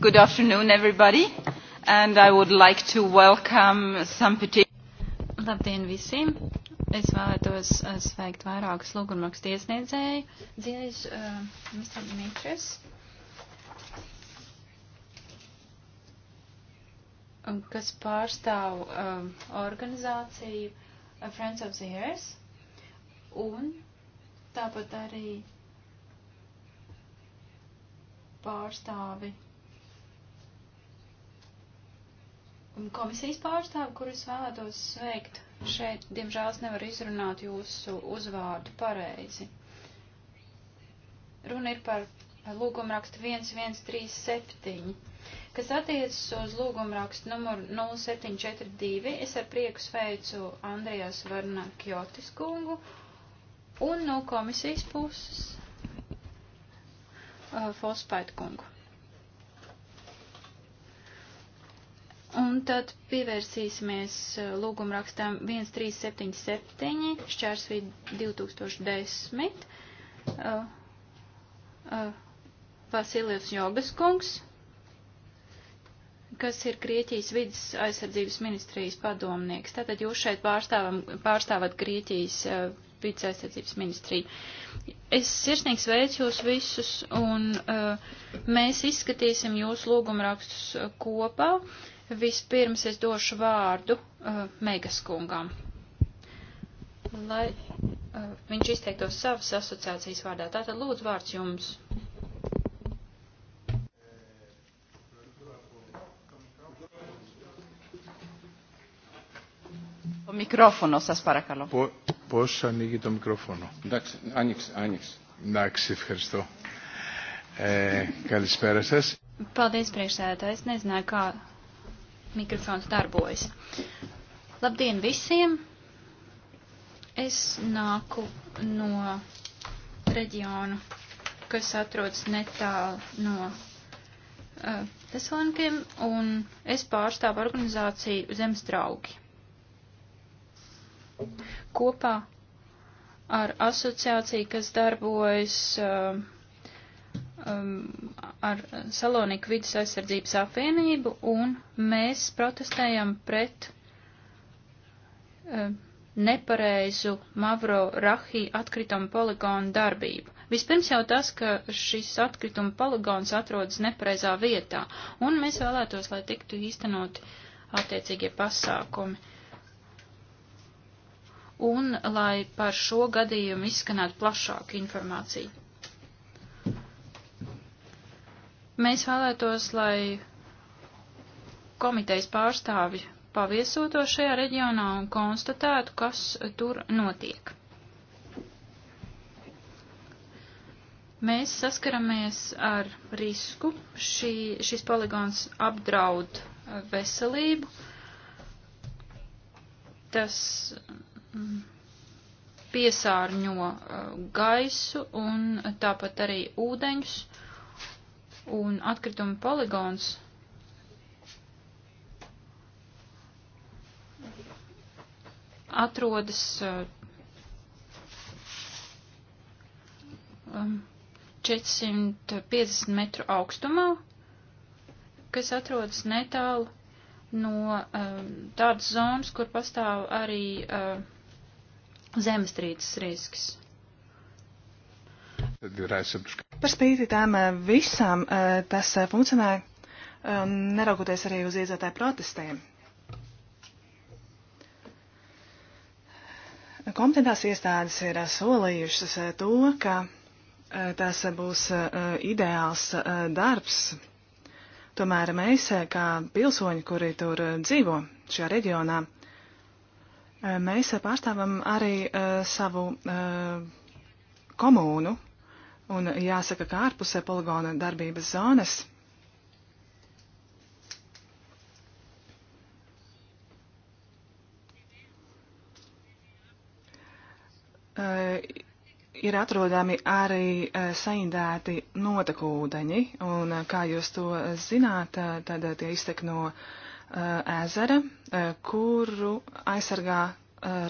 Good afternoon, everybody, and I would like to welcome some particular. Labdien visiem! Es vēlētos uh, sveikt vairākus lūgumrakstu iesniedzēju. Dziļš, uh, Mr. Dimitris. kas pārstāv um, organizāciju uh, Friends of the Earth, un tāpat arī pārstāvi komisijas pārstāvu, kurus vēlētos sveikt. Šeit, diemžēl, es nevaru izrunāt jūsu uzvārdu pareizi. Runa ir par lūgumrakstu 1137, kas attiecas uz lūgumrakstu numuru 0742. Es ar prieku sveicu Andrijas Varna Kjotis kungu un no komisijas puses uh, Fospaitu kungu. Un tad pievērsīsimies eh, lūgumrakstām 1377, šķērsvīd 2010, uh, uh, Vasilijs Jogas kungs, kas ir Grieķijas vidas aizsardzības ministrijas padomnieks. Tātad jūs šeit pārstāvam, pārstāvat Grieķijas uh, vidas aizsardzības ministriju. Es sirsnīgi sveicu jūs visus, un uh, mēs izskatīsim jūsu lūgumrakstus kopā. Uh, Vispirms es došu vārdu uh, Megaskungam, lai uh, viņš izteiktos savas asociācijas vārdā. Tātad lūdzu vārds jums. Μικρόφωνο, σας παρακαλώ. Πο, πώς ανοίγει το μικρόφωνο. Εντάξει, άνοιξε, άνοιξε. Εντάξει, ευχαριστώ. Ε, καλησπέρα σας. Paldies, priekšsēdētājs. Nezināju, kā mikrofons darbojas. Labdien visiem! Es nāku no reģiona, kas atrodas netālu no uh, eh, Tesalonikiem, un es pārstāvu organizāciju Zemes draugi. Kopā ar asociāciju, kas darbojas uh, um, ar Saloniku vidas aizsardzības apvienību, un mēs protestējam pret um, nepareizu Mavro Rahī atkritumu poligonu darbību. Vispirms jau tas, ka šis atkrituma poligons atrodas nepareizā vietā, un mēs vēlētos, lai tiktu īstenoti attiecīgie pasākumi un lai par šo gadījumu izskanētu plašāku informāciju. Mēs vēlētos, lai komitejas pārstāvi paviesoto šajā reģionā un konstatētu, kas tur notiek. Mēs saskaramies ar risku, Šī, šis poligons apdraud eh, veselību, tas mm, piesārņo eh, gaisu un tāpat arī ūdeņus un atkrituma poligons atrodas uh, um, 450 metru augstumā, kas atrodas netālu no um, tādas zonas, kur pastāv arī um, zemestrīces risks. Par spīti tām eh, visām eh, tas eh, funkcionē, neraugoties arī uz iedzētāju protestiem. Kompetentās iestādes ir solījušas to, ka tas būs ideāls darbs. Tomēr mēs, kā pilsoņi, kuri tur dzīvo šajā reģionā, mēs pārstāvam arī savu komūnu, Un jāsaka, ka ārpusē poligona darbības zonas eh, ir atrodami arī eh, saindēti notekūdeņi, un eh, kā jūs to zināt, tad tie iztek no ezera, kuru aizsargā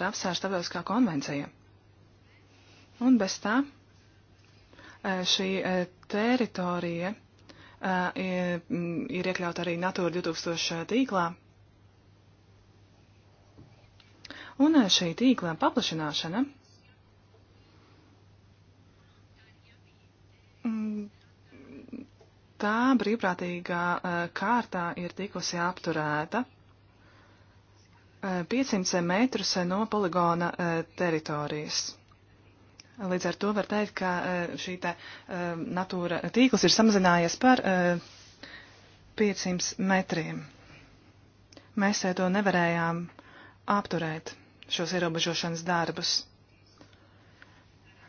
rapsāra starptautiskā konvencija. Un bez tā Eh, šī eh, teritorija eh, ir iekļauta arī Natūra 2000 tīklā. Un šī tīkla paplašināšana mm, tā brīvprātīgā kārtā ir tikusi apturēta 500 metrus no poligona teritorijas. Līdz ar to var teikt, ka eh, šī tā eh, natūra tīkls ir samazinājies par 500 eh, metriem. Mēs to nevarējām apturēt, šos ierobežošanas darbus.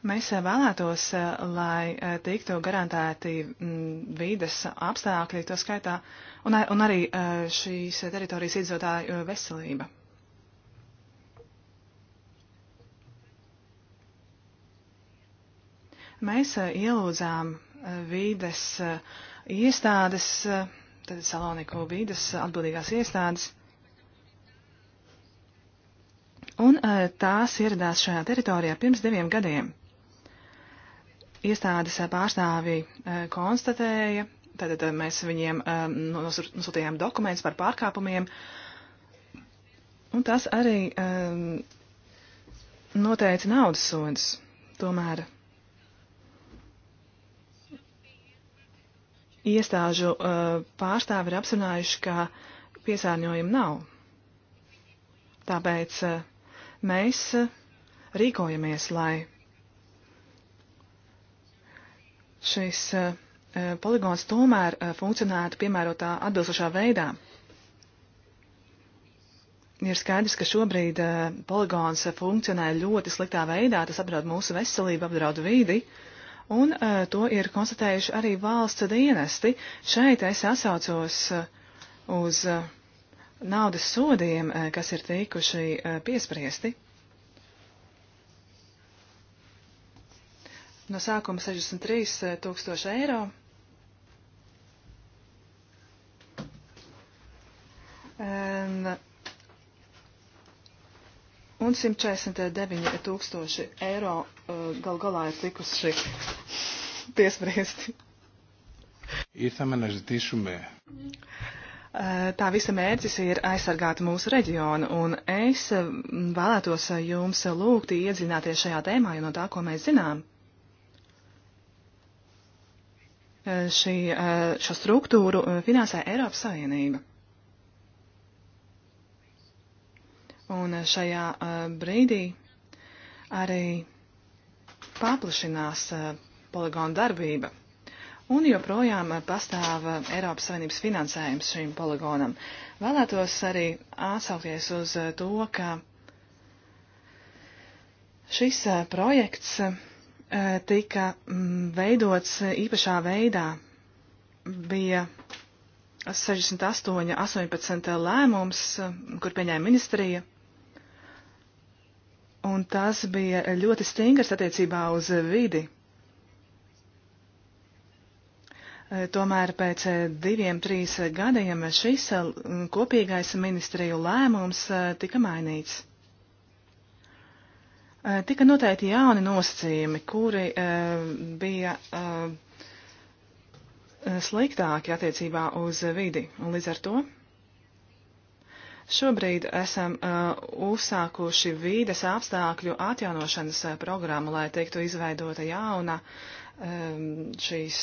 Mēs vēlētos, lai tiktu garantēti mm, vīdes apstākļi, to skaitā, un, ar, un arī šīs teritorijas iedzīvotāju veselība. Mēs eh, ielūdzām eh, vīdes eh, iestādes, tad Saloniku vīdes atbildīgās iestādes, un tās ieradās šajā teritorijā pirms diviem gadiem. Iestādes pārstāvji konstatēja, Tātad mēs viņiem um, nosūtījām dokumentus par pārkāpumiem. Un tas arī um, noteica naudas sods. Tomēr iestāžu uh, pārstāvi ir apzinājuši, ka piesārņojuma nav. Tāpēc uh, mēs uh, rīkojamies, lai šis poligons tomēr funkcionētu piemērotā atbilstošā veidā. Ir skaidrs, ka šobrīd poligons funkcionē ļoti sliktā veidā, tas apdraud mūsu veselību, apdraud vīdi. Uh, un uh, to ir konstatējuši arī valsts dienesti. Šeit es atsaucos eh, uz eh, naudas sodiem, kas ir tikuši piespriesti. No sākuma 63 tūkstoši eiro. Un un 149 tūkstoši eiro eh, gal galā ir tikuši tiesbriesti. Ήρθαμε να ζητήσουμε. Tā visa mērķis ir aizsargāt mūsu reģionu, un es eh, vēlētos jums lūgt iedzināties šajā tēmā, jo no tā, ko mēs zinām, eh, šī, šo struktūru finansē Eiropas Savienība. Un šajā brīdī arī paplašinās poligona darbība. Un joprojām pastāv Eiropas Savienības finansējums šim poligonam. Vēlētos arī atsaukties uz to, ka šis projekts tika veidots īpašā veidā. Bija 68, 18 lēmums, kur pieņēma ministrija, un tās bija ļoti stingras attiecībā uz vidi. Tomēr pēc diviem, trīs gadiem šis kopīgais ministriju lēmums tika mainīts. Tika noteikti jauni nosacījumi, kuri e, bija e, sliktāki attiecībā uz vidi, un līdz ar to Šobrīd esam uh, uzsākuši vīdes apstākļu atjaunošanas uh, programmu, lai tiktu izveidota jauna um, šīs,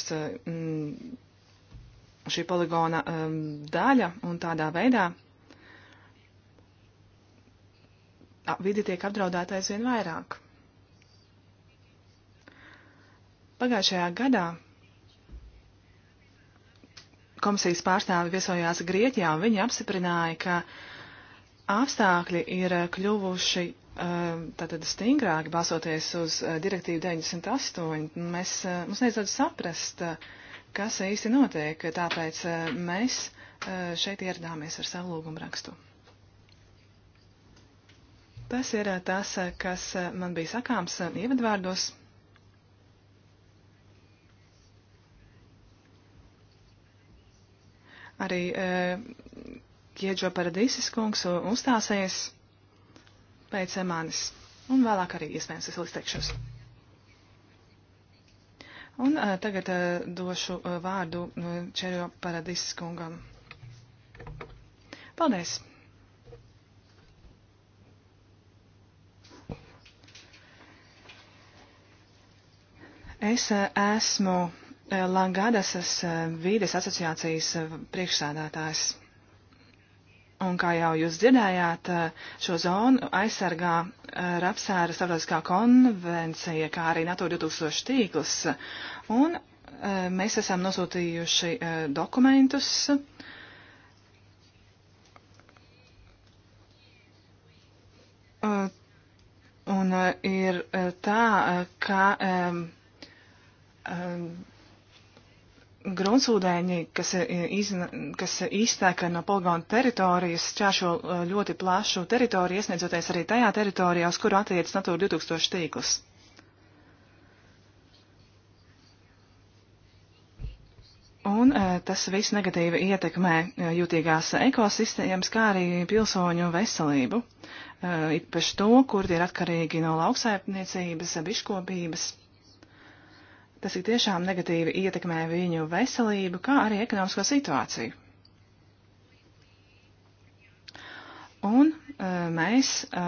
um, šī poligona um, daļa un tādā veidā vidi tiek apdraudēta aizvien vairāk. Pagājušajā gadā komisijas pārstāvi viesojās Grieķijā un viņi apsiprināja, ka uh, apstākļi ir eh, kļuvuši eh, tātad stingrāki balsoties uz eh, direktīvu 98. Mēs, mums neizdod saprast, kas īsti notiek, tāpēc mēs šeit ieradāmies ar savu lūgumu rakstu. Tas ir tas, kas man bija sakāms ievadvārdos. Arī Kiedžo Paradīsis kungs uzstāsies pēc manis. Un vēlāk arī iespējams es izteikšos. Un uh, tagad uh, došu uh, vārdu uh, Čerio Paradīsis kungam. Paldies! Es uh, esmu uh, Langadasas uh, vīdes asociācijas uh, priekšsādātājs. Un kā jau jūs dzirdējāt, šo zonu aizsargā eh, Rapsēra starptautiskā konvencija, kā arī NATO 2000 tīkls. Un eh, mēs esam nosūtījuši eh, dokumentus. Un ir tā, ka Gruntsūdēņi, kas, e, izna, kas izteka no poligona teritorijas, čāšo e, ļoti plašu teritoriju, iesniedzoties arī tajā teritorijā, uz kuru attiec Natūra 2000 tīkls. Un e, tas viss negatīvi ietekmē jūtīgās ekosistēmas, kā arī pilsoņu veselību, īpaši to, kur ir atkarīgi no lauksaimniecības, biškopības. Tas ir tiešām negatīvi ietekmē viņu veselību, kā arī ekonomisko situāciju. Un e, mēs e,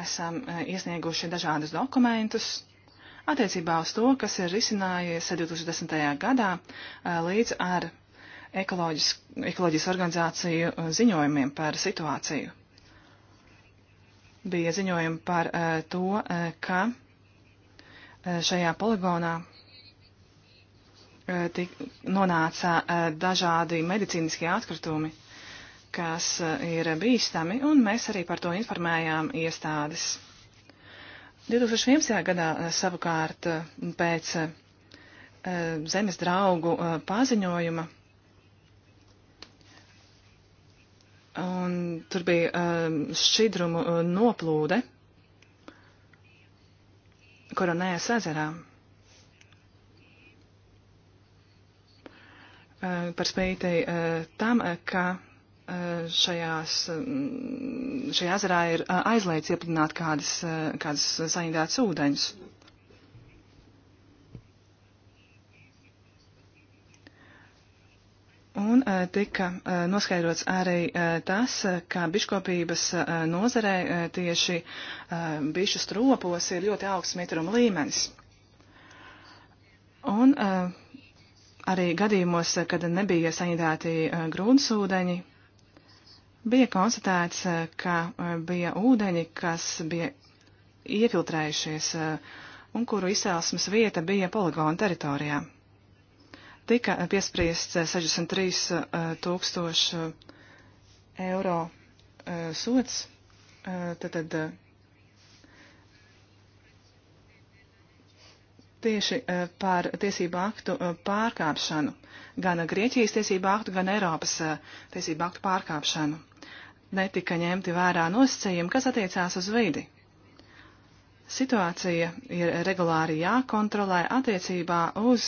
esam e, iesnieguši dažādus dokumentus attiecībā uz to, kas ir risinājies 2010. gadā līdz ar ekoloģis, ekoloģijas organizāciju ziņojumiem par situāciju. Bija ziņojumi par to, ka šajā poligonā Eh, tik, nonāca eh, dažādi medicīniskie atkritumi, kas eh, ir bīstami, un mēs arī par to informējām iestādes. 2011. gadā savukārt pēc zemes draugu paziņojuma. Un tur bija šķidrumu noplūde Koronējas ezerām. Eh, par spīti eh, tam, eh, ka šajās, mm, šajā ezerā ir aizliegts iepludināt kādas, kādas saindētas ūdeņus. Un tika noskaidrots arī tas, ka biškopības nozarē tieši bišu stropos ir ļoti augsts mitruma līmenis. Un uh, arī gadījumos, kad nebija saindēti e, grūnsūdeņi, bija konstatēts, e, ka e, bija ūdeņi, kas bija iefiltrējušies un kuru izcelsmes vieta bija poligona teritorijā. Tika piespriests 63 tūkstošu eiro sots, tad, tad tieši eh, par tiesību aktu eh, pārkāpšanu, gan Grieķijas tiesību aktu, gan Eiropas eh, tiesību aktu pārkāpšanu. Netika ņemti vērā nosacījumi, kas attiecās uz vidi. Situācija ir regulāri jākontrolē attiecībā uz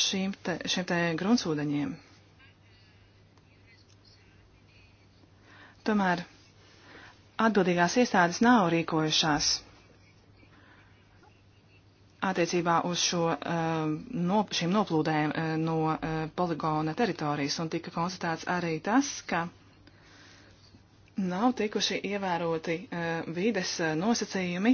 šīm te, šiem te gruntsūdeņiem. Tomēr atbildīgās iestādes nav rīkojušās attiecībā uz šo, eh, no, šīm noplūdēm eh, no eh, poligona teritorijas, un tika konstatēts arī tas, ka nav tikuši ievēroti vides nosacījumi.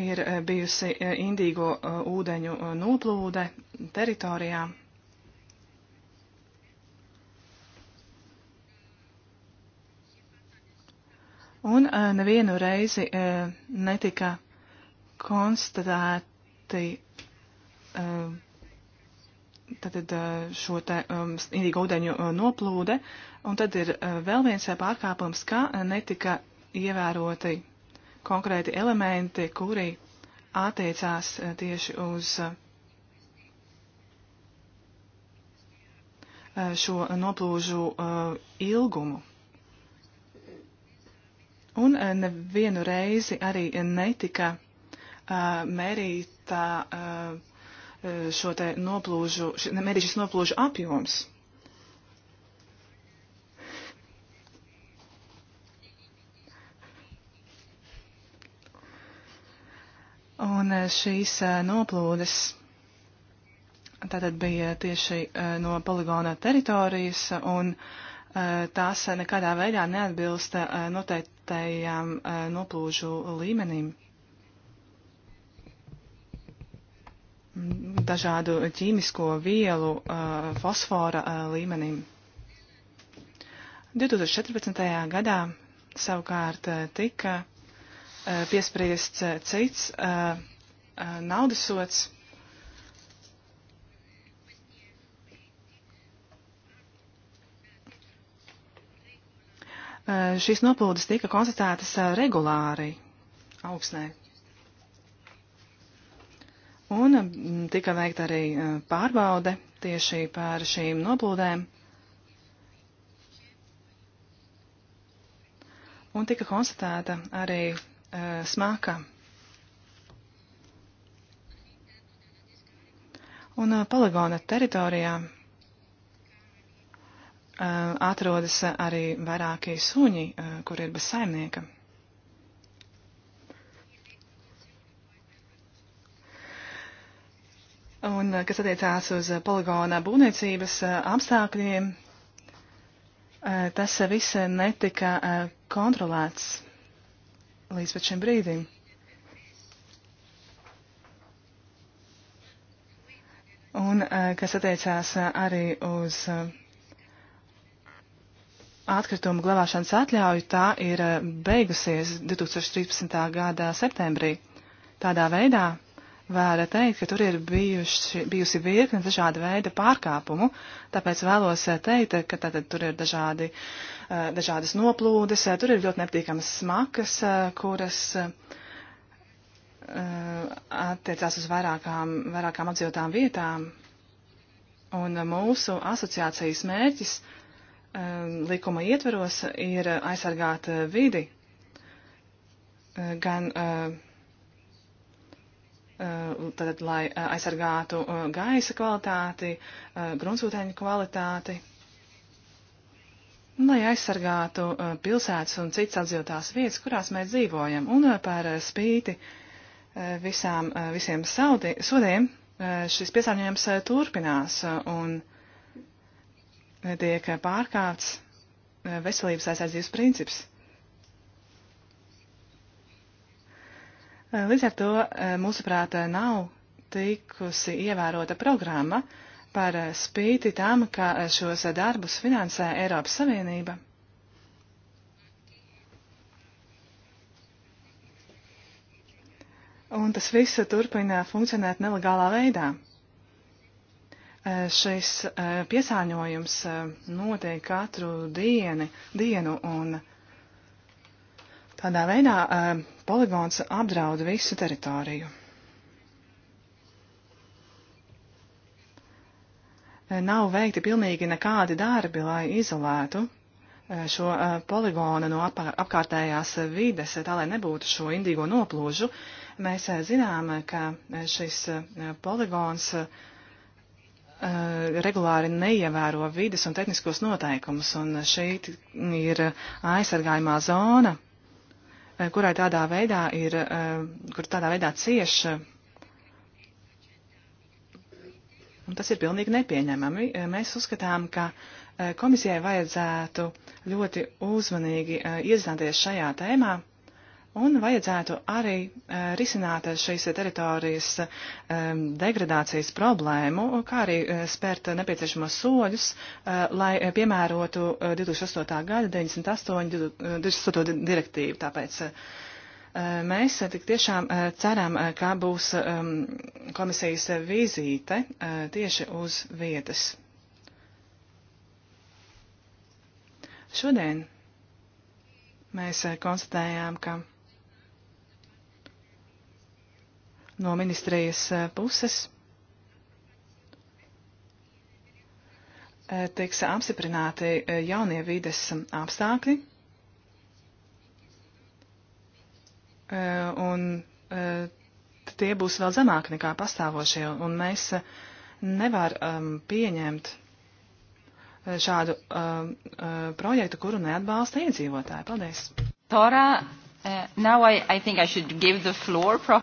Ir bijusi indīgo ūdeņu noplūde teritorijā, un eh, nevienu reizi eh, netika konstatēti eh, tātad šo te um, indīgo ūdeņu noplūde, un tad ir vēl viens pārkāpums, ka netika ievēroti konkrēti elementi, kuri attiecās tieši uz šo noplūžu ilgumu. Un eh, nevienu reizi arī netika eh, mērīta eh, šo te noplūžu, mērīt šis noplūžu apjoms. Un šīs noplūdes tātad bija tieši no poligona teritorijas, un Eh, tās eh, nekādā veidā neatbilst eh, noteiktajām noplūžu līmenim. Mm, dažādu ķīmisko vielu fosfora līmenim. 2014. gadā savukārt tika piespriests cits naudasots Eh, šīs noplūdes tika konstatētas eh, regulāri augsnē. Un eh, tika veikta arī pārbaude tieši par šīm noplūdēm. Un tika konstatēta arī uh, smaka. Un uh, poligona teritorijā Eh, atrodas arī vairāki suņi, eh, kur ir bez saimnieka. Un eh, kas attiecās uz poligona būvniecības apstākļiem, tas viss netika kontrolēts līdz pat šim brīdim. Un kas attiecās arī uz uh, atkritumu glabāšanas atļauju, tā ir eh, beigusies 2013. gada septembrī. Tādā veidā Vēra teikt, ka tur ir bijuši, bijusi virkne dažāda veida pārkāpumu, tāpēc vēlos eh, teikt, ka tātad tur ir dažādi, eh, dažādas noplūdes, tur ir ļoti nepatīkamas smakas, kuras attiecās uz vairākām, vairākām apdzīvotām vietām. Un mūsu asociācijas mērķis Um, likuma ietveros ir aizsargāt uh, vidi uh, gan uh, tātad, lai aizsargātu gaisa kvalitāti, gruntsūteņu kvalitāti, un lai aizsargātu pilsētas un citas atzītās vietas, kurās mēs dzīvojam. Un par spīti visām, visiem saudi, sodiem šis piesārņojums turpinās. Un, uh, tiek pārkāpts eh, veselības aizsardzības princips. Eh, līdz ar to, eh, mūsuprāt, nav tikusi ievērota programma par spīti tam, ka šos darbus finansē Eiropas Savienība. Un tas viss turpina funkcionēt nelegālā veidā. Eh, šis eh, piesāņojums eh, notiek katru dieni, dienu, un tādā veidā poligons apdraud visu teritoriju. Nav veikti pilnīgi nekādi darbi, lai izolētu šo poligonu no apkārtējās vides, tā lai nebūtu šo indīgo noplūžu. Mēs zinām, ka šis poligons uh, Eh, regulāri neievēro vides un tehniskos noteikumus, un šeit ir aizsargājumā zona, eh, kurai tādā veidā ir, eh, kur tādā veidā cieš. Un tas ir pilnīgi nepieņemami. Mēs uzskatām, ka komisijai vajadzētu ļoti uzmanīgi iedziļināties šajā tēmā Un vajadzētu arī uh, risināt šīs teritorijas um, degradācijas problēmu, kā arī uh, spērt nepieciešamos soļus, uh, lai piemērotu 2008. gada 98. 2008. direktīvu. Tāpēc mēs tik tiešām ceram, ka būs um, komisijas vizīte tieši uz vietas. Šodien mēs konstatējām, ka no ministrijas eh, puses eh, tiks apstiprināti eh, jaunie vides apstākļi. Un tie būs vēl zemāki nekā pastāvošie, un mēs nevaram pieņemt šādu projektu, kuru neatbalsta iedzīvotāji. Paldies! Tora, uh, now I, I think I should give the floor. Pro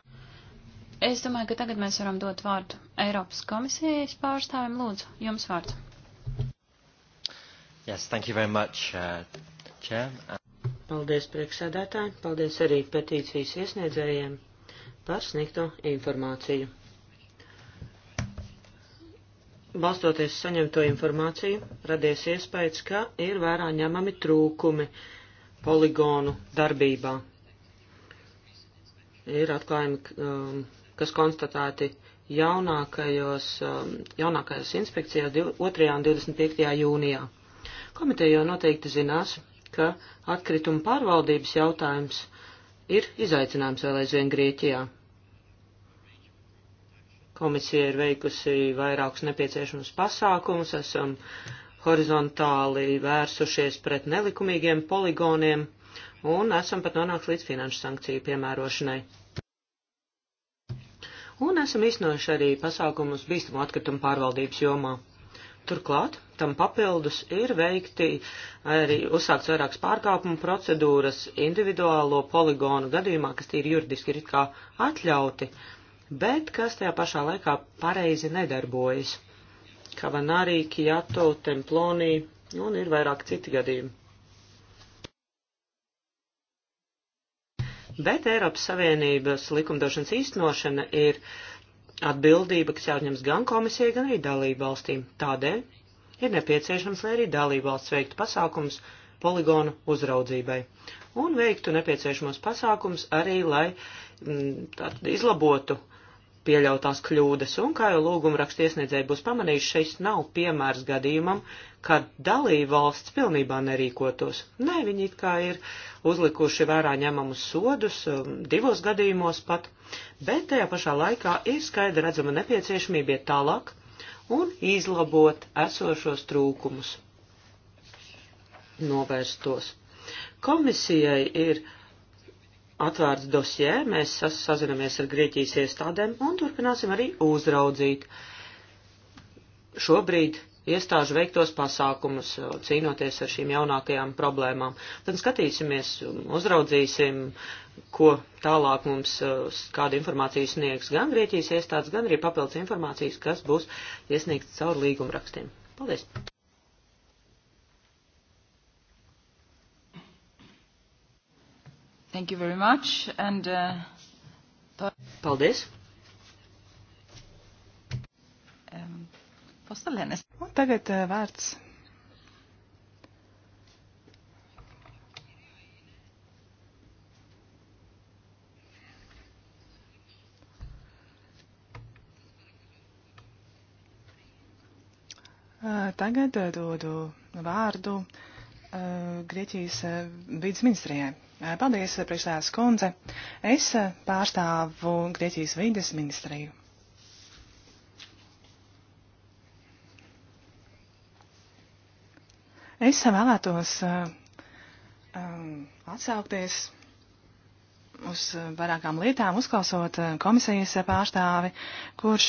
Es domāju, ka tagad mēs varam dot vārdu Eiropas komisijas pārstāvim. Lūdzu, jums vārds. Yes, thank you very much, uh, Chair. Paldies priekšsēdētāji, paldies arī petīcijas iesniedzējiem par sniegto informāciju. Balstoties saņemto informāciju, radies iespējas, ka ir vērā ņemami trūkumi poligonu darbībā. Ir atklājumi um, kas konstatēti jaunākajos, um, jaunākajās inspekcijās 2. un 25. jūnijā. Komiteja jau noteikti zinās, ka atkrituma pārvaldības jautājums ir izaicinājums vēl aizvien Grieķijā. Komisija ir veikusi vairākus nepieciešamus pasākumus, esam horizontāli vērsušies pret nelikumīgiem poligoniem un esam pat nonākuši līdz finanšu sankciju piemērošanai un esam iznojuši arī pasākumus bīstamo atkritumu pārvaldības jomā. Turklāt tam papildus ir veikti arī uzsākts vairākas pārkāpuma procedūras individuālo poligonu gadījumā, kas tīri juridiski ir it kā atļauti, bet kas tajā pašā laikā pareizi nedarbojas. Kavanārī, Kijato, Templonī un ir vairāk citi gadījumi. bet Eiropas Savienības likumdošanas īstenošana ir atbildība, kas jāuzņems gan komisijai, gan arī dalību valstīm. Tādēļ ir nepieciešams, lai arī dalību valsts veiktu pasākums poligonu uzraudzībai un veiktu nepieciešamos pasākums arī, lai m, mm, izlabotu uh, pieļautās kļūdas, un, kā jau lūguma rakstiesniedzēji būs pamanījuši, šeit nav piemērs gadījumam, kad dalībvalsts pilnībā nerīkotos. Nē, viņi it kā ir uzlikuši vērā ņemamus sodus, um, divos gadījumos pat, bet tajā pašā laikā ir skaidra redzama nepieciešamība iet tālāk un izlabot esošos trūkumus. Novērstos. Komisijai ir atvērts dosjē, mēs sazinamies ar Grieķijas iestādēm un turpināsim arī uzraudzīt šobrīd iestāžu veiktos pasākumus, uh, cīnoties ar šīm jaunākajām problēmām. Tad skatīsimies, um, uzraudzīsim, ko tālāk mums, uh, kādu informāciju sniegs gan Grieķijas iestādes, gan arī papildus informācijas, kas būs iesniegts caur līgumrakstiem. Paldies! Thank you very much. And, uh, Paldies. Um, Postelēnes. Un tagad uh, vārds. Uh, tagad uh, dodu vārdu uh, Grieķijas uh, vidas ministrijai. Eh, paldies, eh, priekšstādās kundze. Es eh, pārstāvu Grieķijas vīdes ministriju. Es vēlētos atsaukties uz vairākām lietām, uzklausot komisijas pārstāvi, kurš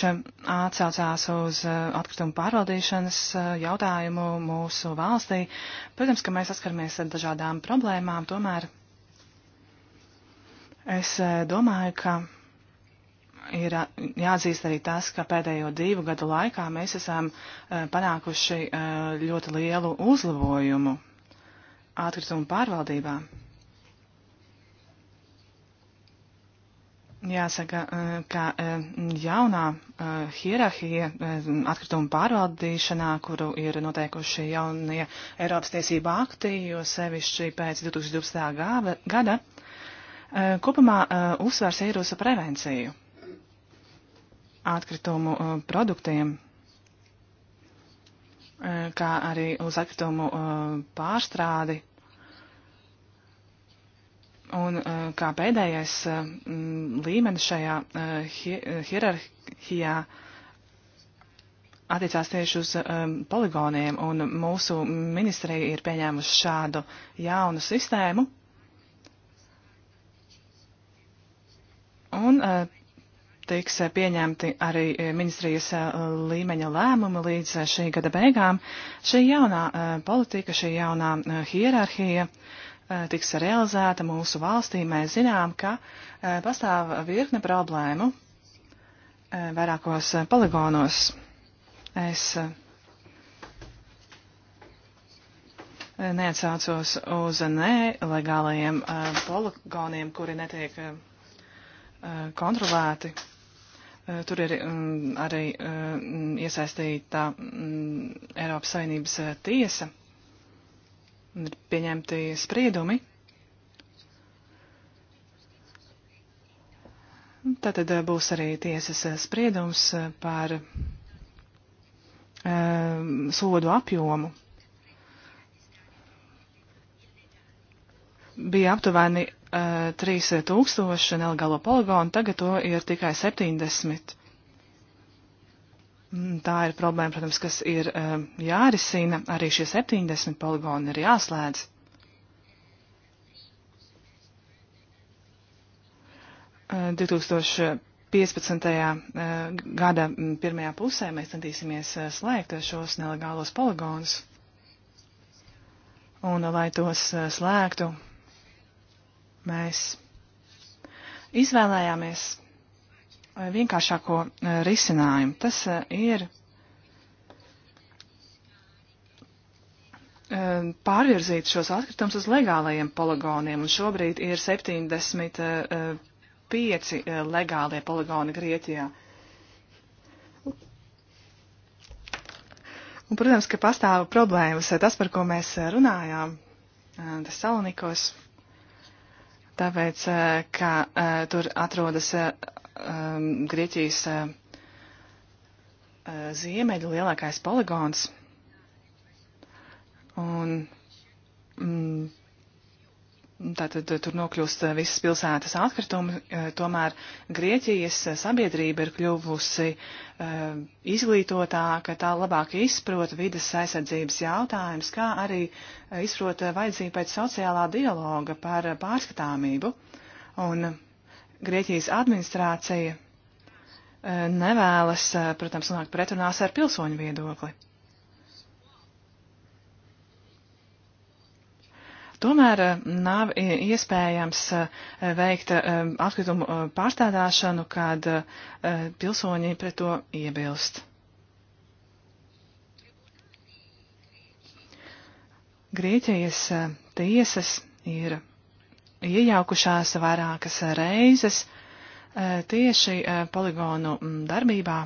atsaucās uz atkritumu pārvaldīšanas jautājumu mūsu valstī. Protams, ka mēs saskaramies ar dažādām problēmām, tomēr Es eh, domāju, ka ir eh, jāatzīst arī tas, ka pēdējo divu gadu laikā mēs esam eh, panākuši ļoti lielu uzlabojumu atkritumu pārvaldībā. Jāsaka, ka jaunā hierarhija atkritumu pārvaldīšanā, kuru ir noteikuši jaunie Eiropas tiesība akti, jo sevišķi pēc 2012. gada, Eh, kopumā eh, uzsvars ir uz prevenciju atkritumu eh, produktiem, kā arī uz atkritumu pārstrādi. Un kā pēdējais līmenis šajā hierarhijā attiecās tieši uz poligoniem, un mūsu ministrija ir pieņēmusi šādu jaunu sistēmu Un eh, tiks eh, pieņemti arī eh, ministrijas līmeņa lēmumi līdz šī gada beigām. Šī jaunā politika, šī jaunā hierarhija tiks realizēta mūsu valstī. Mēs zinām, ka pastāv virkne problēmu vairākos poligonos. Es neatsaucos uz nelegālajiem poligoniem, kuri netiek Eh, kontrolēti. Eh, tur ir mm, arī eh, iesaistīta mm, Eiropas Savienības tiesa. Ir pieņemti spriedumi. Tātad būs arī tiesas spriedums par sodu apjomu. Bija aptuveni 3000 nelegālo poligonu, tagad to ir tikai 70. Mm, tā ir problēma, protams, kas ir e, jārisina. Arī šie 70 poligoni ir jāslēdz. Uh, e, 2015. E, gada pirmajā pusē mēs centīsimies slēgt šos nelegālos poligonus. Un, lai tos slēgtu, Mēs izvēlējāmies eh, vienkāršāko eh, risinājumu. Tas eh, ir pārvirzīt šos atkritumus uz legālajiem poligoniem, un šobrīd ir 75 legālie poligoni Grieķijā. Un, protams, ka pastāv problēmas. Tas, par ko mēs runājām, tas Salonikos, tāpēc, eh, ka eh, tur atrodas eh, um, Grieķijas ziemeļu lielākais poligons. Un mm, Tātad eh, tur nokļūst eh, visas pilsētas atkritumi, eh, tomēr Grieķijas sabiedrība ir kļuvusi izglītotāka, tā labāk izprot vidas aizsardzības jautājums, kā arī izprot vajadzību pēc sociālā dialoga par pārskatāmību. Un Grieķijas administrācija nevēlas, protams, nonākt pretrunās ar pilsoņu viedokli. Tomēr eh, nav iespējams eh, veikt eh, atkritumu pārstādāšanu, kad pilsoņi pret to iebilst. Grieķijas tiesas ir iejaukušās vairākas reizes tieši poligonu mm, darbībā.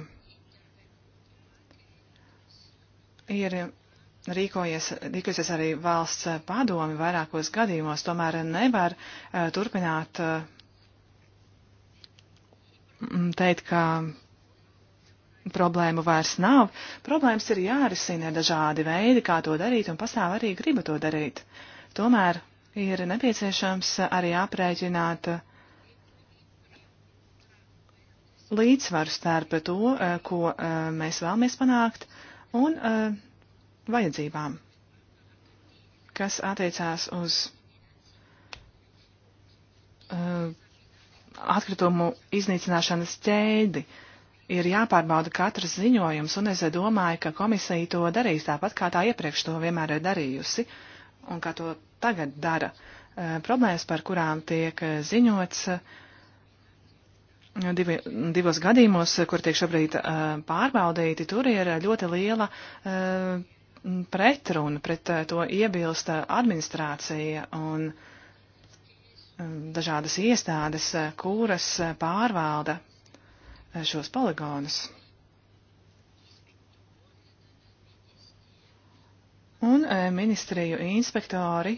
Ir rīkojies, rīkojusies arī valsts padomi vairākos gadījumos, tomēr nevar uh, turpināt uh, teikt, ka problēmu vairs nav. Problēmas ir jārisina dažādi veidi, kā to darīt, un pastāv arī griba to darīt. Tomēr ir nepieciešams arī aprēķināt e, līdzsvaru starp to, ko mēs vēlamies panākt, un uh, vajadzībām, kas attiecās uz uh, atkritumu iznīcināšanas ķēdi. Ir jāpārbauda katrs ziņojums, un es domāju, ka komisija to darīs tāpat, kā tā iepriekš to vienmēr ir darījusi, un kā to tagad dara. Uh, problēmas, par kurām tiek uh, ziņots, uh, divi, divos gadījumos, kur tiek šobrīd uh, pārbaudīti, tur ir ļoti liela uh, pretruna, pret eh, to iebilst eh, administrācija un dažādas iestādes, eh, kuras pārvalda šos poligonus. Un ministriju inspektori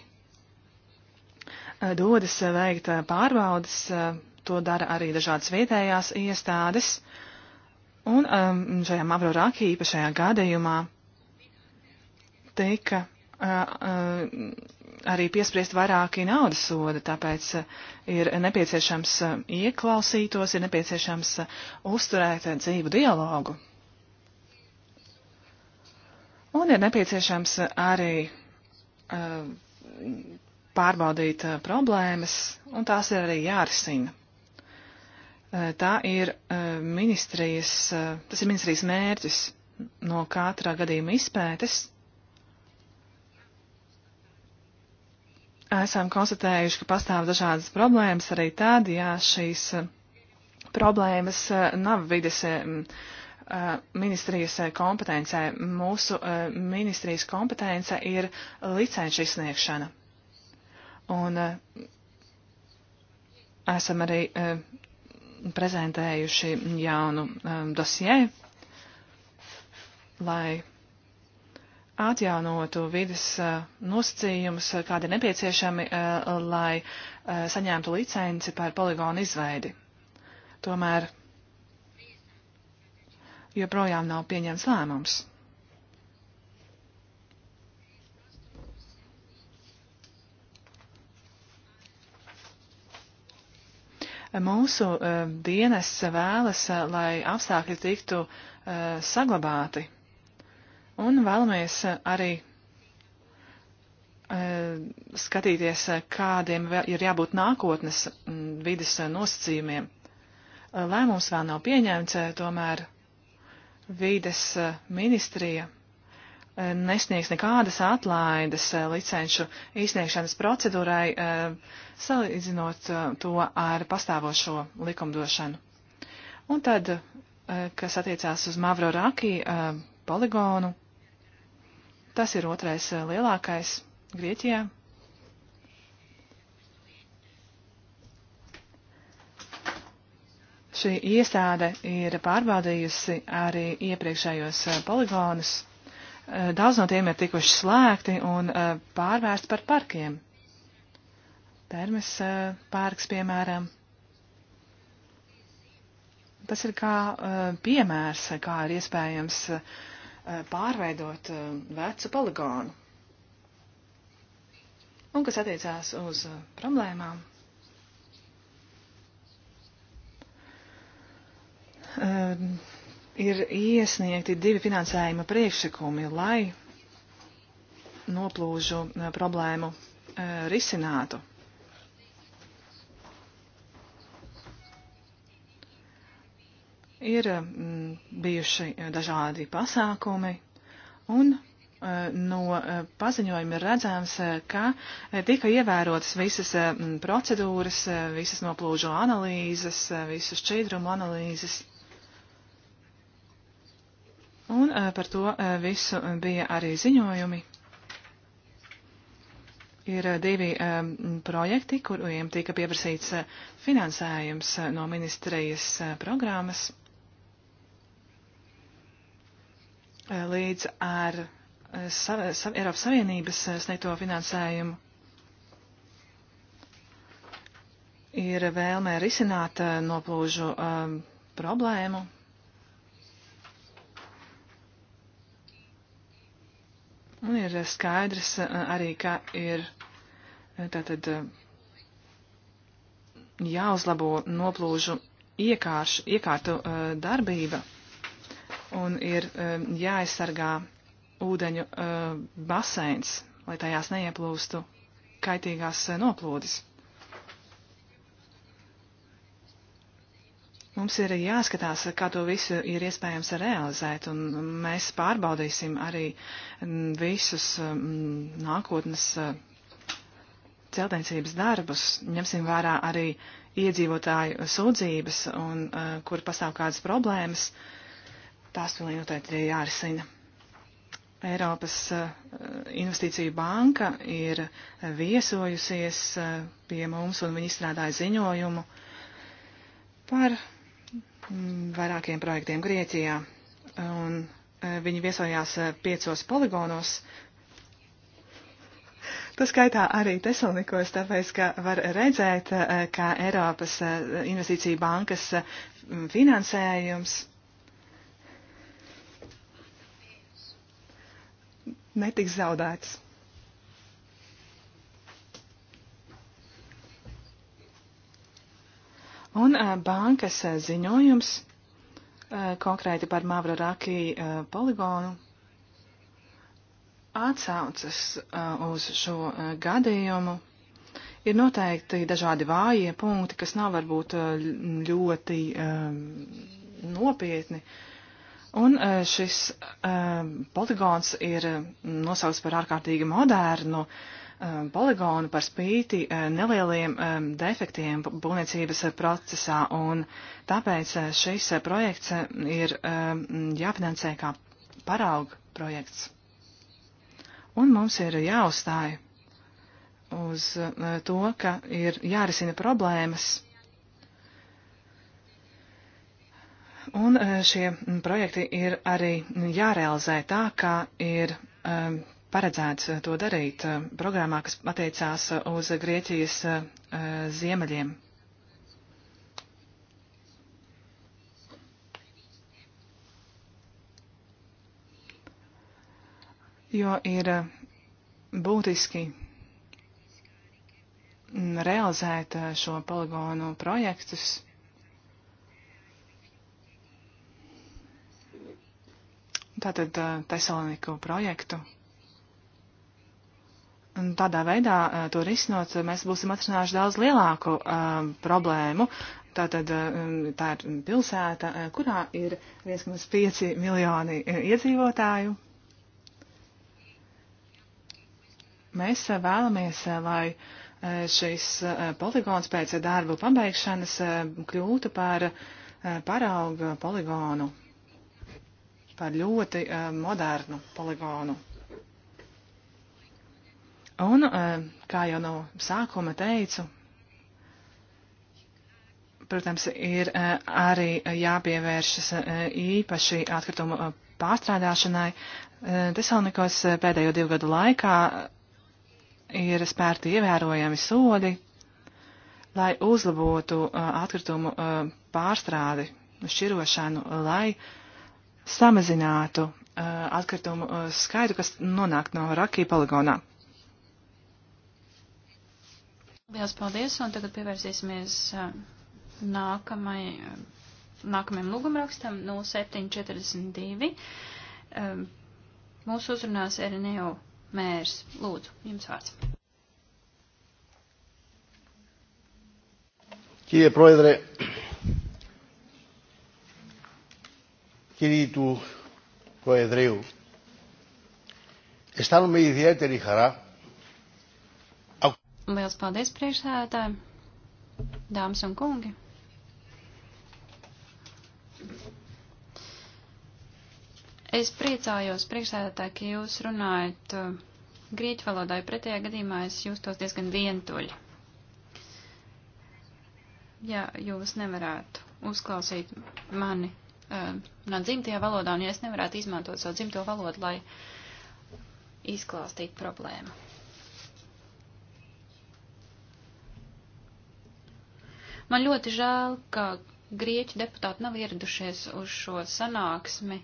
dodas veikt pārbaudas, to dara arī dažādas vietējās iestādes. Un šajā Mavro Rakī īpašajā gadījumā teika arī piespriest vairāki naudas soda, tāpēc ir nepieciešams ieklausītos, ir nepieciešams uzturēt dzīvu dialogu. Un ir nepieciešams arī pārbaudīt problēmas, un tās ir arī jārisina. Tā ir ministrijas, tas ir ministrijas mērķis no katra gadījuma izpētes esam konstatējuši, ka pastāv dažādas problēmas arī tad, ja šīs eh, problēmas eh, nav vides eh, ministrijas kompetencē. Mūsu ministrijas kompetence ir licenču izsniegšana. Un esam arī prezentējuši jaunu dosie, lai atjaunotu vidas eh, nosacījumus, eh, kādi ir nepieciešami, eh, lai saņemtu licenci par poligonu izveidi. Tomēr joprojām nav pieņemts lēmums. Mūsu dienas vēlas, lai apstākļi tiktu saglabāti Un vēlamies eh, arī eh, skatīties, eh, kādiem ir jābūt nākotnes mm, vidas nosacījumiem. Lēmums vēl nav pieņemts, tomēr vides ministrija nesniegs nekādas atlaides licenšu izsniegšanas procedūrai, salīdzinot to ar pastāvošo likumdošanu. Un tad, kas attiecās uz Mavro Raki poligonu, Tas ir otrais eh, lielākais Grieķijā. Šī iestāde ir pārbaudījusi arī iepriekšējos eh, poligonus. Eh, daudz no tiem ir tikuši slēgti un pārvērsti par parkiem. Termes parks, piemēram. Tas ir kā piemērs, kā ir iespējams uh, Eh, pārveidot eh, vecu poligonu. Un kas attiecās uz eh, problēmām, ir iesniegti divi finansējuma priekšlikumi, lai noplūžu problēmu risinātu. Ir mm, bijuši dažādi pasākumi un e, no e, paziņojuma ir redzams, e, ka tika ievērotas visas procedūras, visas noplūžu analīzes, visas šķīdrumu analīzes. Un par to visu bija arī ziņojumi. Ir divi projekti, kuriem tika pieprasīts finansējums no ministrijas programmas. Eh, līdz ar eh, sav, sav, Eiropas Savienības eh, sniegto finansējumu. Ir vēlmē risināt noplūžu um, problēmu. Un ir skaidrs arī, ka ir tātad jāuzlabo noplūžu iekāršu, iekārtu darbība un ir um, jāaizsargā ūdeņu uh, baseins, lai tajās neieplūstu kaitīgās uh, noplūdes. Mums ir jāskatās, kā to visu ir iespējams realizēt, un mēs pārbaudīsim arī mm, visus um, nākotnes uh, celtniecības darbus, ņemsim vērā arī iedzīvotāju sūdzības, un uh, kur pastāv kādas problēmas. Uh, Tās vēl noteikti ir jārisina. Eiropas eh, investīciju banka ir viesojusies eh, pie mums un viņi izstrādāja ziņojumu par mm, vairākiem projektiem Grieķijā. Un eh, viņi viesojās piecos poligonos. Tas skaitā arī Tesalonikos, tāpēc, ka var redzēt, ka Eiropas investīcija bankas finansējums netiks zaudēts. Un bankas ziņojums konkrēti par Mavra Raki poligonu atsaucas uz šo gadījumu. Ir noteikti dažādi vājie punkti, kas nav varbūt ļoti nopietni. Uh, Un e, šis e, poligons ir nosaukts par ārkārtīgi modernu e, poligonu par spīti nelieliem defektiem būvniecības procesā, un tāpēc šis projekts ir jāfinansē kā parauga projekts. Un mums ir jāuzstāj uz to, ka ir jārisina problēmas Un e, šie projekti ir arī jārealizē tā, kā ir e, paredzēts to darīt e, programmā, kas attiecās uz Grieķijas ziemeļiem. Jo ir būtiski realizēt šo poligonu projektus. tātad Tesaloniku projektu. Un tādā veidā to risinot, mēs būsim atrisinājuši daudz lielāku uh, problēmu. Tātad tā ir pilsēta, kurā ir 1,5 miljoni iedzīvotāju. Mēs vēlamies, lai šis poligons pēc darbu pabeigšanas kļūtu par parauga poligonu par ļoti uh, modernu poligonu. Un, uh, kā jau no sākuma teicu, protams, ir uh, arī jāpievēršas uh, īpaši atkritumu uh, pārstrādāšanai. Uh, Tesalonikos uh, pēdējo divu gadu laikā ir spērti ievērojami soļi, lai uzlabotu uh, atkritumu uh, pārstrādi, šķirošanu, lai uh, samazinātu uh, atkritumu uh, skaitu, kas nonāk no Rakija poligonā. Liels paldies, un tagad pievērsīsimies uh, nākamai, nākamajam lūgumrakstam 0742. Nu, um, mūsu uzrunās Erineo mērs. Lūdzu, jums vārds. Kīrie proedre, κύριοι του Προεδρείου, αισθάνομαι ιδιαίτερη χαρά. Liels paldies priekšsēdētājiem, dāmas un kungi. Es priecājos priekšsēdētāji, ka jūs runājat uh, grieķu valodā, jo pretējā gadījumā es jūtos diezgan vientuļi. Ja jūs nevarētu uzklausīt mani Um, no dzimtajā valodā, un ja es nevarētu izmantot savu dzimto valodu, lai izklāstītu problēmu. Man ļoti žēl, ka grieķu deputāti nav ieradušies uz šo sanāksmi,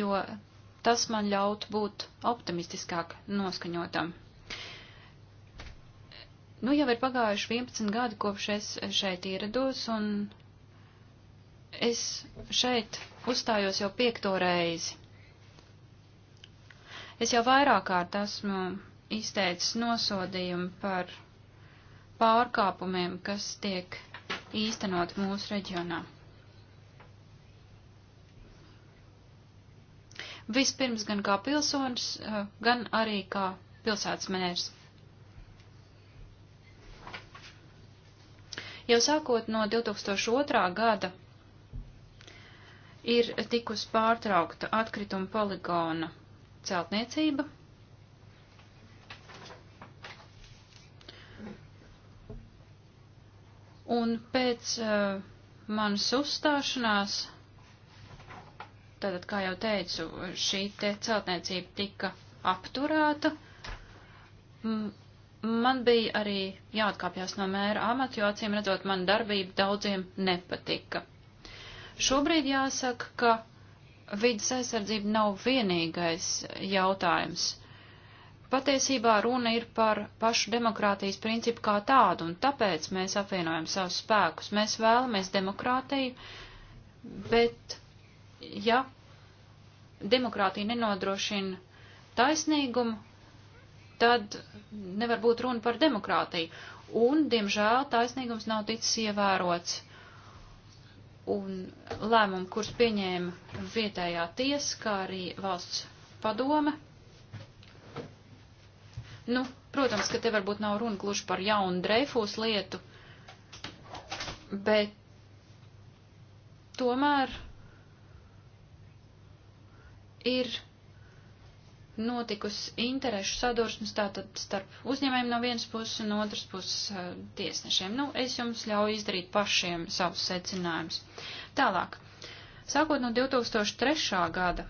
jo tas man ļaut būt optimistiskāk noskaņotam. Nu, jau ir pagājuši 11 gadi, kopš es šeit ierados, un Es šeit uzstājos jau piekto reizi. Es jau vairāk kārt esmu izteicis nosodījumu par pārkāpumiem, kas tiek īstenot mūsu reģionā. Vispirms gan kā pilsonis, eh, gan arī kā pilsētas mērs. Jau sākot no 2002. gada ir tikus pārtraukta atkrituma poligona celtniecība. Un pēc uh, manas uzstāšanās, tātad, kā jau teicu, šī te celtniecība tika apturēta. M man bija arī jāatkāpjas no mēra amata, jo acīm redzot, man darbība daudziem nepatika. Šobrīd jāsaka, ka vidas aizsardzība nav vienīgais jautājums. Patiesībā runa ir par pašu demokrātijas principu kā tādu, un tāpēc mēs apvienojam savus spēkus. Mēs vēlamies demokrātiju, bet ja demokrātija nenodrošina taisnīgumu, tad nevar būt runa par demokrātiju. Un, diemžēl, taisnīgums nav ticis ievērots un lēmumu, kurus pieņēma vietējā tiesa, kā arī valsts padome. Nu, protams, ka te varbūt nav runa gluži par jaunu dreifūs lietu, bet tomēr ir notikusi interešu sadursmes tātad starp uzņēmējiem no vienas puses un otras puses uh, tiesnešiem. Nu, es jums ļauju izdarīt pašiem savus secinājumus. Tālāk. Sākot no 2003. gada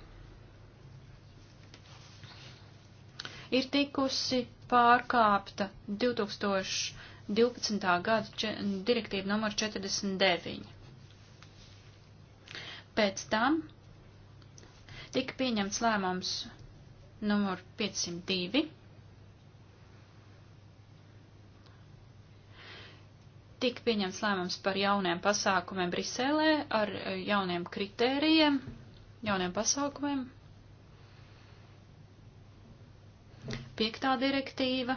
ir tikusi pārkāpta 2012. gada direktīva numur 49. Pēc tam tika pieņemts lēmums numur 502. Tik pieņemts lēmums par jauniem pasākumiem Briselē ar e, jauniem kritērijiem, jauniem pasākumiem. Piektā direktīva.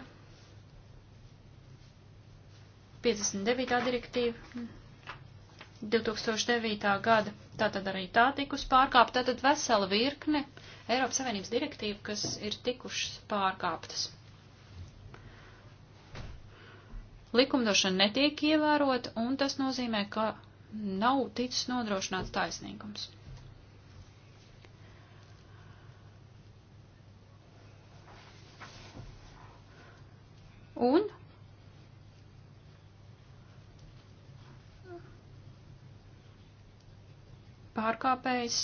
59. direktīva 2009. gada. Tātad arī tā tikus pārkāpta. Tātad vesela virkne Eiropas Savienības direktīvu, kas ir tikušas pārkāptas. Likumdošana netiek ievērota, un tas nozīmē, ka nav ticis nodrošināts taisnīgums. Un pārkāpējs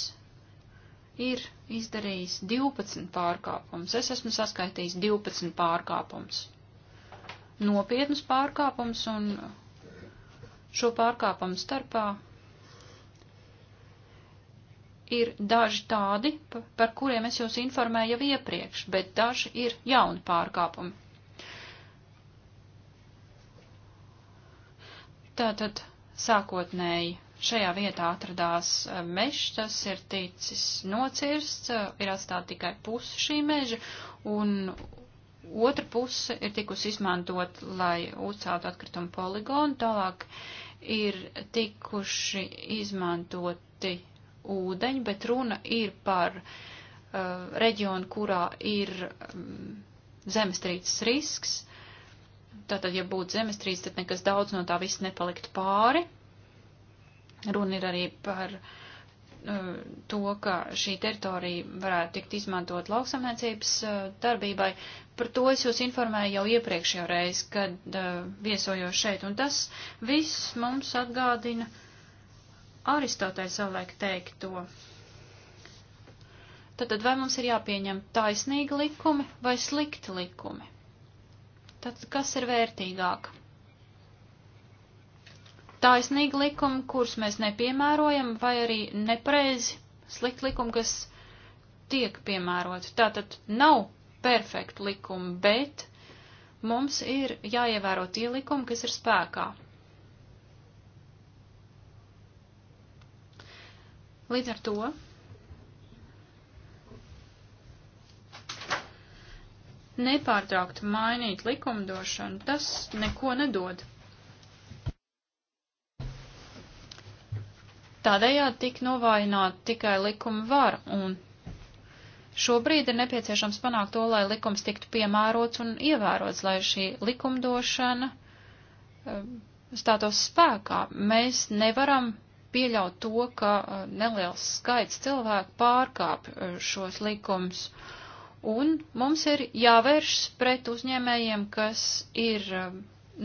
ir izdarījis 12 pārkāpumus. Es esmu saskaitījis 12 pārkāpumus. Nopietnus pārkāpumus un šo pārkāpumu starpā ir daži tādi, par kuriem es jūs informēju jau iepriekš, bet daži ir jauni pārkāpumi. Tātad sākotnēji Šajā vietā atradās eh, mežs, tas ir ticis nocirsts, eh, ir atstāta tikai puse šī meža, un otra puse ir tikusi izmantot, lai uzceltu atkritumu poligonu, tālāk ir tikuši izmantoti ūdeņi, bet runa ir par uh, reģionu, kurā ir um, zemestrīces risks. Tātad, ja būtu zemestrīce, tad nekas daudz no tā viss nepaliktu pāri. Runa ir arī par uh, to, ka šī teritorija varētu tikt izmantot lauksamniecības uh, darbībai. Par to es jūs informēju jau iepriekšējo reizi, kad uh, viesojos šeit, un tas viss mums atgādina Aristoteļa savulaik teikto. Tātad vai mums ir jāpieņem taisnīgi likumi vai slikti likumi? Tad kas ir vērtīgāk? taisnīgi likumi, kurus mēs nepiemērojam, vai arī nepareizi slikti likumi, kas tiek piemēroti. Tātad nav perfektu likumu, bet mums ir jāievēro tie likumi, kas ir spēkā. Līdz ar to nepārtraukt mainīt likumdošanu, tas neko nedod. Tādējādi tik novājināta tikai likuma var, un šobrīd ir nepieciešams panākt to, lai likums tiktu piemērots un ievērots, lai šī likumdošana eh, stātos spēkā. Mēs nevaram pieļaut to, ka eh, neliels skaits cilvēku pārkāp eh, šos likumus. Un mums ir jāvēršas pret uzņēmējiem, kas ir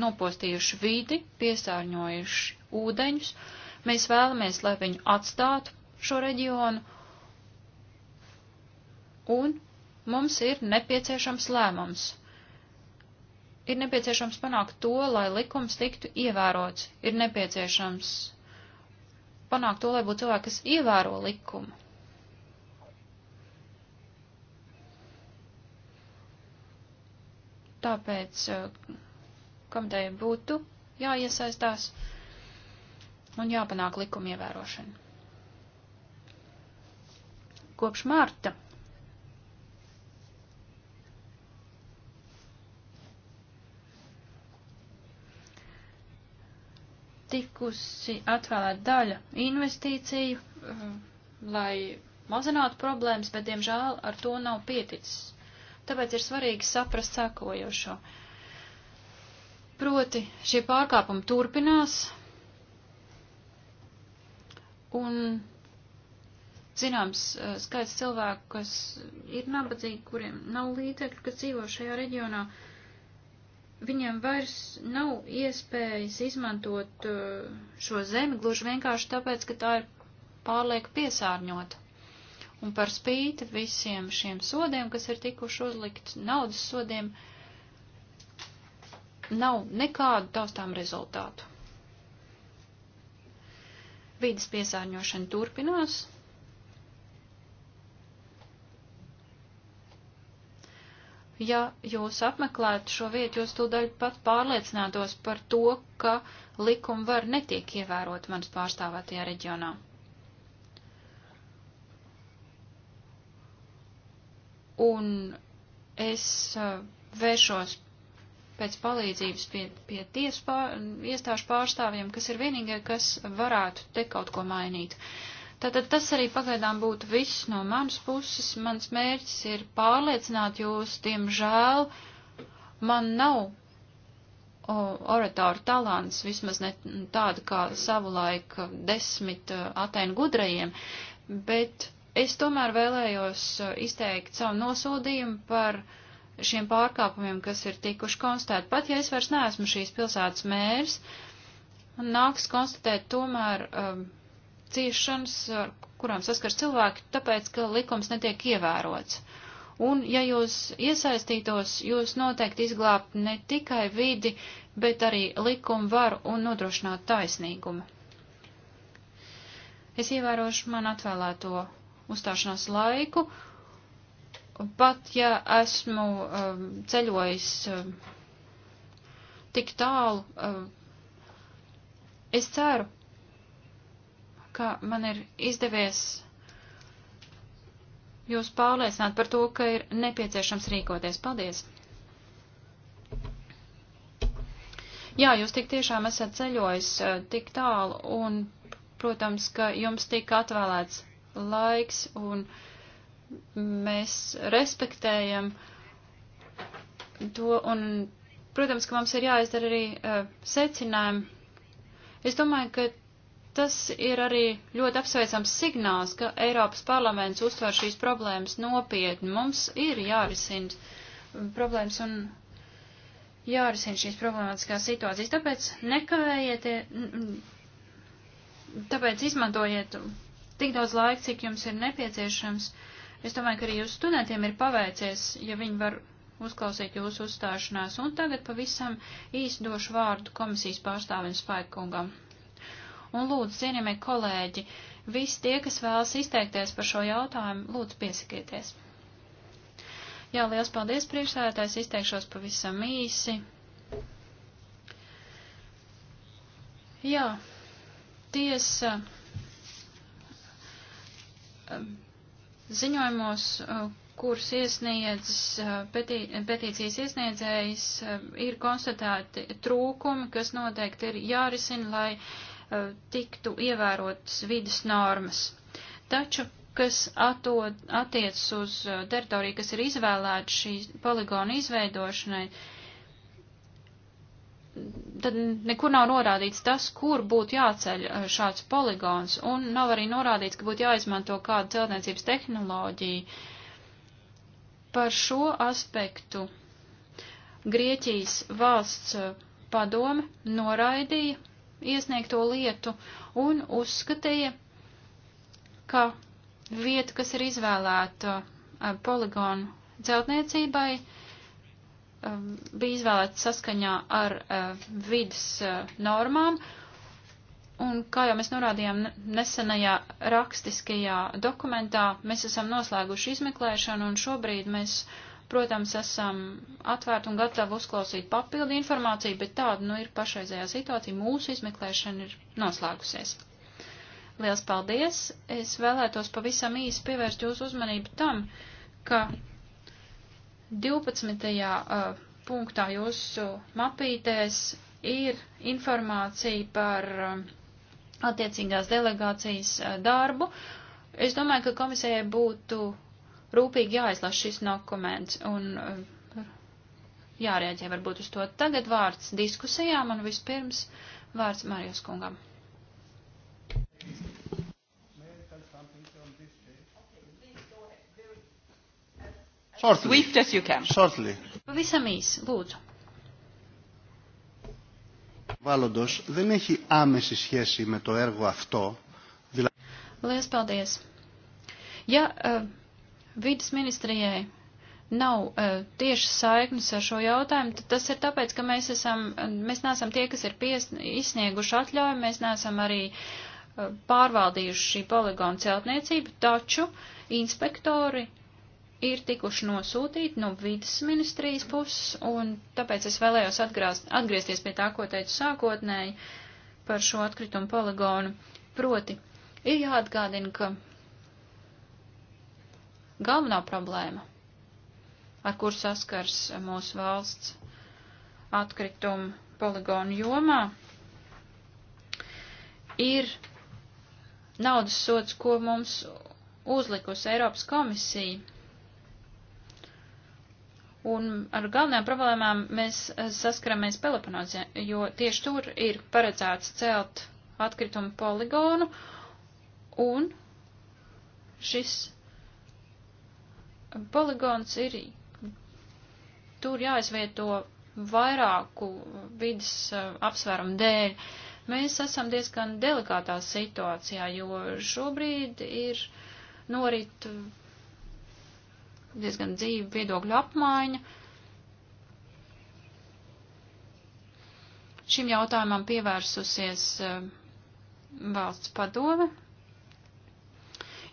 nopostījuši vidi, piesārņojuši ūdeņus, uh, Mēs vēlamies, lai viņi atstātu šo reģionu, un mums ir nepieciešams lēmums. Ir nepieciešams panākt to, lai likums tiktu ievērots. Ir nepieciešams panākt to, lai būtu cilvēki, kas ievēro likumu. Tāpēc eh, komitejai būtu jāiesaistās. Ja un jāpanāk likuma ievērošana. Kopš mārta tikusi atvēlēta daļa investīciju, eh, lai mazinātu problēmas, bet, diemžēl, ar to nav pieticis. Tāpēc ir svarīgi saprast sekojošo. Proti, šie pārkāpumi turpinās, Un zināms eh, skaits cilvēku, kas ir nabadzīgi, kuriem nav līdzekļu, kas dzīvo šajā reģionā, viņiem vairs nav iespējas izmantot eh, šo zemi gluži vienkārši tāpēc, ka tā ir pārlieku piesārņota. Un par spīti visiem šiem sodiem, kas ir tikuši uzlikt naudas sodiem, nav nekādu taustām rezultātu. Vīdas piesārņošana turpinās. Ja jūs apmeklētu šo vietu, jūs tūdaļ pat pārliecinātos par to, ka likuma var netiek ievērot manas pārstāvētajā reģionā. Un es eh, vēršos pēc palīdzības pie, pie tiesu pār, iestāžu pārstāvjiem, kas ir vienīgie, kas varētu te kaut ko mainīt. Tātad tas arī pagaidām būtu viss no manas puses. Mans mērķis ir pārliecināt jūs, diemžēl, man nav oratoru talants, vismaz ne tāda kā savulaik uh, desmit uh, Atēnu gudrajiem, bet es tomēr vēlējos uh, izteikt savu nosodījumu par uh, šiem pārkāpumiem, kas ir tikuši konstatēti. Pat ja es vairs neesmu šīs pilsētas mērs, man nāks konstatēt tomēr um, ciešanas, ar kurām saskars cilvēki, tāpēc, ka likums netiek ievērots. Un, ja jūs iesaistītos, jūs noteikti izglābt ne tikai vidi, bet arī likumu varu un nodrošināt taisnīgumu. Es ievērošu man atvēlēto uzstāšanās laiku Pat ja esmu um, ceļojis um, tik tālu, um, es ceru, ka man ir izdevies jūs pārliecināt par to, ka ir nepieciešams rīkoties. Paldies! Jā, jūs tik tiešām esat ceļojis uh, tik tālu un, protams, ka jums tika atvēlēts laiks un uh, mēs respektējam to, un, protams, ka mums ir jāizdara arī uh, secinājumi. Es domāju, ka tas ir arī ļoti apsveicams signāls, ka Eiropas parlaments uztver šīs problēmas nopietni. Mums ir jārisina problēmas un jārisina šīs problemātiskās situācijas. Tāpēc nekavējiet, tāpēc izmantojiet tik daudz laika, cik jums ir nepieciešams. Uh, Es domāju, ka arī jūsu studentiem ir paveicies, ja viņi var uzklausīt jūsu uzstāšanās. Un tagad pavisam īsi došu vārdu komisijas pārstāvim Spaikungam. Un lūdzu, cienījamie kolēģi, visi tie, kas vēlas izteikties par šo jautājumu, lūdzu piesakieties. Jā, liels paldies priekšsēdētājs, izteikšos pavisam īsi. Jā, tiesa. Um, Ziņojumos, uh, kurus iesniedz uh, peti, petīcijas iesniedzējs, uh, ir konstatēti trūkumi, kas noteikti ir jārisina, lai tiktu ievērotas vidas normas. Taču, kas attiecas uz teritoriju, kas ir izvēlēta šī poligona izveidošanai, uh, tad nekur nav norādīts tas, kur būtu jāceļ eh, šāds poligons, un nav arī norādīts, ka būtu jāizmanto kāda celtniecības tehnoloģija. Par šo aspektu Grieķijas valsts eh, padome noraidīja iesniegto lietu un uzskatīja, ka vieta, kas ir izvēlēta eh, poligonu celtniecībai, Um, bija izvēlēts saskaņā ar uh, vidas uh, normām. Un, kā jau mēs norādījām nesenajā rakstiskajā dokumentā, mēs esam noslēguši izmeklēšanu un šobrīd mēs, protams, esam atvērti un gatavi uzklausīt papildu informāciju, bet tāda nu ir pašreizējā situācija. Mūsu izmeklēšana ir noslēgusies. Liels paldies! Es vēlētos pavisam īsi pievērst jūsu uzmanību tam, ka 12. Uh, punktā jūsu mapītēs ir informācija par uh, attiecīgās delegācijas uh, darbu. Es domāju, ka komisijai būtu rūpīgi jāizlas šis dokuments un jārēģē varbūt uz to. Tagad vārds diskusijām un vispirms vārds Marijas kungam. Shortly. Swift as you can. Shortly. Pavisam īsi, lūdzu. Βάλλοντος δεν έχει άμεση σχέση με το έργο αυτό. Δηλαδή... Lielas paldies. Ja uh, vidas ministrijai nav uh, tieši saiknes ar šo jautājumu, tad tas ir tāpēc, ka mēs, esam, mēs neesam tie, kas ir pies, izsnieguši atļauju, mēs neesam arī uh, pārvaldījuši šī poligona celtniecību, taču inspektori ir tikuši nosūtīti no vidas ministrijas puses, un tāpēc es vēlējos atgrāst, atgriezties pie tā, ko teicu sākotnēji par šo atkritumu poligonu. Proti, ir jāatgādina, ka galvenā problēma, ar kur saskars mūsu valsts atkritumu poligonu jomā, ir naudas sots, ko mums uzlikusi Eiropas komisija Un ar galvenajām problēmām mēs eh, saskaramies Peloponozē, jo tieši tur ir paredzēts celt atkritumu poligonu, un šis poligons ir, tur jāizvieto vairāku vidas eh, apsvērumu dēļ. Mēs esam diezgan delikātā situācijā, jo šobrīd ir norit diezgan dzīva viedokļu apmaiņa. Šim jautājumam pievērsusies eh, valsts padome.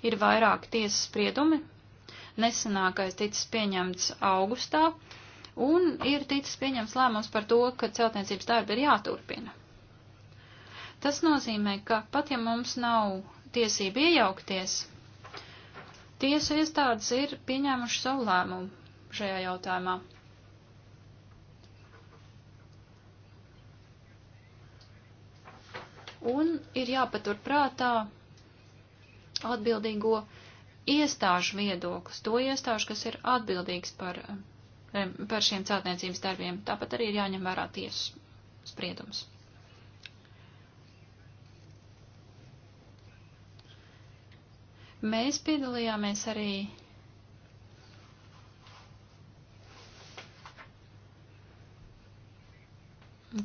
Ir vairāki tiesas spriedumi. Nesenākais ticis pieņemts augustā, un ir ticis pieņemts lēmums par to, ka celtniecības darbi ir jāturpina. Tas nozīmē, ka pat ja mums nav tiesība iejaukties, Tiesa iestādes ir pieņēmuši savu lēmumu šajā jautājumā. Un ir jāpatur prātā atbildīgo iestāžu viedoklis, to iestāžu, kas ir atbildīgs par, eh, par šiem celtniecības darbiem. Tāpat arī ir jāņem vērā tiesas spriedums. Mēs piedalījāmies arī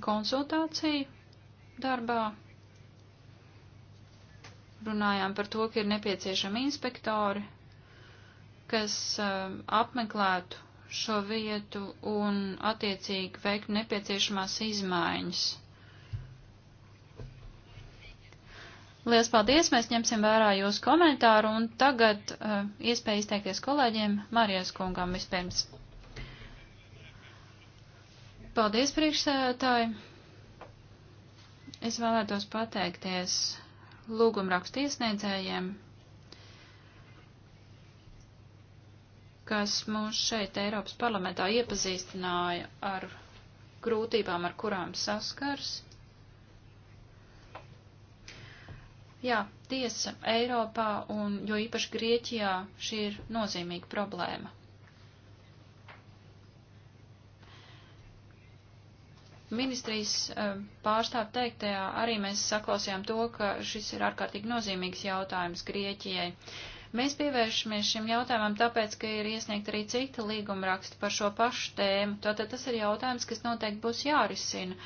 konsultāciju darbā. Runājām par to, ka ir nepieciešami inspektori, kas uh, apmeklētu šo vietu un attiecīgi veiktu nepieciešamās izmaiņas. Lielas paldies, mēs ņemsim vērā jūsu komentāru un tagad uh, iespēja izteikties kolēģiem Marijas kungam vispirms. Paldies, priekšsēdētāji. Es vēlētos pateikties lūgumrakstu iesniedzējiem, kas mūs šeit Eiropas parlamentā iepazīstināja ar grūtībām, ar kurām saskars. Jā, tiesa, Eiropā un jo īpaši Grieķijā šī ir nozīmīga problēma. Ministrijas eh, pārstāv teiktajā arī mēs saklausījām to, ka šis ir ārkārtīgi nozīmīgs jautājums Grieķijai. Mēs pievēršamies šim jautājumam tāpēc, ka ir iesniegt arī cita līguma raksta par šo pašu tēmu. Tātad tas ir jautājums, kas noteikti būs jārisina.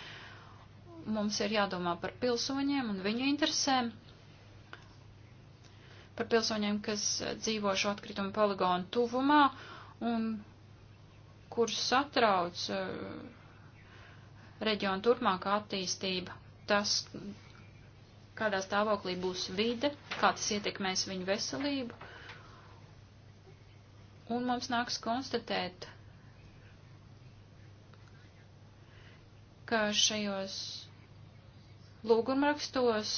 Mums ir jādomā par pilsoņiem un viņu interesēm, par pilsoņiem, kas dzīvo šo atkritumu poligonu tuvumā un kurus satrauc eh, reģiona turpmākā attīstība. Tas, kādā stāvoklī būs vide, kā tas ietekmēs viņu veselību. Un mums nāks konstatēt, ka šajos Lūgumrakstos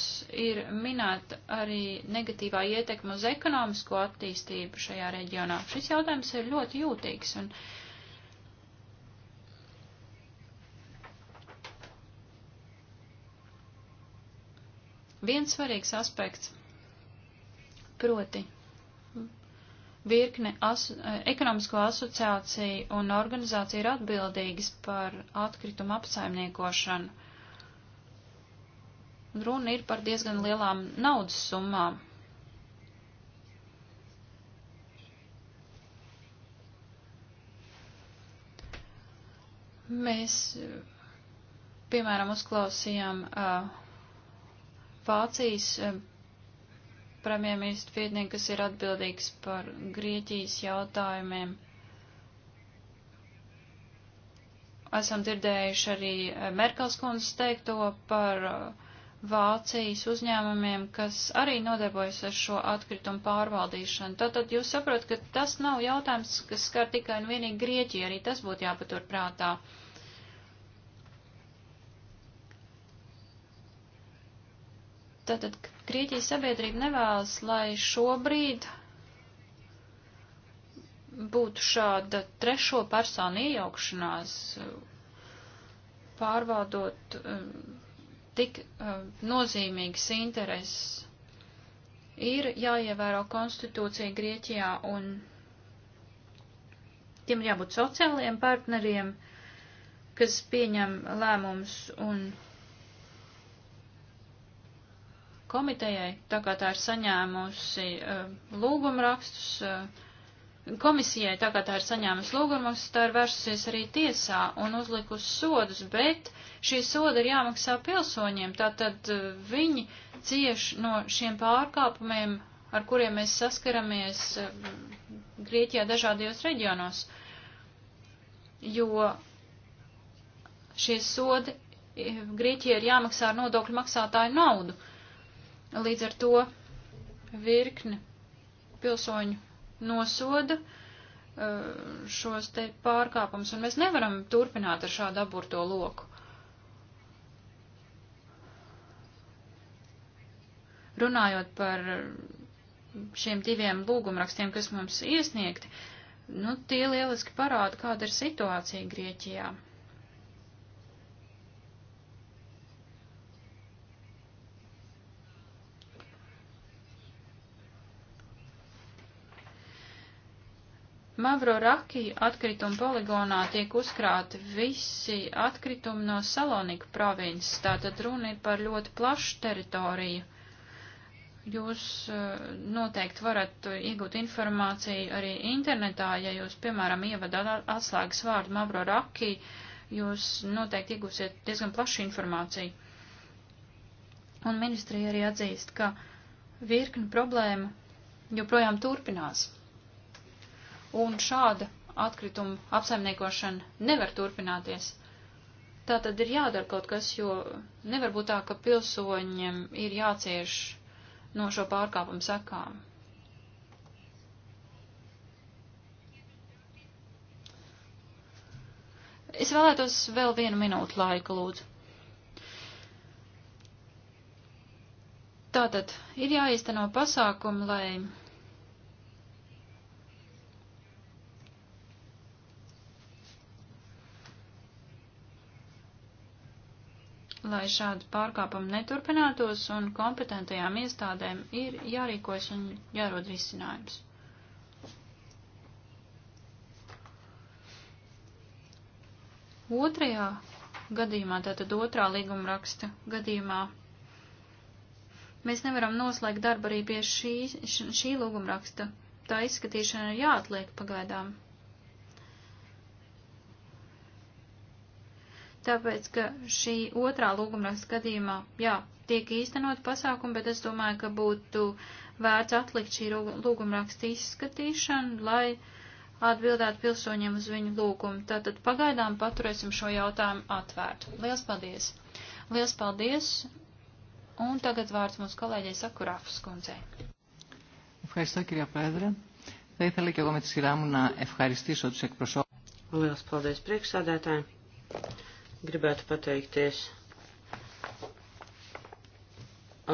ir minēta arī negatīvā ietekma uz ekonomisko attīstību šajā reģionā. Šis jautājums ir ļoti jūtīgs. Un viens svarīgs aspekts, proti virkne aso ekonomisko asociāciju un organizāciju ir atbildīgas par atkritumu apsaimniekošanu. Runa ir par diezgan lielām naudas summām. Mēs, piemēram, uzklausījām uh, Vācijas uh, premjerministru vietnieku, kas ir atbildīgs par Grieķijas jautājumiem. Esam dzirdējuši arī Merkels kundzes teikto par uh, Vācijas uzņēmumiem, kas arī nodarbojas ar šo atkritumu pārvaldīšanu. Tātad jūs saprotat, ka tas nav jautājums, kas skar tikai un vienīgi Grieķiju, arī tas būtu jāpatur prātā. Tātad Grieķijas sabiedrība nevēlas, lai šobrīd būtu šāda trešo personu iejaukšanās pārvaldot. Um, tik uh, nozīmīgas intereses. Ir jāievēro konstitūcija Grieķijā un tiem jābūt sociālajiem partneriem, kas pieņem lēmums un komitejai, tā kā tā ir saņēmusi uh, lūgumrakstus. Uh, Komisijai tā kā tā ir saņēmusi lūgumus, tā ir vērsusies arī tiesā un uzlikusi sodus, bet šī soda ir jāmaksā pilsoņiem, tātad eh, viņi cieš no šiem pārkāpumiem, ar kuriem mēs saskaramies eh, Grieķijā dažādajos reģionos, jo šie sodi eh, Grieķijai ir jāmaksā ar nodokļu maksātāju naudu. Līdz ar to virkne pilsoņu nosoda eh, šos te pārkāpumus, un mēs nevaram turpināt ar šādu aburto loku. Runājot par šiem diviem lūgumrakstiem, kas mums iesniegti, nu, tie lieliski parāda, kāda ir situācija Grieķijā. Mavro Rakiju atkrituma poligonā tiek uzkrāti visi atkritumi no Salonika provinces, tātad runa ir par ļoti plašu teritoriju. Jūs eh, noteikti varat iegūt informāciju arī internetā, ja jūs, piemēram, ievadat atslēgas vārdu Mavro Raki, jūs noteikti iegūsiet diezgan plašu informāciju. Un ministrija arī atzīst, ka virkni problēma joprojām turpinās un šāda atkrituma apsaimniekošana nevar turpināties. Tā tad ir jādara kaut kas, jo nevar būt tā, ka pilsoņiem ir jācieš no šo pārkāpumu sakām. Es vēlētos vēl vienu minūtu laika, lūdzu. Tātad ir jāizteno pasākumi, lai lai šādi pārkāpumi neturpinātos un kompetentajām iestādēm ir jārīkojas un jārod risinājums. Otrajā gadījumā, tātad otrā līguma raksta gadījumā, mēs nevaram noslēgt darbu arī pie šī, šī līguma raksta. Tā izskatīšana ir jāatliek pagaidām. tāpēc, ka šī otrā lūgumraksta gadījumā, jā, tiek īstenot pasākumi, bet es domāju, ka būtu vērts atlikt šī lūgumraksta izskatīšanu, lai atbildētu pilsoņiem uz viņu lūgumu. Tātad pagaidām paturēsim šo jautājumu atvērtu. Lielas paldies! Lielas paldies! Un tagad vārds mūsu kolēģei Sakurāfas kundzei. Ευχαριστώ κυρία Πρόεδρε. Θα ήθελα και εγώ με τη σειρά μου να ευχαριστήσω τους εκπροσώπους. Λίγος παλδές πρίξ, αδέτα gribētu pateikties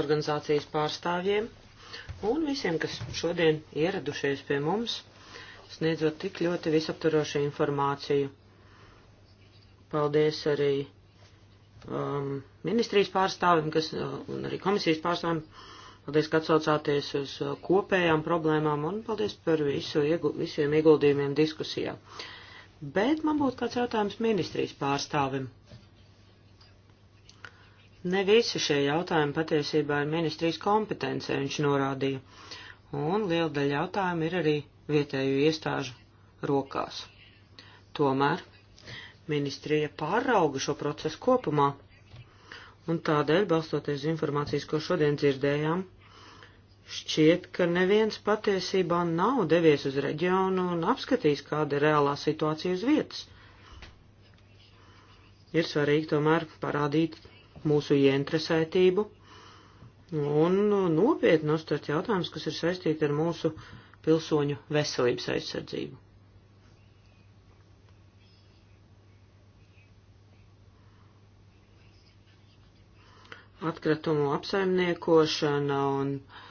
organizācijas pārstāvjiem un visiem, kas šodien ieradušies pie mums, sniedzot tik ļoti visaptvarošu informāciju. Paldies arī um, ministrijas pārstāvim kas, uh, un arī komisijas pārstāvim. Paldies, ka atsaucāties uz uh, kopējām problēmām un paldies par visu, iegu, visiem ieguldījumiem diskusijā. Uh, Bet man būtu kāds jautājums ministrijas pārstāvim. Ne visi šie jautājumi patiesībā ir ministrijas kompetence, viņš norādīja. Un liela daļa jautājumu ir arī vietēju iestāžu rokās. Tomēr ministrija pārauga šo procesu kopumā. Un tādēļ, balstoties informācijas, ko šodien dzirdējām, Šķiet, ka neviens patiesībā nav devies uz reģionu un apskatījis, kāda ir reālā situācija uz vietas. Ir svarīgi tomēr parādīt mūsu ieinteresētību un nopietni uztvert jautājumus, kas ir saistīti ar mūsu pilsoņu veselības aizsardzību. Atkritumu apsaimniekošana un uh,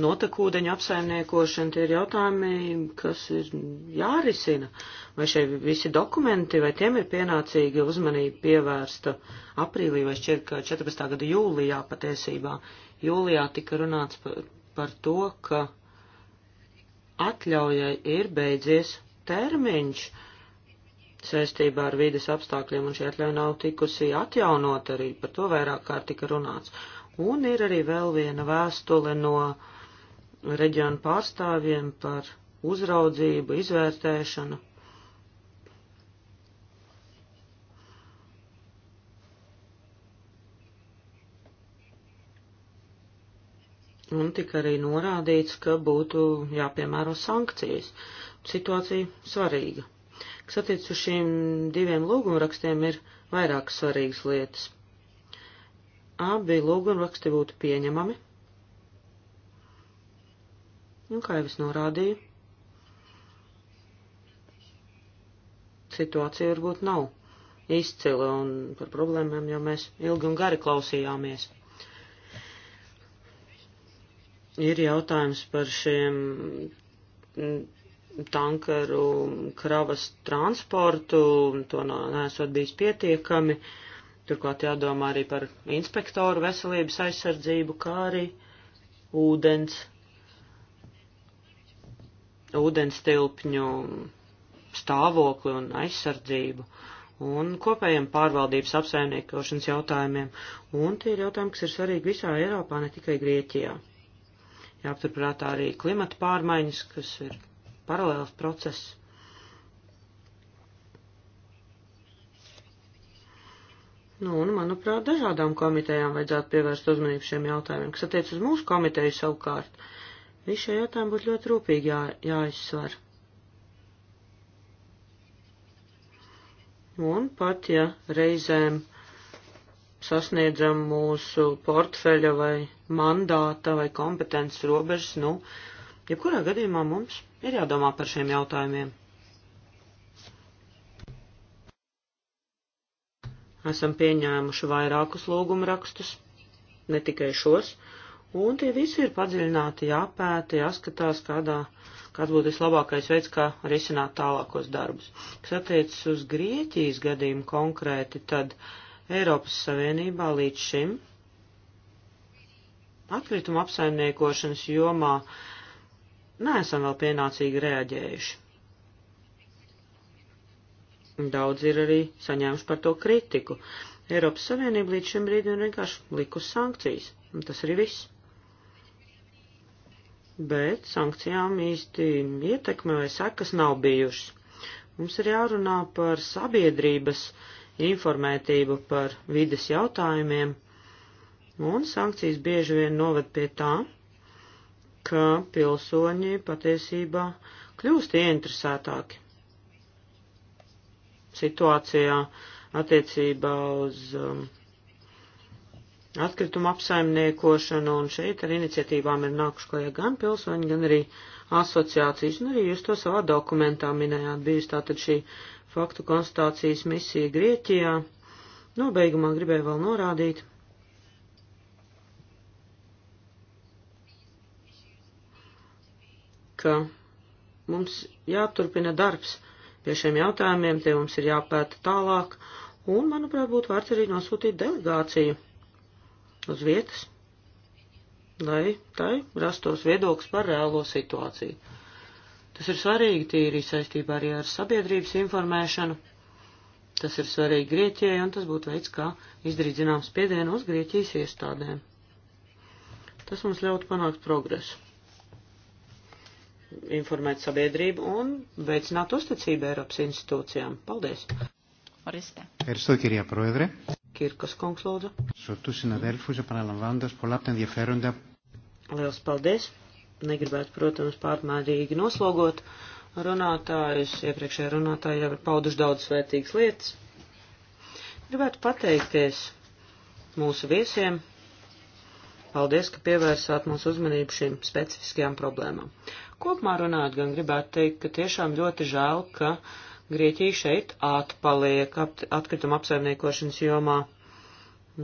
notekūdeņu apsaimniekošana, tie ir jautājumi, kas ir jārisina. Vai šie visi dokumenti, vai tiem ir pienācīga uzmanība pievērsta aprīlī vai šķiet, ka 14. gada jūlijā patiesībā. Jūlijā tika runāts par, par to, ka atļaujai ir beidzies termiņš saistībā ar vīdes apstākļiem, un šī atļauja nav tikusi atjaunot arī, par to vairāk kārt tika runāts. Un ir arī vēl viena vēstule no uh, reģionu pārstāvjiem par uzraudzību, izvērtēšanu. Un tika arī norādīts, ka būtu jāpiemēro sankcijas. Situācija svarīga. Kas attiec uz šīm diviem lūgumrakstiem, ir vairākas svarīgas lietas. Abi lūgumraksti būtu pieņemami, Un nu, kā jau es norādīju, situācija varbūt nav izcila un par problēmām jau mēs ilgi un gari klausījāmies. Ir jautājums par šiem tankaru kravas transportu, to nesot bijis pietiekami. Turklāt jādomā arī par inspektoru veselības aizsardzību, kā arī ūdens ūdens tilpņu stāvokli un aizsardzību un kopējiem pārvaldības apsaimniekošanas jautājumiem, un tie ir jautājumi, kas ir svarīgi visā Eiropā, ne tikai Grieķijā. Jāpaturprātā arī klimata pārmaiņas, kas ir paralēls process. Nu, un, manuprāt, dažādām komitejām vajadzētu pievērst uzmanību šiem jautājumiem, kas attiec uz mūsu komiteju savukārt. Uh, Visu šo jautājumu būtu ļoti rūpīgi jā, jāizsver. Un pat, ja reizēm sasniedzam mūsu portfeļa vai mandāta vai kompetences robežas, nu, jebkurā gadījumā mums ir jādomā par šiem jautājumiem. Esam pieņēmuši vairākus lūgumu rakstus, ne tikai šos, uh, Un tie visi ir padziļināti, jāpēta, jāskatās, kādā, kāds būtu vislabākais veids, kā risināt tālākos darbus. Kas attiecas uz Grieķijas gadījumu konkrēti, tad Eiropas Savienībā līdz šim atkrituma apsaimniekošanas jomā neesam vēl pienācīgi reaģējuši. Daudz ir arī saņēmuši par to kritiku. Eiropas Savienība līdz šim brīdim vienkārši likus sankcijas, un tas arī viss bet sankcijām īsti ietekme vai sekas nav bijušas. Mums ir jārunā par sabiedrības informētību par vides jautājumiem, un sankcijas bieži vien noved pie tā, ka pilsoņi patiesībā kļūst ieinteresētāki situācijā attiecībā uz um, atkritumu apsaimniekošanu, un šeit ar iniciatīvām ir nākuši klajā gan pilsoņi, gan arī asociācijas, un arī jūs to savā dokumentā minējāt, bijusi tātad šī faktu konstatācijas misija Grieķijā. Nobeigumā gribēju vēl norādīt. ka mums jāturpina darbs pie šiem jautājumiem, tie mums ir jāpēta tālāk, un, manuprāt, būtu vērts arī nosūtīt delegāciju uz vietas, lai tai rastos viedoklis par reālo situāciju. Tas ir svarīgi tīri saistībā arī ar sabiedrības informēšanu. Tas ir svarīgi Grieķijai, un tas būtu veids, kā izdarīt zināms spiedienu uz Grieķijas iestādēm. Tas mums ļautu panākt progresu, informēt sabiedrību un veicināt uzticību Eiropas institūcijām. Paldies! Ευχαριστώ κυρία Πρόεδρε. Kirkos kungs, lūdzu. Sotus συναδέλφους, επαναλαμβάνοντας πολλά από τα ενδιαφέροντα. Liels paldies. Negribētu, protams, pārmērīgi noslogot runātājus. Iepriekšējā runātāja jau ir pauduši daudz svētīgas lietas. Gribētu pateikties mūsu viesiem. Paldies, ka pievērsāt mūsu uzmanību šīm specifiskajām problēmām. Kopumā runājot, gan gribētu teikt, ka tiešām ļoti žēl, ka uh, Grieķija šeit atpaliek atkrituma apsaimniekošanas jomā.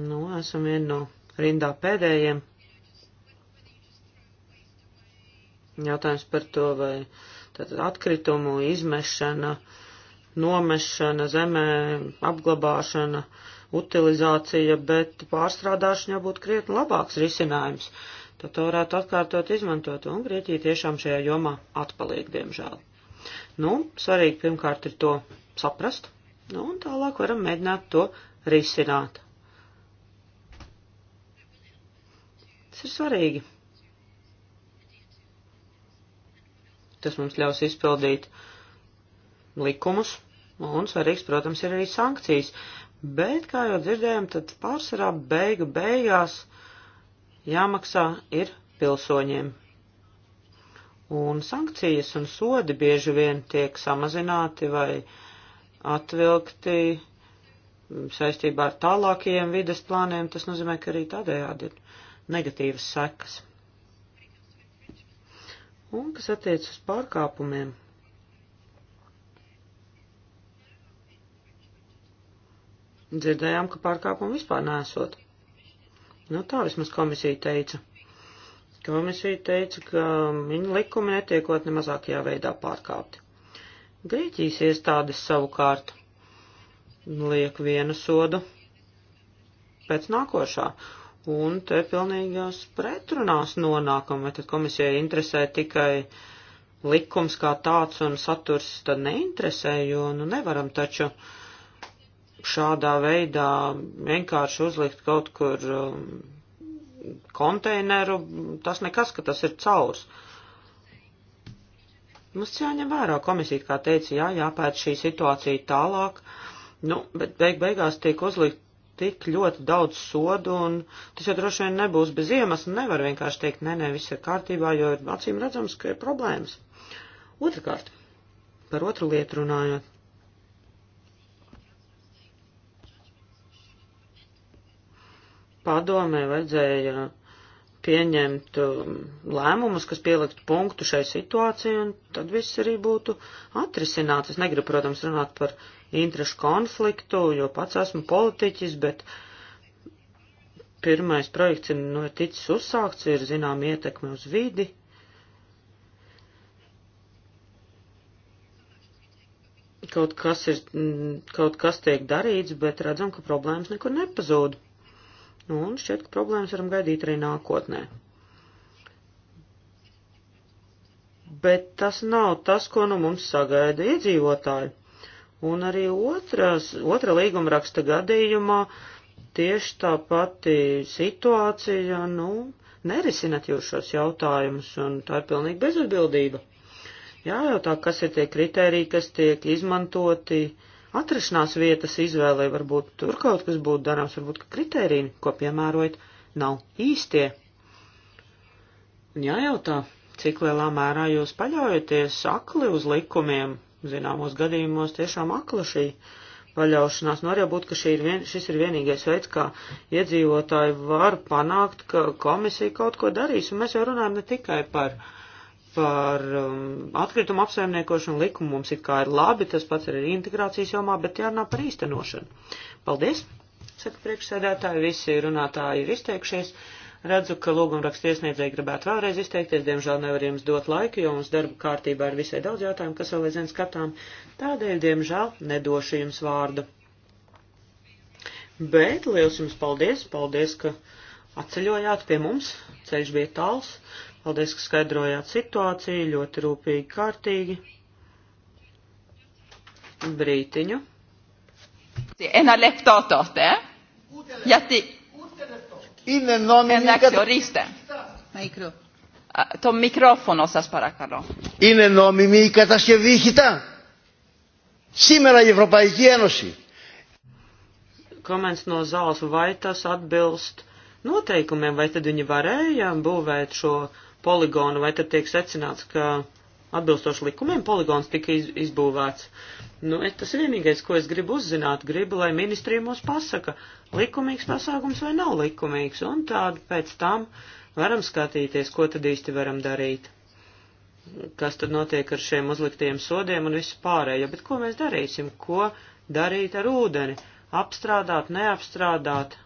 Nu, esam vien no rindā pēdējiem. Jautājums par to, vai tātad atkritumu izmešana, nomešana, zemē apglabāšana, utilizācija, bet pārstrādāšana jau būtu krietni labāks risinājums. Tad to varētu atkārtot izmantot, un Grieķija tiešām šajā jomā atpaliek, diemžēl. Nu, svarīgi pirmkārt ir to saprast, nu, un tālāk varam mēģināt to risināt. Tas ir svarīgi. Tas mums ļaus izpildīt likumus, un svarīgs, protams, ir arī sankcijas. Bet, kā jau dzirdējām, tad pārsvarā beigu beigās jāmaksā ir pilsoņiem. Un sankcijas un sodi bieži vien tiek samazināti vai atvilkti saistībā ar tālākajiem vides plāniem. Tas nozīmē, ka arī tādējādi ir negatīvas sekas. Un kas attiec uz pārkāpumiem? Dzirdējām, ka pārkāpumu vispār nesot. Nu tā vismaz komisija teica. Komisija teica, ka viņa likumi netiekot nemazākajā veidā pārkāpti. Grieķijas iestādes savukārt liek vienu sodu pēc nākošā. Un te pilnīgās pretrunās nonākam, vai tad komisijai interesē tikai likums kā tāds un saturs tad neinteresē, jo nu nevaram taču šādā veidā vienkārši uzlikt kaut kur. Um, konteineru, tas nekas, ka tas ir caurs. Mums jāņem vērā komisija, kā teica, jā, jāpēc šī situācija tālāk, nu, bet beig beigās tiek uzlikt tik ļoti daudz sodu, un tas jau droši vien nebūs bez iemesla, nevar vienkārši teikt, nē, nē, viss ir kārtībā, jo acīm redzams, ka ir problēmas. Otrakārt, par otru lietu runājot padomē vajadzēja pieņemt um, lēmumus, kas pieliktu punktu šai situācijai, un tad viss arī būtu atrisināts. Es negribu, protams, runāt par interešu konfliktu, jo pats esmu politiķis, bet pirmais projekts ir nu, ticis uzsākts, ir zinām ietekme uz vidi. Kaut kas, ir, mm, kaut kas tiek darīts, bet redzam, ka problēmas nekur nepazūda. Un šķiet, ka problēmas varam gaidīt arī nākotnē. Bet tas nav tas, ko nu mums sagaida iedzīvotāji. Un arī otras, otra līguma raksta gadījumā tieši tā pati situācija, nu, nerisinat jūs šos jautājumus, un tā ir pilnīgi bezatbildība. Jājautā, kas ir tie kriteriji, kas tiek izmantoti atrašanās vietas izvēlē, varbūt tur kaut kas būtu darāms, varbūt ka kritēriji, ko piemērojat, nav īstie. Un jājautā, cik lielā mērā jūs paļaujaties akli uz likumiem, zināmos gadījumos tiešām akla šī paļaušanās. Nu, arī būt, ka ir vien, šis ir vienīgais veids, kā iedzīvotāji var panākt, ka komisija kaut ko darīs, un mēs jau runājam ne tikai par uh, par um, atkritumu apsaimniekošanu likumu mums it kā ir labi, tas pats arī ir integrācijas jomā, bet jārunā par īstenošanu. Paldies, saka priekšsēdētāji, visi runātāji ir izteikšies. Redzu, ka lūgumraksta iesniedzēji gribētu vēlreiz izteikties, diemžēl nevar jums dot laiku, jo mums darba kārtībā ir visai daudz jautājumu, kas vēl aizvien skatām, tādēļ, diemžēl, nedošu jums vārdu. Bet liels jums paldies, paldies, ka atceļojāt pie mums, ceļš bija tāls. Paldies, ka skaidrojāt situāciju ļoti rūpīgi, kārtīgi. Brītiņu. Ena leptotot, eh? Jätti. Inne nomini... Riste. Mikro. Το μικρόφωνο σας παρακαλώ. Είναι νόμιμη η κατασκευή χιτά. Σήμερα η Ευρωπαϊκή Ένωση. Comments no zāles, vai tas atbilst noteikumiem, vai tad viņi varēja būvēt šo uh, poligonu, vai tad tiek secināts, ka atbilstoši likumiem poligons tika iz, izbūvēts? Nu, es, tas ir vienīgais, ko es gribu uzzināt. Gribu, lai ministrija mums pasaka, likumīgs pasākums vai nav likumīgs, un tādu pēc tam varam skatīties, ko tad īsti varam darīt. Kas tad notiek ar šiem uzliktiem sodiem un visu pārējo, bet ko mēs darīsim, ko darīt ar ūdeni, apstrādāt, neapstrādāt,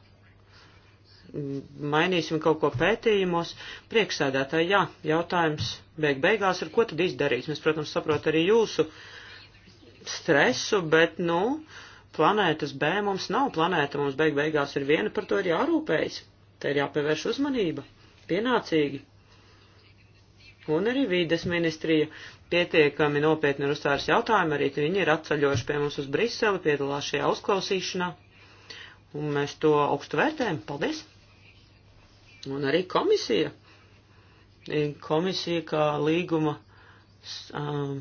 mainīsim kaut ko pētījumos. Priekšsēdētāji, jā, jautājums beig beigās ir, ko tad izdarīt? Mēs, protams, saprot arī jūsu stresu, bet, nu, planētas B mums nav planēta, mums beig beigās ir viena, par to ir jārūpējas. Te ir jāpievērš uzmanība, pienācīgi. Un arī vīdes ministrija pietiekami nopietni ir uztvērs jautājumu, arī viņi ir atceļojuši pie mums uz Briseli, piedalās šajā uzklausīšanā. Un mēs to augstu vērtējam. Paldies! Un arī komisija. E, komisija kā līguma um,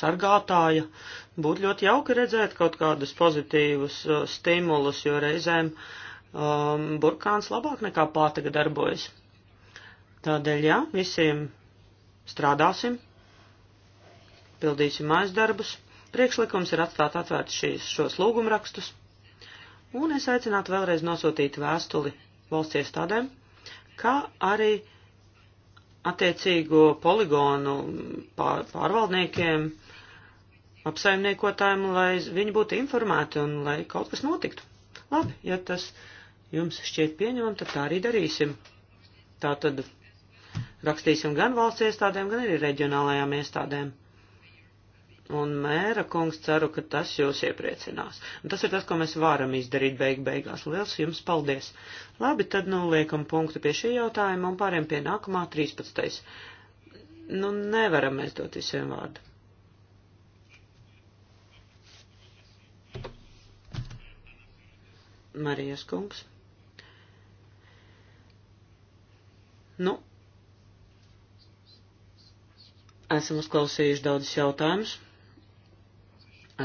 sargātāja būtu ļoti jauki redzēt kaut kādus pozitīvus uh, stimulus, jo reizēm um, burkāns labāk nekā pātaga darbojas. Tādēļ, jā, visiem strādāsim, pildīsim mājas darbus. Priekšlikums ir atstāt atvērts šīs, šos lūgumrakstus, un es aicinātu vēlreiz nosūtīt vēstuli valsts iestādēm, kā arī attiecīgo poligonu pār, pārvaldniekiem, apsaimniekotājiem, lai viņi būtu informēti un lai kaut kas notiktu. Labi, ja tas jums šķiet pieņemam, tad tā arī darīsim. Tā tad rakstīsim gan valsts iestādēm, gan arī reģionālajām iestādēm. Un mēra kungs ceru, ka tas jūs iepriecinās. Un tas ir tas, ko mēs varam izdarīt beig beigās. Liels jums paldies! Labi, tad nu liekam punktu pie šī jautājuma un pāriem pie nākamā 13. Nu, nevaram mēs dot visiem vārdu. Marijas kungs. Nu, esam uzklausījuši daudzus jautājumus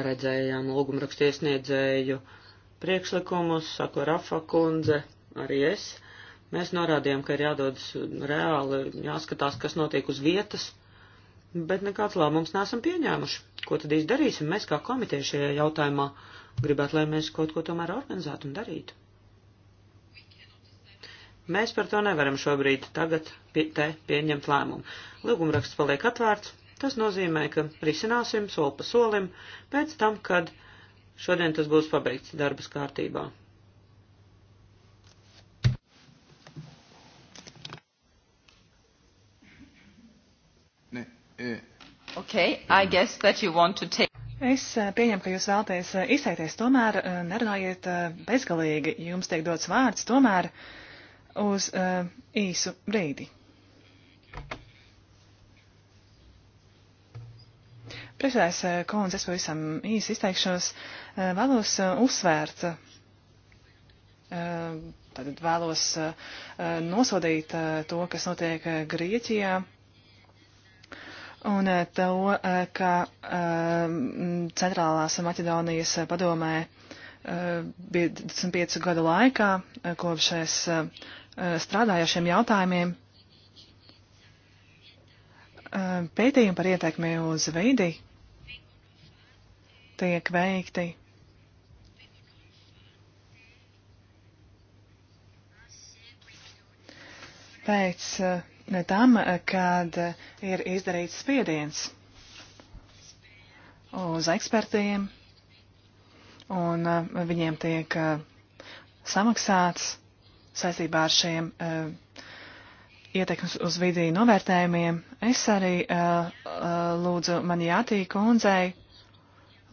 redzējām lūgumrakstu iesniedzēju priekšlikumus, saka Rafa kundze, arī es. Mēs norādījām, ka ir jādodas reāli, jāskatās, kas notiek uz vietas, bet nekāds lēmums nesam pieņēmuši. Ko tad īsti darīsim? Mēs kā komiteja šajā jautājumā gribētu, lai mēs kaut ko tomēr organizētu un darītu. Mēs par to nevaram šobrīd tagad pie, te pieņemt lēmumu. Lūgumraksts paliek atvērts, Tas nozīmē, ka risināsim soli pa solim pēc tam, kad šodien tas būs pabeigts darbas kārtībā. Ne, e. Okay, I guess that you want to take. Es e, pieņemu, ka jūs vēlaties e, izteikties, tomēr e, nerunājiet bezgalīgi. Jums tiek dots vārds tomēr uz īsu brīdi. Priekšsēdētājs eh, Kolons, es pavisam īsi izteikšos, eh, vēlos eh, uzsvērt, tad vēlos nosodīt to, kas notiek Grieķijā. Un to, ka centrālās Maķedonijas padomē bija 25 gadu laikā, kopš es strādāju ar šiem jautājumiem, pētījumi par ietekmi uz vidi tiek veikti. Pēc tam, kad ir izdarīts spiediens uz ekspertiem un viņiem tiek samaksāts saistībā ar šiem uh, ietekmes uz vidī novērtējumiem, es arī uh, uh lūdzu Manijātī kundzei,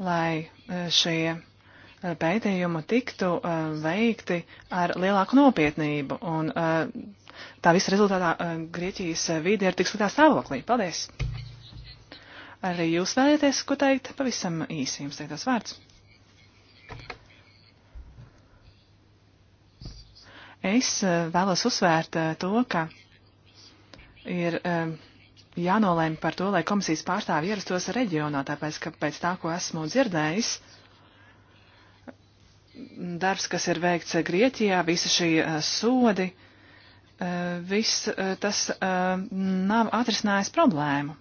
lai uh, šie uh, pētījumi tiktu uh, veikti ar lielāku nopietnību. Un uh, tā visa rezultātā uh, Grieķijas vide ir tik sliktā stāvoklī. Paldies! Arī jūs vēlaties, ko teikt, pavisam īsi jums teiktas vārds. Es vēlos uzsvērt to, ka ir eh, jānolēma par to, lai komisijas pārstāvi ierastos reģionā, tāpēc, ka pēc tā, ko esmu dzirdējis, darbs, kas ir veikts eh, Grieķijā, visi šie eh, sodi, viss tas nav atrisinājis problēmu.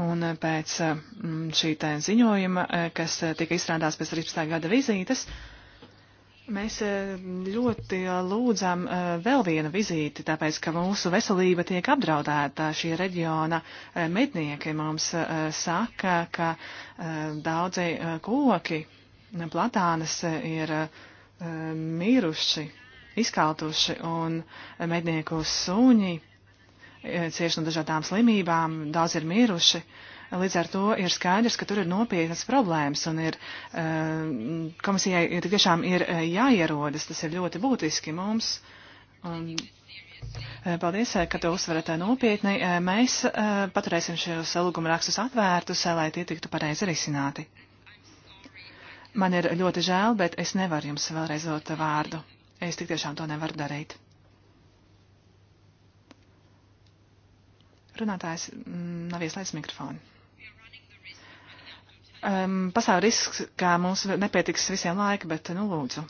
Un pēc šī tā ziņojuma, kas tika izstrādāts pēc 13. gada vizītes, uh, Mēs eh, ļoti eh, lūdzam eh, vēl vienu vizīti, tāpēc, ka mūsu veselība tiek apdraudēta. Šie reģiona mednieki mums saka, ka daudzi koki platānas ir miruši, izkaltuši, un mednieku suņi cieši no dažādām slimībām, daudz ir miruši. Uh, Līdz ar to ir skaidrs, ka tur ir nopietnas problēmas un ir, eh, komisijai ir tiešām ir eh, jāierodas, tas ir ļoti būtiski mums. Un eh, Paldies, ka to uzsverat nopietni. Mēs paturēsim šos lūguma rakstus atvērtus, lai tie tiktu pareizi risināti. Man ir ļoti žēl, bet es nevaru jums vēlreiz dot vārdu. Es tik tiešām to nevaru darīt. Runātājs mm, nav ieslēdzis mikrofonu um, pastāv risks, ka mums nepietiks visiem laika, bet nu lūdzu.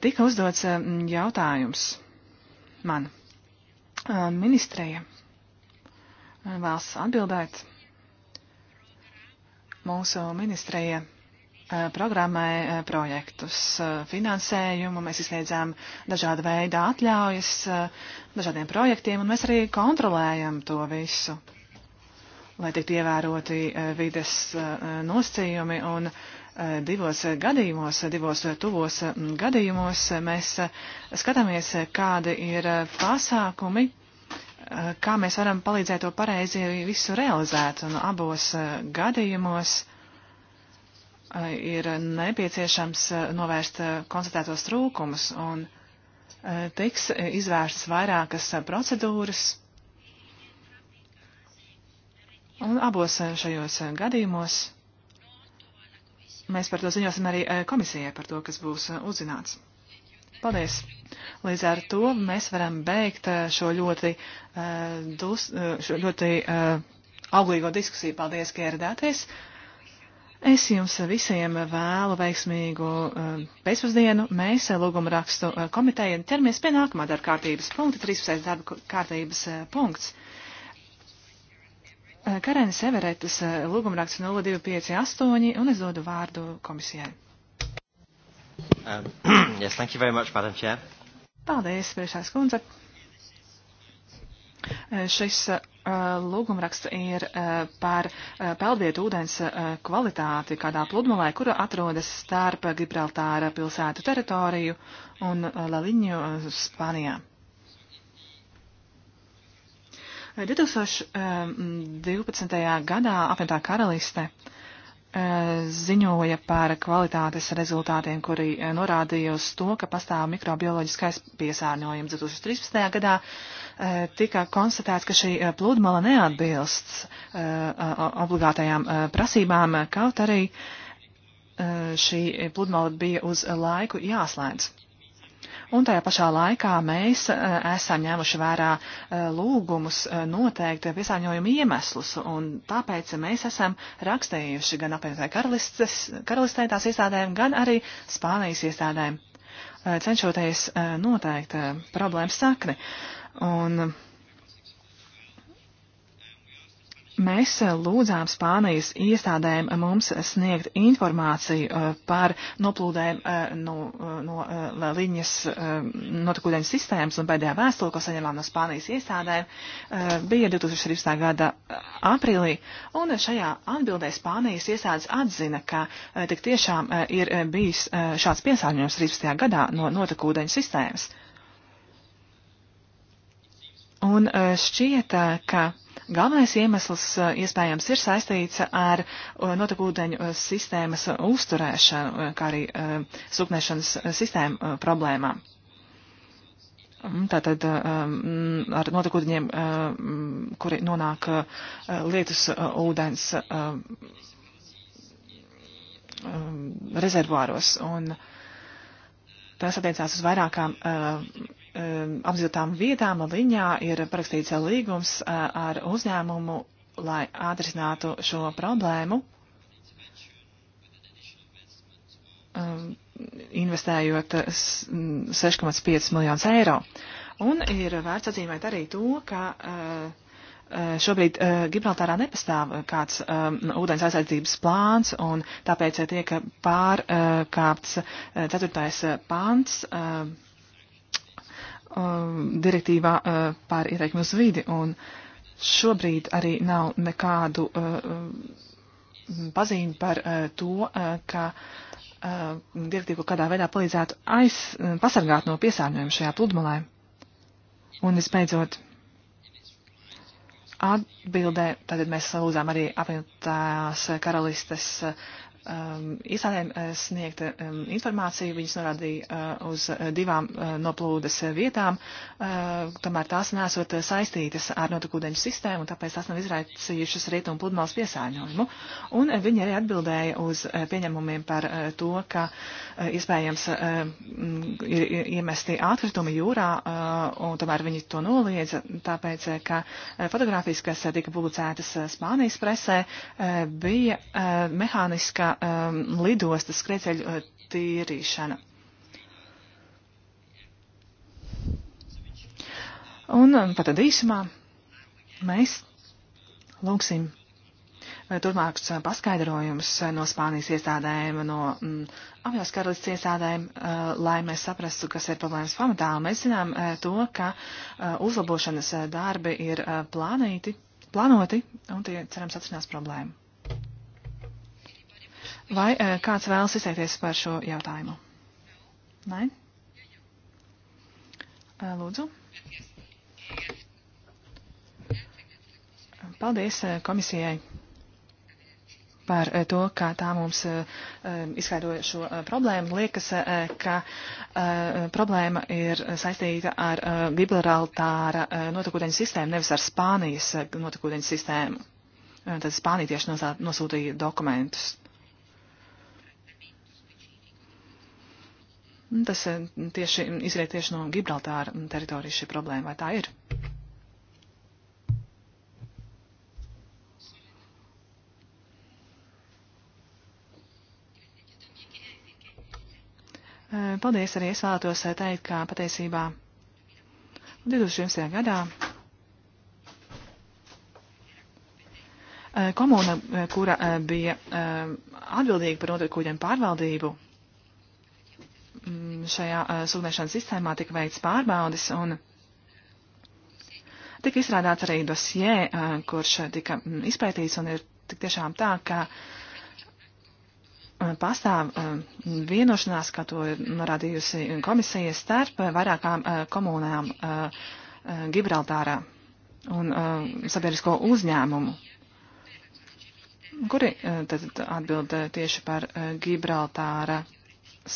Tika uzdots jautājums man. Ministreja vēlas atbildēt. Mūsu ministreja Eh, programmai eh, projektus, eh, finansējumu, mēs izsniedzām dažādu veidu atļaujas dažādiem projektiem, un mēs arī kontrolējam to visu, lai tiktu ievēroti vides nosacījumi, un divos gadījumos, divos tuvos gadījumos mēs skatāmies, kādi ir pasākumi, kā mēs varam palīdzēt to pareizi visu realizēt, un abos gadījumos Eh, ir nepieciešams eh, novērst eh, konstatētos trūkumus un tiks izvērstas vairākas procedūras. Un abos šajos gadījumos mēs par to ziņosim arī komisijai par to, kas būs uzzināts. Paldies! Līdz ar to mēs varam beigt šo ļoti, uh, dus, šo ļoti uh, auglīgo diskusiju. Paldies, ka ieradāties! Es jums visiem vēlu veiksmīgu eh, pēcpusdienu. Mēs eh, lūgumu rakstu eh, komiteju ķermies pie nākamā darba kārtības punkta, 13. darba kārtības punkts. Karēnis Everetas lūgumraksts 0258 un es dodu vārdu komisijai. Um, yes, thank you very much, Madam Chair. Paldies, priekšās kundze. Eh, šis eh, lūgumraksts ir eh, par peldvietu ūdens kvalitāti kādā pludmalē, kura atrodas starp Gibraltāra pilsētu teritoriju un Laliņu Spānijā. 2012. gadā apvienotā karaliste ziņoja par kvalitātes rezultātiem, kuri norādīja uz to, ka pastāv mikrobioloģiskais piesārņojums. 2013. gadā Eh, tika konstatēts, ka šī eh, pludmala neatbilst eh, obligātajām prasībām, kaut arī šī pludmala bija uz laiku jāslēdz. Un tajā pašā laikā mēs esam ņēmuši vērā lūgumus noteikt piesārņojumu iemeslus, un tāpēc mēs esam rakstījuši gan apvienotāju karalistē tās iestādēm, gan arī Spānijas iestādēm, cenšoties noteikt problēmas sakni. Uh, Un mēs lūdzām Spānijas iestādēm mums sniegt informāciju uh, par noplūdēm uh, no, uh, no līnijas notekūdeņu sistēmas, un pēdējā vēstule, ko saņemām no Spānijas iestādēm, bija 2016. gada aprīlī, un šajā atbildē Spānijas iestādes atzina, ka tik tiešām ir bijis šāds piesārņojums 13. gadā no notekūdeņu sistēmas. Un e, šķiet, e, ka galvenais iemesls e, iespējams ir saistīts ar notekūdeņu sistēmas uzturēšanu, kā arī sūknēšanas sistēmu problēmām. Mm, tātad um, ar notekūdeņiem, um, kuri nonāk uh, lietus uh, ūdens uh, um, rezervuāros. Un tas attiecās uz vairākām uh, Um, apdzīvotām vietām Liņā ir parakstīts līgums uh, ar uzņēmumu, lai atrisinātu šo problēmu, um, investējot 6,5 uh, mm, miljonus eiro. Un ir vērts atzīmēt arī to, ka uh, šobrīd Gibraltārā nepastāv kāds um, ūdens aizsardzības plāns, un tāpēc tiek pārkāpts ceturtais pants Um, direktīvā uh, par ieteikumu uz vidi, un šobrīd arī nav nekādu uh, um, pazīmi par uh, to, ka direktīvu kādā veidā palīdzētu aiz, um, pasargāt no piesārņojuma šajā pludmalē. Un visbeidzot, atbildē, tad mēs lūdzām arī apvienotās karalistes uh, um, iestādēm uh, sniegta um, informācija, viņas norādīja uh, uz uh, divām uh, noplūdes uh, vietām, uh, tomēr tās nesot saistītas ar notekūdeņu sistēmu, tāpēc tās nav izraicījušas rietumu pludmales piesāņojumu. Un viņi arī atbildēja uz uh, pieņemumiem par uh, to, ka uh, iespējams uh, ir iemesti atkritumi jūrā, uh, un tomēr viņi to noliedza, tāpēc, ka uh, fotogrāfijas, kas tika publicētas Spānijas presē, uh, bija uh, mehāniskā um, lidostas skrieceļu uh, tīrīšana. Un um, pat tad īsumā mēs lūgsim uh, turpmākus uh, paskaidrojumus no Spānijas iestādēm, no mm, avijās karalists iestādēm, uh, lai mēs saprastu, kas ir problēmas pamatā. Mēs zinām uh, to, ka uh, uzlabošanas darbi ir plānīti, plānoti, un tie cerams atrisinās problēmu. Vai eh, kāds vēlas izteikties par šo jautājumu? Nē? Eh, lūdzu. Paldies eh, komisijai par to, kā tā mums izskaidroja šo problēmu. Liekas, ka problēma ir saistīta ar Gibraltāra notekūdeņu sistēmu, nevis ar Spānijas notekūdeņu sistēmu. Tad Spānija tieši nosūtīja dokumentus. Tas eh, tieši izriet tieši no Gibraltāra teritorijas šī problēma, vai tā ir? Eh, paldies arī es vēlētos eh, teikt, ka patiesībā 2011. gadā komuna, kura bija atbildīga par notiekuļiem pārvaldību, Mm, šajā sūdzēšanas sistēmā tika veikts pārbaudas un tika izstrādāts arī dosie, kurš tika mm, izpētīts un ir tik tiešām tā, ka pastāv vienošanās, kā to ir norādījusi komisijas starp vairākām komunām Gibraltārā un sabiedrisko uzņēmumu kuri tad atbild tieši par Gibraltāra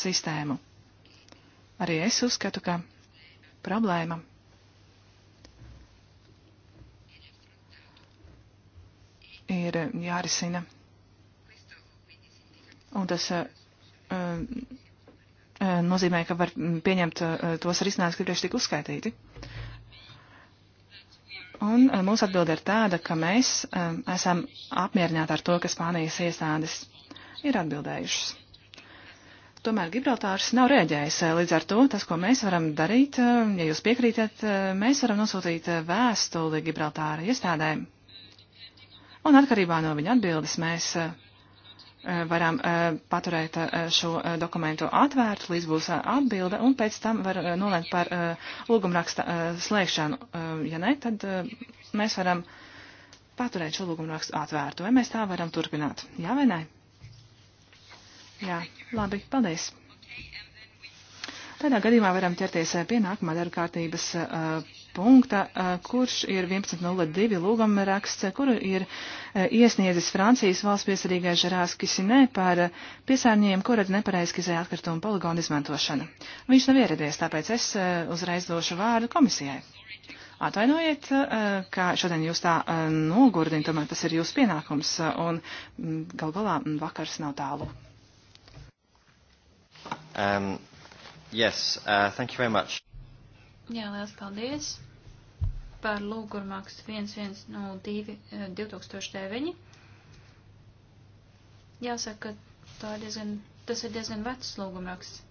sistēmu. Arī es uzskatu, ka problēma ir jārisina. Un tas uh, nozīmē, ka var pieņemt eh, tos risinājumus, kas priekš tik uzskaitīti. Un mūsu atbilde ir tāda, ka mēs esam apmierināti ar to, ka Spānijas iestādes ir atbildējušas. Tomēr Gibraltārs nav rēģējis. Eh, līdz ar to tas, ko mēs varam darīt, eh, ja jūs piekrītat, eh, mēs varam nosūtīt vēstuli Gibraltāra iestādēm. Un atkarībā no viņa atbildes mēs varam paturēt šo dokumentu atvērtu, līdz būs atbilde, un pēc tam var nolēmt par lūgumraksta slēgšanu. Ja ne, tad mēs varam paturēt šo lūgumrakstu atvērtu, vai mēs tā varam turpināt. Jā vai nē? Jā, labi, paldies. Tādā gadījumā varam ķerties eh, pie nākamā darba kārtības uh, punkta, uh, kurš ir 11.02 lūguma raksts, kuru ir uh, iesniedzis Francijas valsts piesarīgais Žerās Kisinē par piesārņiem, kurat nepareizkizē atkritumu poligonu izmantošana. Viņš nav ieradies, tāpēc es uzreiz došu vārdu komisijai. Atvainojiet, ka šodien jūs tā nogurdin, tomēr tas ir jūsu pienākums, un mm, gal galā mm, vakars nav tālu. Um, yes, uh, thank you very much. Jā, liels paldies par lūgurmakstu 1102 2009. Jāsaka, ka tā ir diezgan, tas ir diezgan vecs lūgumraksts.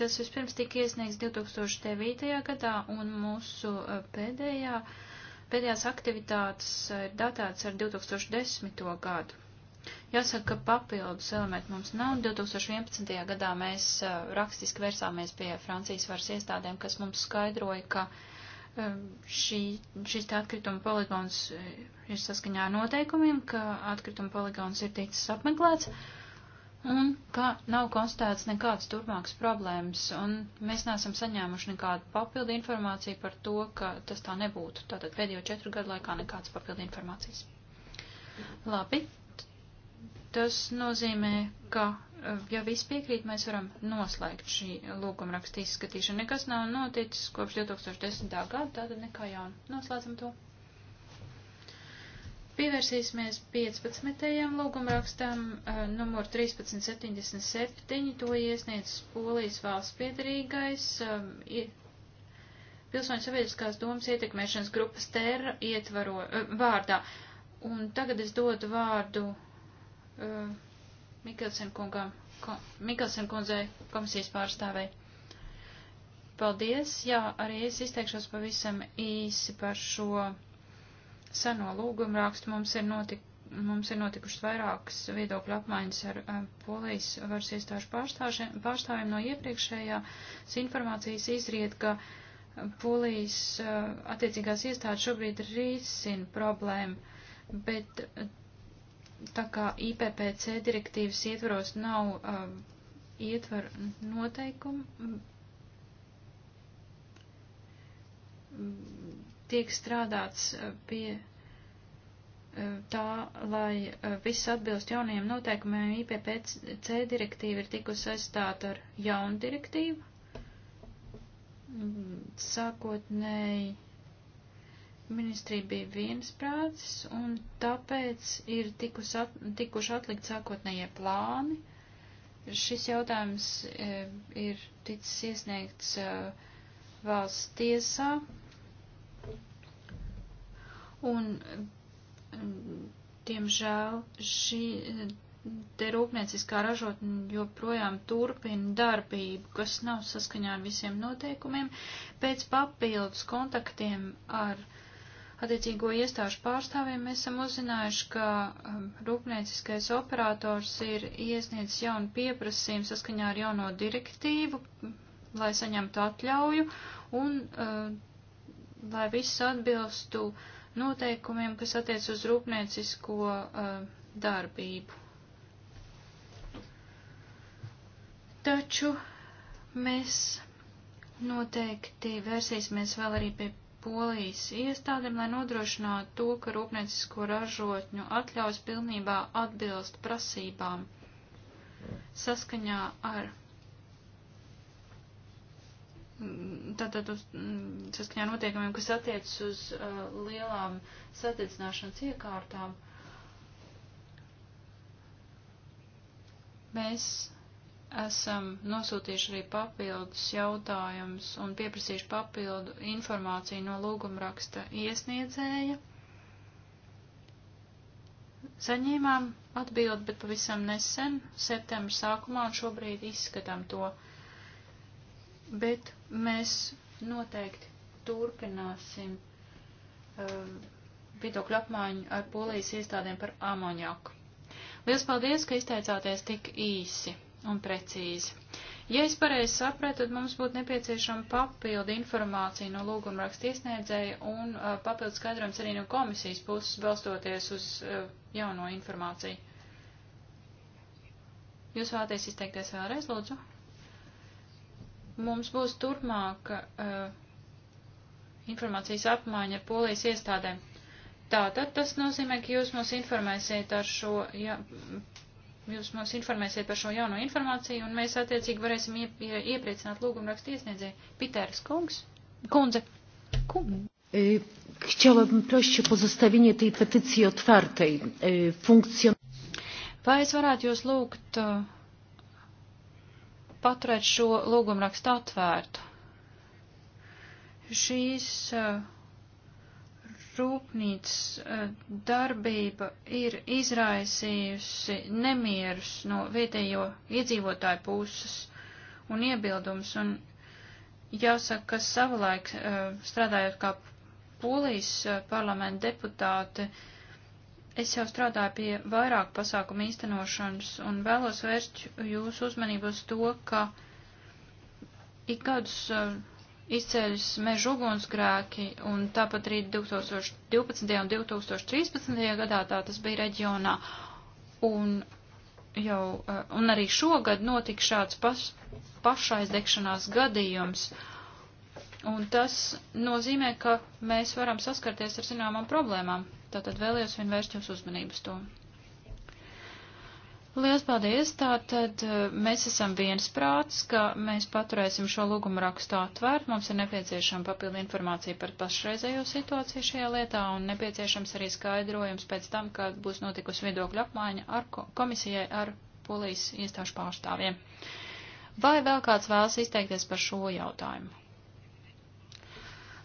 Tas vispirms tika iesniegts 2009. gadā, un mūsu uh, pēdējā, pēdējās aktivitātes uh, ir datēts ar 2010. gadu. Jāsaka, ka papildus elementi mums nav. 2011. gadā mēs eh, rakstiski vērsāmies pie Francijas varas iestādēm, kas mums skaidroja, ka eh, šī, šis atkrituma poligons eh, ir saskaņā ar noteikumiem, ka atkrituma poligons ir ticis apmeklēts un ka nav konstatēts nekādas turpmākas problēmas, un mēs neesam saņēmuši nekādu papildu informāciju par to, ka tas tā nebūtu. Tātad pēdējo četru gadu laikā nekādas papildu informācijas. Labi, Tas nozīmē, ka, eh, ja viss piekrīt, mēs varam noslēgt šī lūgumraksta izskatīšanu. Nekas nav noticis kopš 2010. gada, tātad nekā jauna. Noslēdzam to. Pievērsīsimies 15. lūgumrakstam, eh, numur 1377, to iesniedz Polijas valsts piedarīgais, eh, pilsoņu sabiedriskās domas ietekmēšanas grupas tēra ietvaro vārdā. Un tagad es dodu vārdu uh, eh, Mikelsen kungam, ko, Mikelsen kundzei komisijas pārstāvei. Paldies, jā, arī es izteikšos pavisam īsi par šo seno lūgumu rakstu. Mums ir, notik, mums ir notikušas vairākas viedokļu apmaiņas ar um, polijas varas iestāžu pārstāvjiem no iepriekšējās informācijas izriet, ka polijas uh, attiecīgās iestādes šobrīd risina problēmu, bet tā kā IPPC direktīvas ietvaros nav um, ietvaru noteikumu, tiek strādāts uh, pie uh, tā, lai uh, viss atbilst jaunajiem noteikumiem, IPPC direktīva ir tikusi saistāta ar jaunu direktīvu. Mm, sākotnēji ministrija bija viensprāts, un tāpēc ir tikus at, tikuši atlikt sākotnējie plāni. Šis jautājums e, ir ticis iesniegts e, valsts tiesā, un, diemžēl, šī te rūpnieciskā ražotne joprojām turpina darbību, kas nav saskaņā ar visiem noteikumiem, pēc papildus kontaktiem ar attiecīgo iestāžu pārstāvjiem mēs esam uzzinājuši, ka um, rūpnieciskais operators ir iesniedzis jaunu pieprasījumu saskaņā ar jauno direktīvu, lai saņemtu atļauju un uh, lai viss atbilstu noteikumiem, kas attiec uz rūpniecisko uh, darbību. Taču mēs noteikti vērsīsimies vēl arī pie polijas iestādēm, lai nodrošinātu to, ka rūpniecisko ražotņu atļaus pilnībā atbilst prasībām saskaņā ar. Mm, tātad uz, mm, saskaņā noteikumiem, kas attiecas uz uh, lielām satricināšanas iekārtām, mēs esam nosūtījuši arī papildus jautājumus un pieprasījuši papildu informāciju no lūgumraksta iesniedzēja. Saņēmām atbildi, bet pavisam nesen, septembra sākumā, un šobrīd izskatām to. Bet mēs noteikti turpināsim uh, um, vidokļu apmaiņu ar polijas iestādēm par amoniaku. Liels paldies, ka izteicāties tik īsi! un precīzi. Ja es pareizi sapratu, tad mums būtu nepieciešama papildu informācija no lūguma raksta iesniedzēja un uh, papildu skaidrojums arī no komisijas puses, balstoties uz uh, jauno informāciju. Jūs vēlaties izteikties vēlreiz, lūdzu? Mums būs turpmāk uh, informācijas apmaiņa ar polijas iestādēm. Tātad tas nozīmē, ka jūs mūs informēsiet ar šo ja, jūs mums informēsiet par šo jauno informāciju, un mēs attiecīgi varēsim iep iepriecināt lūgumu rakstu iesniedzēju. Pitērs kungs, kundze, kundze. Chciałabym prosić o pozostawienie tej petycji otwartej. E, funkcjon... Vai es varētu jūs lūgt e, paturēt šo lūgumrakstu atvērtu? Šīs uh, rūpnīcas eh, darbība ir izraisījusi nemierus no vietējo iedzīvotāju puses un iebildums. Un jāsaka, ka savulaik eh, strādājot kā polijas eh, parlamenta deputāte, es jau strādāju pie vairāk pasākumu īstenošanas un vēlos vērst jūsu uzmanību uz to, ka ik gadus izceļas meža ugunsgrēki, un tāpat arī 2012. un 2013. gadā tā tas bija reģionā, un, jau, eh, un arī šogad notika šāds pas, pašaizdegšanās gadījums, un tas nozīmē, ka mēs varam saskarties ar zināmām problēmām. Tātad vēlējos vien vērst jūsu uzmanības to. Lielas paldies! Tātad eh, mēs esam viensprāts, ka mēs paturēsim šo lūgumu rakstu atvērt. Mums ir nepieciešama papildu informācija par pašreizējo situāciju šajā lietā un nepieciešams arī skaidrojums pēc tam, kad būs notikusi viedokļa apmaiņa ar komisijai ar polijas iestāžu pārstāvjiem. Vai vēl kāds vēlas izteikties par šo jautājumu?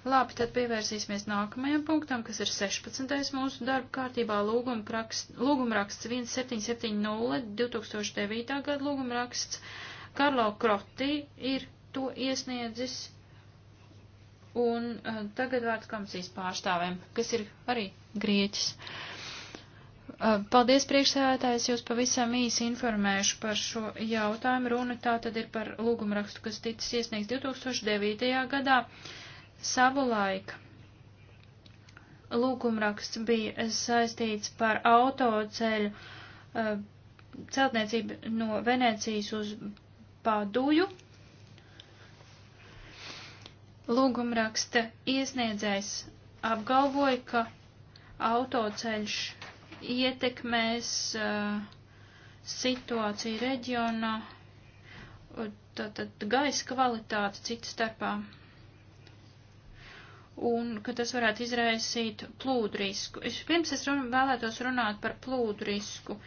Labi, tad pievērsīsimies nākamajam punktam, kas ir 16. mūsu darba kārtībā lūgumraksts 1770 2009. gada lūgumraksts. Karlo Kroti ir to iesniedzis. Un uh, tagad vārds komisijas pārstāvēm, kas ir arī grieķis. Uh, paldies, priekšsēdētājs, jūs pavisam īsi informēšu par šo jautājumu. Runa tā tad ir par lūgumrakstu, kas ticis iesniegts 2009. gadā. Uh, Savulaik lūgumraksts bija saistīts par autoceļu uh, celtniecību no Venecijas uz Paduju. Lūgumraksta iesniedzējs apgalvoja, ka autoceļš ietekmēs uh, situāciju reģionā, tātad gaisa kvalitāti citu starpā un ka tas varētu izraisīt plūdu risku. Es pirms es run, vēlētos runāt par plūdu risku.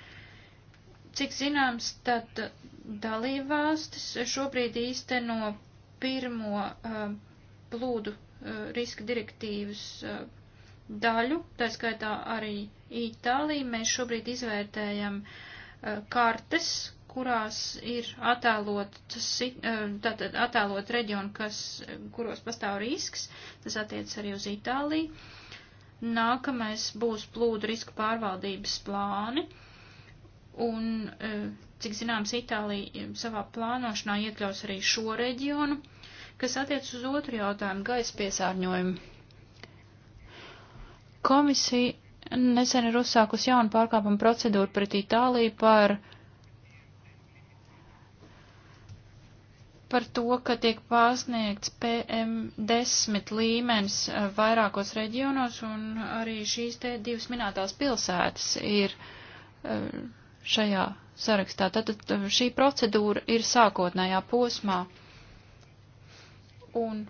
Cik zināms, tad dalībvalstis šobrīd īsteno pirmo uh, plūdu uh, riska direktīvas uh, daļu, tā skaitā arī Itālija. Mēs šobrīd izvērtējam uh, kartes, kurās ir attēlot, eh, tātad attēlot reģionu, kas, kuros pastāv risks, tas attiec arī uz Itāliju. Nākamais būs plūdu risku pārvaldības plāni, un, eh, cik zināms, Itālija eh, savā plānošanā iekļaus arī šo reģionu, kas attiec uz otru jautājumu - gaisa piesārņojumu. Komisija nesen ir uzsākusi jaunu pārkāpumu procedūru pret Itāliju par uh, par to, ka tiek pārsniegts PM10 līmenis eh, vairākos reģionos, un arī šīs te divas minētās pilsētas ir eh, šajā sarakstā. Tātad eh, šī procedūra ir sākotnējā posmā, un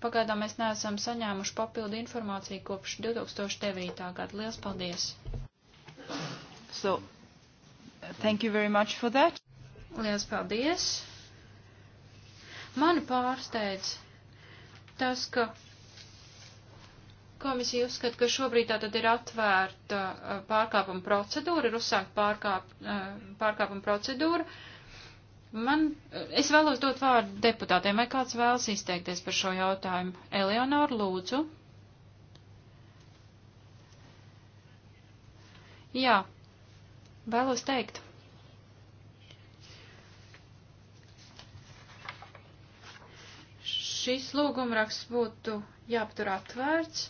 pagaidām mēs neesam saņēmuši papildu informāciju kopš 2009. gada. Lielas paldies! So, thank you very much for that. Lielas paldies! Mani pārsteidz tas, ka komisija uzskata, ka šobrīd tātad ir atvērta uh, pārkāpuma procedūra, ir uzsākt pārkāp, uh, pārkāpuma procedūra. Man, uh, es vēlos dot vārdu deputātiem, vai kāds vēlas izteikties par šo jautājumu. Eleonora, lūdzu. Jā, vēlos teikt. šīs lūgumraksts būtu jāaptur atvērts.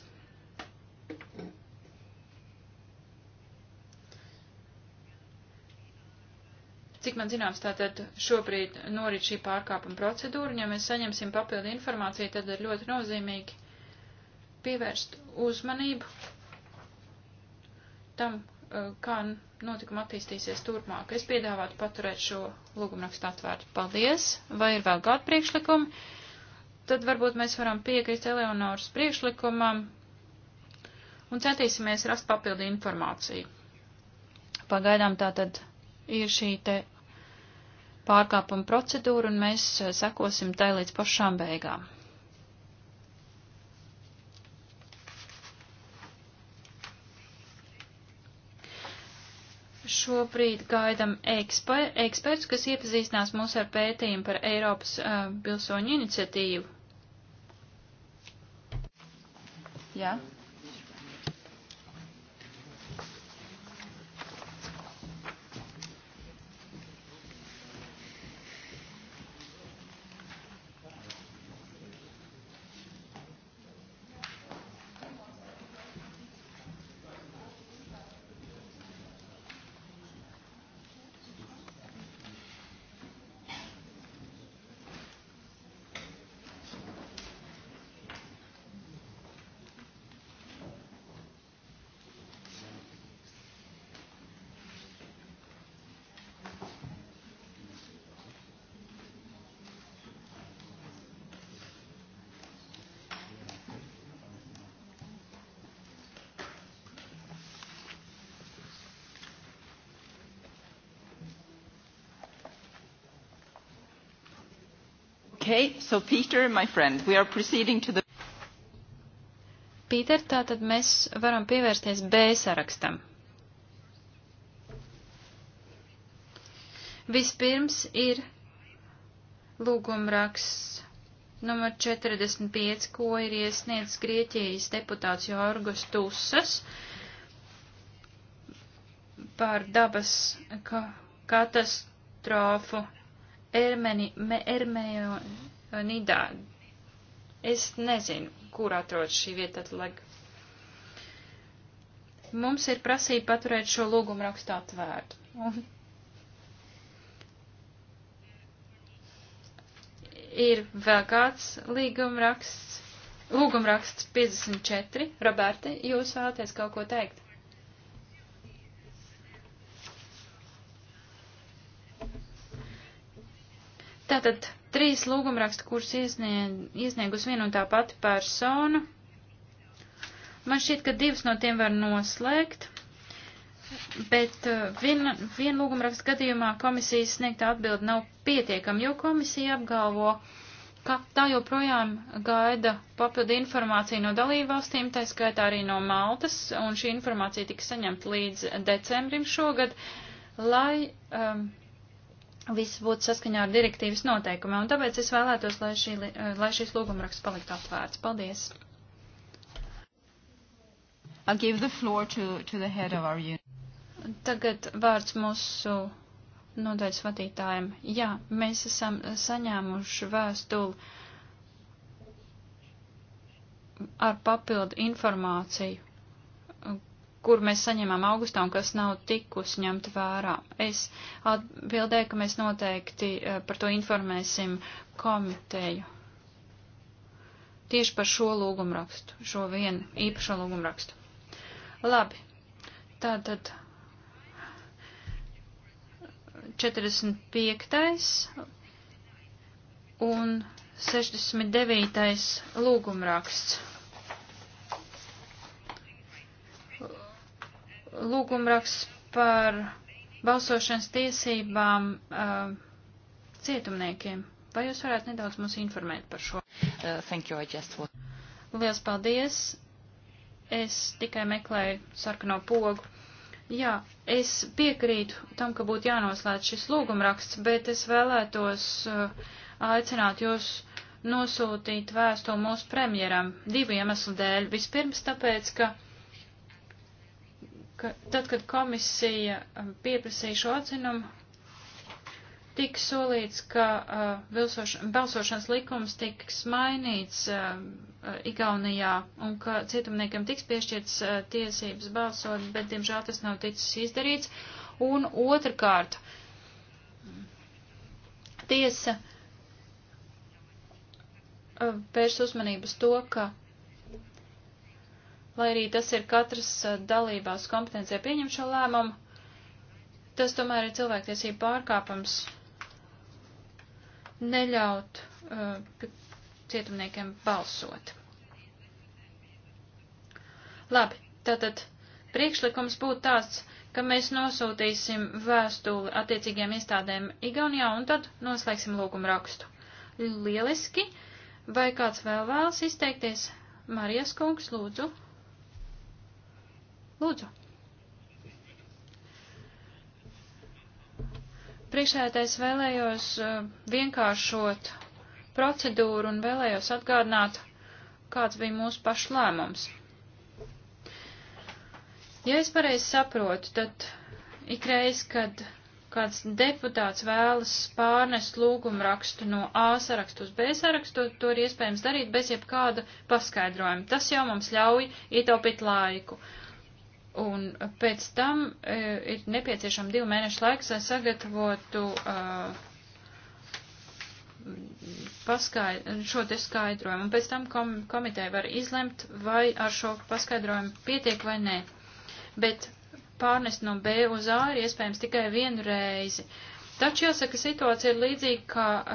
Cik man zināms, tātad šobrīd norit šī pārkāpuma procedūra, un ja mēs saņemsim papildu informāciju, tad ir ļoti nozīmīgi pievērst uzmanību tam, eh, kā notikuma attīstīsies turpmāk. Es piedāvātu paturēt šo lūgumrakstu atvērtu. Paldies! Vai ir vēl kādi priekšlikumi? tad varbūt mēs varam piekrist Eleonoras priekšlikumam un centīsimies rast papildu informāciju. Pagaidām tā tad ir šī te pārkāpuma procedūra, un mēs eh, sekosim tai līdz pašām beigām. Šobrīd gaidam eksper, eksperts, kas iepazīstinās mūs ar pētījumu par Eiropas uh, pilsoņu iniciatīvu Yeah. Okay, so Peter, my friend, we are proceeding to the. Pīter, tātad mēs varam pievērsties B sarakstam. Vispirms ir lūgumraksts numur 45, ko ir iesniedzis Grieķijas deputāts Jorgus Tusas par dabas ka katastrofu Ermeni, me, Ermenidā. Es nezinu, kur atrodas šī vieta, tad mums ir prasība paturēt šo lūgumu rakstu atvērtu. Un ir vēl kāds līgumraksts, lūgumraksts 54. Roberti, jūs vēlaties kaut ko teikt? Tātad trīs lūgumrakstu, kurus iesnieg, iesniegus vienu un tā pati persona. Man šķiet, ka divas no tiem var noslēgt, bet uh, viena vien lūgumrakstu gadījumā komisijas sniegtā atbilde nav pietiekama, jo komisija apgalvo, ka tā joprojām gaida papildu informāciju no dalībvalstīm, tā skaitā arī no Maltas, un šī informācija tika saņemta līdz decembrim šogad, lai um, viss būtu saskaņā ar direktīvas noteikumiem, un tāpēc es vēlētos, lai, šī, eh, lai šīs lūgumraksts paliktu atvērts. Paldies! I'll give the floor to, to the head of our unit. Tagad vārds mūsu nodaļas vadītājiem. Jā, mēs esam saņēmuši vēstuli ar papildu informāciju kur mēs saņemam augustā un kas nav tikus ņemt vērā. Es atbildēju, ka mēs noteikti eh, par to informēsim komiteju. Tieši par šo lūgumrakstu, šo vienu īpašo lūgumrakstu. Labi, tātad 45. un 69. lūgumraksts. lūgumraksts par balsošanas tiesībām uh, cietumniekiem. Vai jūs varētu nedaudz mums informēt par šo? Uh, thank you, I just want. Lielas paldies. Es tikai meklēju sarkano pogu. Jā, es piekrītu tam, ka būtu jānoslēdz šis lūgumraksts, bet es vēlētos uh, aicināt jūs nosūtīt vēstuli mūsu premjeram divu iemeslu dēļ. Vispirms tāpēc, ka ka tad, kad komisija um, pieprasīja šo atzinumu, tika solīts, ka uh, balsošanas likums tiks mainīts um, uh, Igaunijā un ka cietumniekiem tiks piešķirts uh, tiesības balsot, bet, diemžēl, tas nav ticis izdarīts. Un otrkārt, tiesa uh, pērš uzmanības to, ka lai arī tas ir katras uh, dalībās kompetencija pieņemt šo lēmumu, tas tomēr ir cilvēktiesība pārkāpums neļaut uh, cietumniekiem balsot. Labi, tātad priekšlikums būtu tāds, ka mēs nosūtīsim vēstuli attiecīgiem iestādēm Igaunijā un tad noslēgsim lūgumu rakstu. Lieliski! Vai kāds vēl vēlas izteikties? Marijas kungs, lūdzu! Lūdzu. Priekšētais vēlējos eh, vienkāršot procedūru un vēlējos atgādināt, kāds bija mūsu pašu lēmums. Ja es pareizi saprotu, tad ikreiz, kad kāds deputāts vēlas pārnest lūgumu rakstu no A sarakstu uz B sarakstu, to ir iespējams darīt bez jebkāda paskaidrojuma. Tas jau mums ļauj ietaupīt laiku. Uh, Un pēc tam uh, ir nepieciešama divu mēnešu laiks, lai sagatavotu uh, e, paskaid, šo te skaidrojumu. Un pēc tam kom, komiteja var izlemt, vai ar šo paskaidrojumu pietiek vai nē. Bet pārnest no B uz A ir iespējams tikai vienu reizi. Taču jāsaka, situācija ir līdzīga kā uh,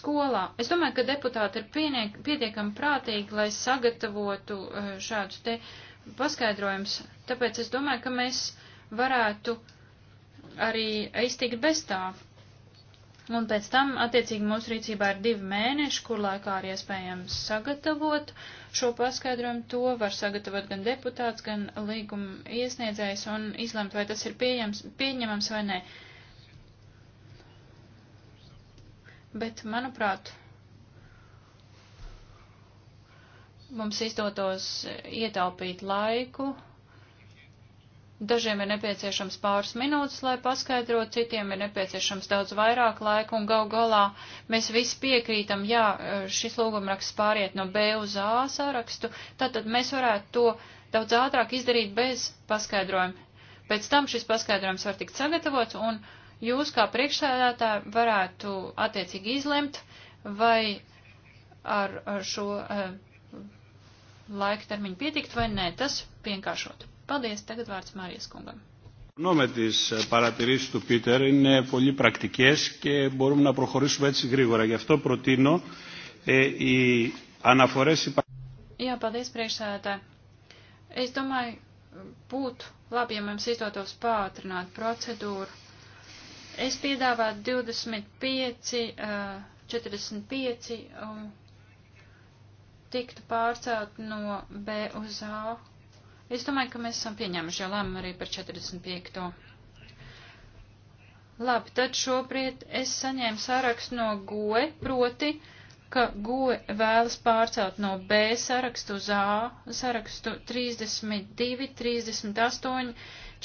skolā. Es domāju, ka deputāti ir pietiekami prātīgi, lai sagatavotu uh, šādu te uh, paskaidrojums. Tāpēc es domāju, ka mēs varētu arī iztikt bez tā. Un pēc tam, attiecīgi, mūsu rīcībā ir divi mēneši, kur laikā ir iespējams sagatavot šo paskaidrojumu. To var sagatavot gan deputāts, gan līguma iesniedzējs un izlemt, vai tas ir pieņems, pieņemams vai nē. Bet, manuprāt, mums izdotos ietaupīt laiku. Dažiem ir nepieciešams pāris minūtes, lai paskaidrotu, citiem ir nepieciešams daudz vairāk laika, un gau galā mēs visi piekrītam, jā, šis lūgumraksts pāriet no B uz A sārakstu, tātad mēs varētu to daudz ātrāk izdarīt bez paskaidrojuma. Pēc tam šis paskaidrojums var tikt sagatavots, un jūs kā priekšsēdētāji varētu attiecīgi izlemt, vai ar, ar šo. Uh, laika termiņu pietikt vai nē, tas vienkāršot. Paldies, tagad vārds Mārijas kungam. Νόμε τις παρατηρήσεις του Πίτερ είναι πολύ πρακτικές και μπορούμε να προχωρήσουμε έτσι γρήγορα. Γι' αυτό προτείνω ε, οι αναφορές... Jā, paldies, priekšsēdētāji. Es domāju, būtu labi, ja mums izdotos pātrināt procedūru. Es piedāvātu 25, uh, 45 un tiktu pārcelt no B uz A. Es domāju, ka mēs esam pieņēmuši jau lēmumu arī par 45. Labi, tad šobrīd es saņēmu sarakstu no GOE, proti, ka GOE vēlas pārcelt no B sarakstu uz A sarakstu 32, 38,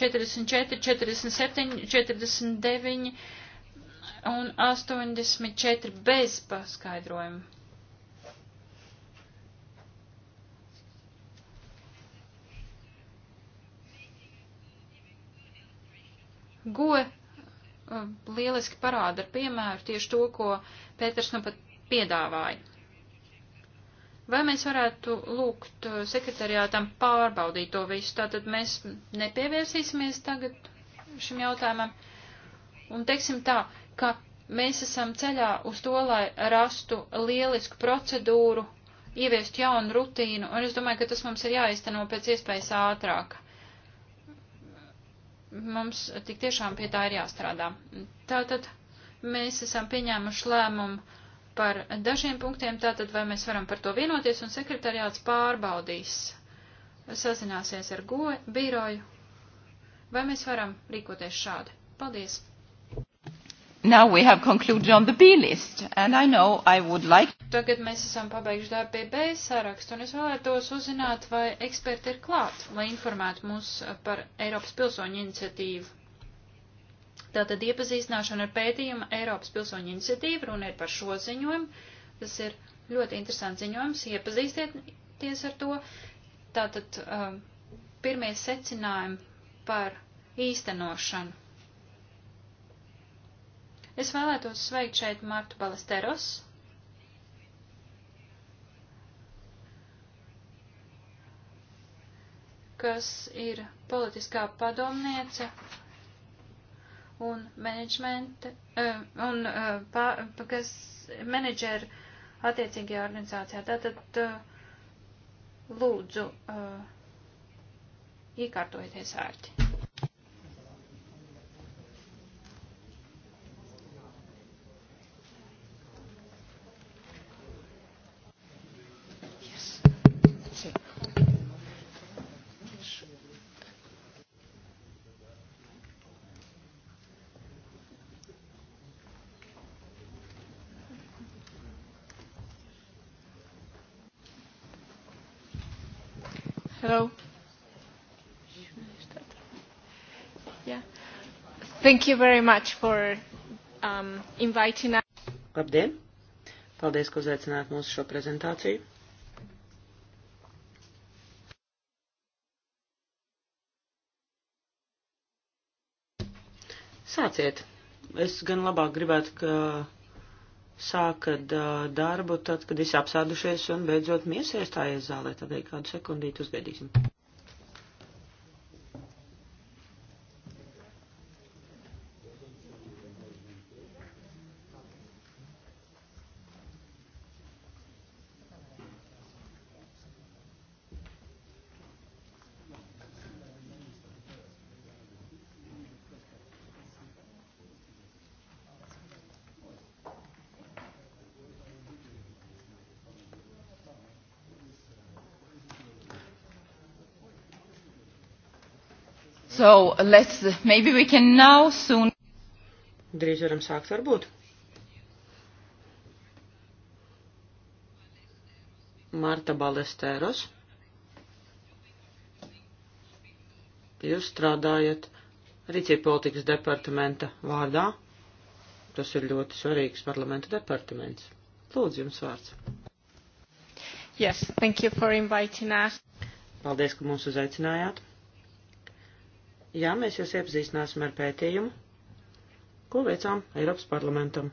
44, 47, 49 un 84 bez paskaidrojuma. Go uh, lieliski parāda ar piemēru tieši to, ko Pēters nu pat piedāvāja. Vai mēs varētu lūgt uh, sekretariātam pārbaudīt to visu? Tātad mēs nepievērsīsimies tagad šim jautājumam un teiksim tā, ka mēs esam ceļā uz to, lai rastu lielisku procedūru, ieviestu jaunu rutīnu, un es domāju, ka tas mums ir jāizteno pēc iespējas ātrāk mums tik tiešām pie tā ir jāstrādā. Tātad mēs esam pieņēmuši lēmumu par dažiem punktiem, tātad vai mēs varam par to vienoties, un sekretariāts pārbaudīs, sazināsies ar go, e biroju, vai mēs varam rīkoties šādi. Paldies! Now we have concluded on the B list, and I know I would like. Tagad mēs esam pabeiguši darbu pie B sarakstu, un es vēlētos uzzināt, vai eksperti ir klāt, lai informētu mūs par Eiropas pilsoņu iniciatīvu. Tātad iepazīstināšana ar pētījumu Eiropas pilsoņu iniciatīvu runa ir par šo ziņojumu. Tas ir ļoti interesants ziņojums, iepazīstieties ar to. Tātad um, pirmie secinājumi par īstenošanu Es vēlētos sveikt šeit Martu Balasteros. kas ir politiskā padomniece un menedžmenta, uh, eh, un uh, pa, kas menedžera attiecīgajā organizācijā. Tātad uh, lūdzu, iekārtojieties ērti. Thank you very much for um, inviting us. Labdien! Paldies, ka uzaicinājāt mūsu šo prezentāciju. Sāciet. Es gan labāk gribētu, ka sākat uh, darbu tad, kad esi apsēdušies un beidzot miesies tā iezālē, tad arī kādu sekundīti uzgaidīsim. So let's, maybe we can now soon. Drīz varam sākt varbūt. Marta Balesteros. Jūs strādājat rīcība politikas departamenta vārdā. Tas ir ļoti svarīgs parlamenta departaments. Lūdzu, jums vārds. Yes, thank you for inviting us. Paldies, ka mūs uzaicinājāt. Jā, mēs jūs iepazīstināsim ar pētījumu, ko veicām Eiropas parlamentam.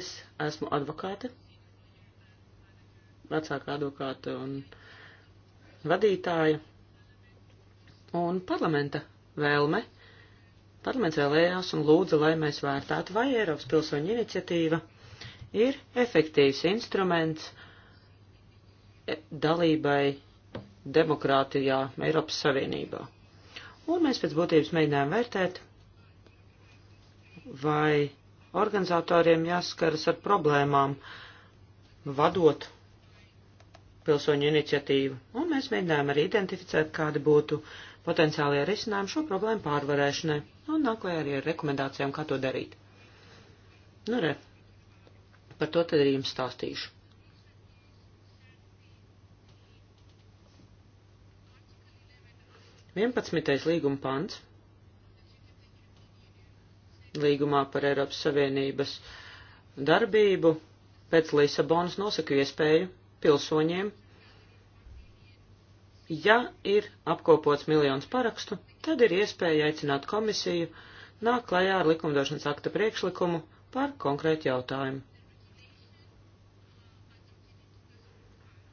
Es esmu advokāte, vecāka advokāte un vadītāja, un parlamenta vēlme. Parlaments vēlējās un lūdza, lai mēs vērtātu, vai Eiropas pilsoņu iniciatīva ir efektīvs instruments dalībai demokrātijā Eiropas Savienībā. Un mēs pēc būtības mēģinājām vērtēt, vai organizatoriem jāskaras ar problēmām vadot pilsoņu iniciatīvu, un mēs mēģinājām arī identificēt, kādi būtu potenciālie risinājumi šo problēmu pārvarēšanai, un nāk lai arī ar rekomendācijām, kā to darīt. Nu, re, Par to tad arī jums stāstīšu. Vienpadsmitais līguma pants līgumā par Eiropas Savienības darbību pēc Lisabonas nosaka iespēju pilsoņiem, ja ir apkopots miljons parakstu, tad ir iespēja aicināt komisiju nākt klajā ar likumdošanas akta priekšlikumu par konkrētu jautājumu.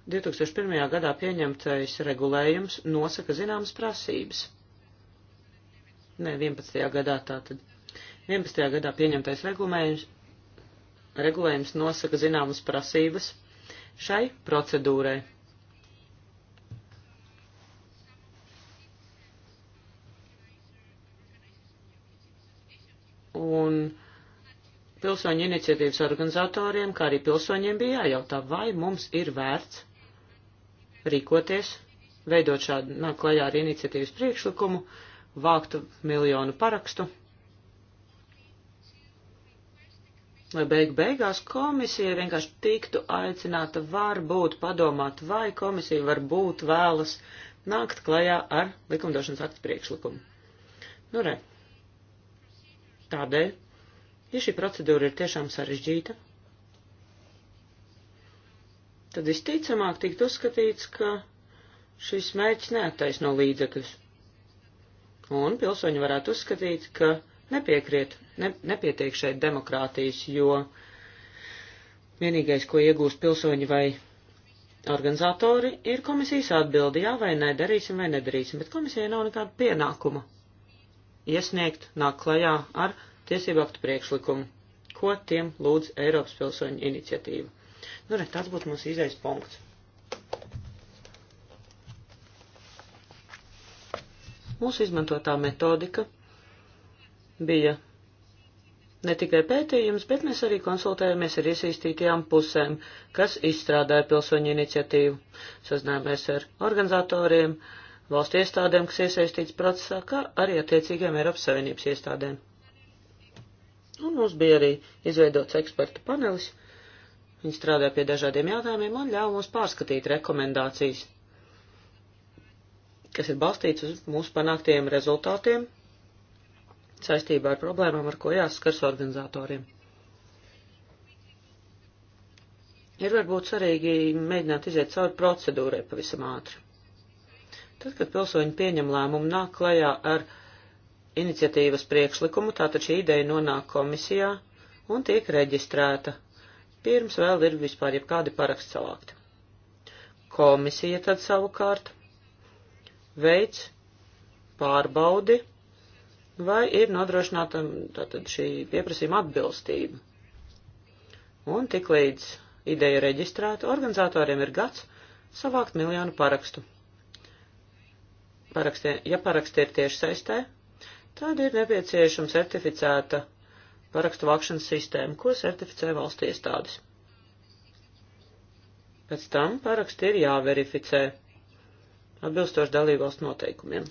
2001. gadā pieņemtais regulējums nosaka zināmas prasības. Nē, 11. gadā tātad. 11. gadā pieņemtais regulējums, regulējums nosaka zināmas prasības šai procedūrai. Un pilsoņu iniciatīvas organizatoriem, kā arī pilsoņiem bija jājautā, vai mums ir vērts rīkoties, veidot šādu, nāk klajā ar iniciatīvas priekšlikumu, vāktu miljonu parakstu, lai beig beigās komisija vienkārši tiktu aicināta varbūt padomāt, vai komisija varbūt vēlas nākt klajā ar likumdošanas aktu priekšlikumu. Nu re, tādēļ, ja šī procedūra ir tiešām sarežģīta, tad visticamāk tikt uzskatīts, ka šis mērķis neattaisno līdzekļus. Un pilsoņi varētu uzskatīt, ka nepiekriet, ne, nepietiek šeit demokrātijas, jo vienīgais, ko iegūst pilsoņi vai organizatori, ir komisijas atbildi, jā vai nē, darīsim vai nedarīsim, bet komisijai nav nekāda pienākuma iesniegt, nāk klajā ar tiesību aktu priekšlikumu, ko tiem lūdz Eiropas pilsoņu iniciatīva. Nu, re, tas būtu mūsu izējas punkts. Mūsu izmantotā metodika bija ne tikai pētījums, bet mēs arī konsultējāmies ar iesaistītajām pusēm, kas izstrādāja pilsoņu iniciatīvu. Sazinājāmies ar organizatoriem, valstu iestādēm, kas iesaistīts procesā, kā arī attiecīgiem Eiropas Savienības iestādēm. Un mums bija arī izveidots ekspertu panelis, Viņi strādā pie dažādiem jautājumiem un ļauj mums pārskatīt rekomendācijas, kas ir balstīts uz mūsu panāktiem rezultātiem saistībā ar problēmām, ar ko jāskars organizatoriem. Ir varbūt svarīgi mēģināt iziet cauri procedūrai pavisam ātri. Tad, kad pilsoņi pieņem lēmumu, nāk klajā ar iniciatīvas priekšlikumu, tātad šī ideja nonāk komisijā un tiek reģistrēta pirms vēl ir vispār jebkādi paraksts savākti. Komisija tad savukārt veids pārbaudi, vai ir nodrošināta mm, tātad šī pieprasījuma atbilstība. Un tik līdz ideja reģistrēta, organizatoriem ir gads savākt miljonu parakstu. Parakstē, ja paraksti ir tieši saistē, tad ir nepieciešama certificēta parakstu vākšanas sistēmu, ko certificē valsts iestādes. Pēc tam paraksti ir jāverificē atbilstoši dalībvalstu noteikumiem.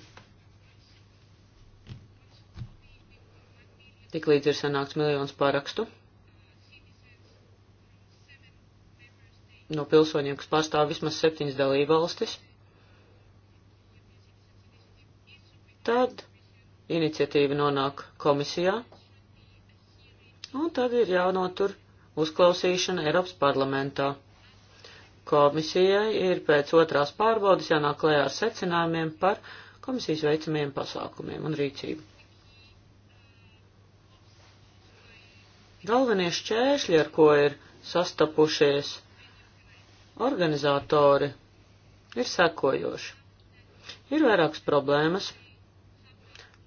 Tik līdz ir sanāks miljons parakstu no pilsoņiem, kas pārstāv vismaz septiņas dalībvalstis, tad iniciatīva nonāk komisijā, Un tad ir jānotur uzklausīšana Eiropas parlamentā. Komisijai ir pēc otrās pārbaudas jānāk klajā ar secinājumiem par komisijas veicamiem pasākumiem un rīcību. Galvenie šķēršļi, ar ko ir sastapušies organizatori, ir sekojoši. Ir vairākas problēmas,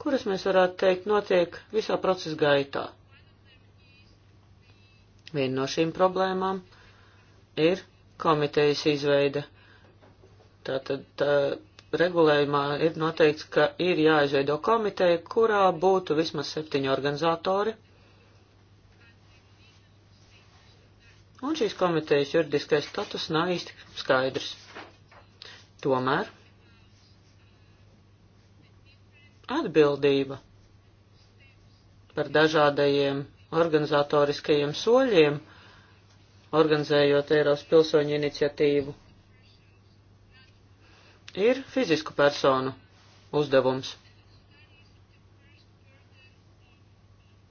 kuras mēs varētu teikt notiek visā procesa gaitā. Viena no šīm problēmām ir komitejas izveide. Tātad tā, regulējumā ir noteikts, ka ir jāizveido komiteja, kurā būtu vismaz septiņi organizatori. Un šīs komitejas juridiskais status nav īsti skaidrs. Tomēr atbildība par dažādajiem organizatoriskajiem soļiem, organizējot Eiropas pilsoņu iniciatīvu, ir fizisku personu uzdevums.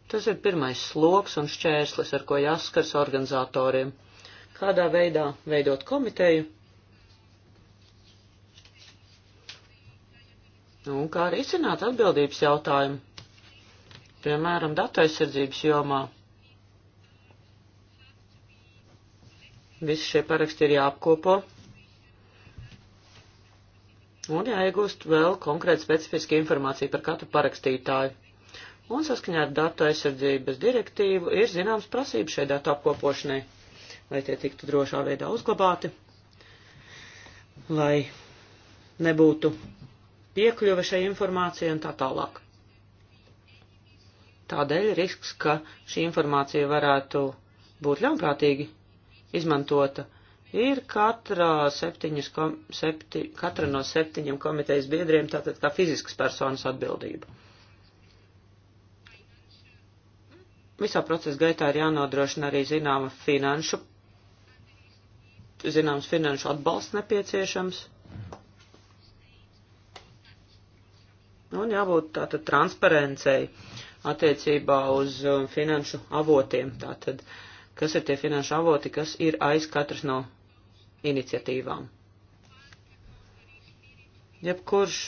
Tas ir pirmais sloks un šķērslis, ar ko jāskars organizatoriem. Kādā veidā veidot komiteju un kā arī izcināt atbildības jautājumu piemēram, datu aizsardzības jomā. Visi šie paraksti ir jāapkopo un jāiegūst vēl konkrēta specifiska informācija par katru parakstītāju. Un saskaņā ar datu aizsardzības direktīvu ir zināms prasības šai datu apkopošanai, lai tie tiktu drošā veidā uzglabāti, lai nebūtu piekļuve šai informācijai un tā tālāk. Tādēļ risks, ka šī informācija varētu būt ļaunprātīgi izmantota, ir katra, septiņas, kom, septi, katra no septiņiem komitejas biedriem, tātad kā fiziskas personas atbildība. Visā procesa gaitā ir jānodrošina arī zināma finanšu, zināms finanšu atbalsts nepieciešams. Un jābūt tātad transparencei attiecībā uz um, finanšu avotiem. Tātad, kas ir tie finanšu avoti, kas ir aiz katras no iniciatīvām? Jebkurš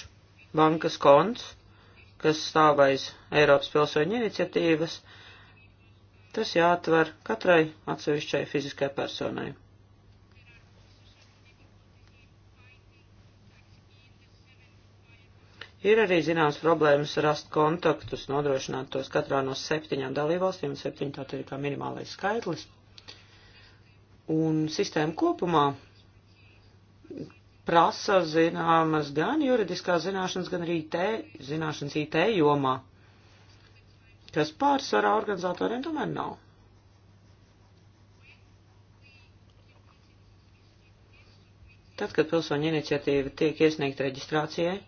bankas konts, kas stāv aiz Eiropas pilsoņu iniciatīvas, tas jāatver katrai atsevišķai fiziskai personai. Ir arī zināmas problēmas rast kontaktus, nodrošināt tos katrā no septiņām dalībvalstīm, un septiņi tā ir kā minimālais skaitlis. Un sistēma kopumā prasa zināmas gan juridiskās zināšanas, gan arī IT, zināšanas IT jomā, kas pārsvarā organizatoriem tomēr nav. Tad, kad pilsoņu iniciatīva tiek iesniegta reģistrācijai,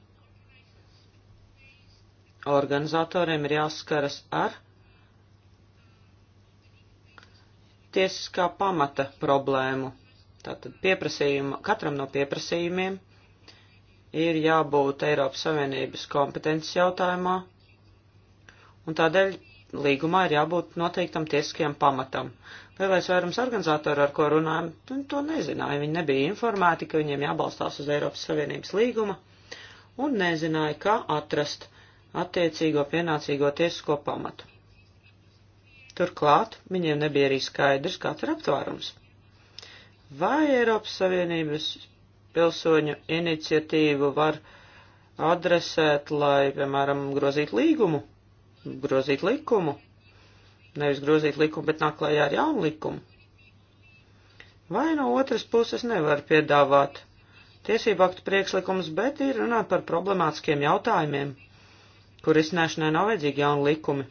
organizatoriem ir jāskaras ar tiesiskā pamata problēmu. Tātad pieprasījuma, katram no pieprasījumiem ir jābūt Eiropas Savienības kompetences jautājumā, un tādēļ līgumā ir jābūt noteiktam tiesiskajam pamatam. Lielais vairums organizatoru, ar ko runājam, nu, to nezināja. Viņi nebija informēti, ka viņiem jābalstās uz Eiropas Savienības līguma, un nezināja, kā atrast uh, attiecīgo pienācīgo tiesisko pamatu. Turklāt viņiem nebija arī skaidrs, kāds ir aptvērums. Vai Eiropas Savienības pilsoņu iniciatīvu var adresēt, lai, piemēram, grozītu līgumu, grozītu likumu, nevis grozīt likumu, bet nāk klajā ar jaunu likumu? Vai no otras puses nevar piedāvāt tiesību aktu priekšlikumus, bet ir runāt par problemātiskiem jautājumiem, kur izsnēšanai nav vajadzīgi jauni likumi.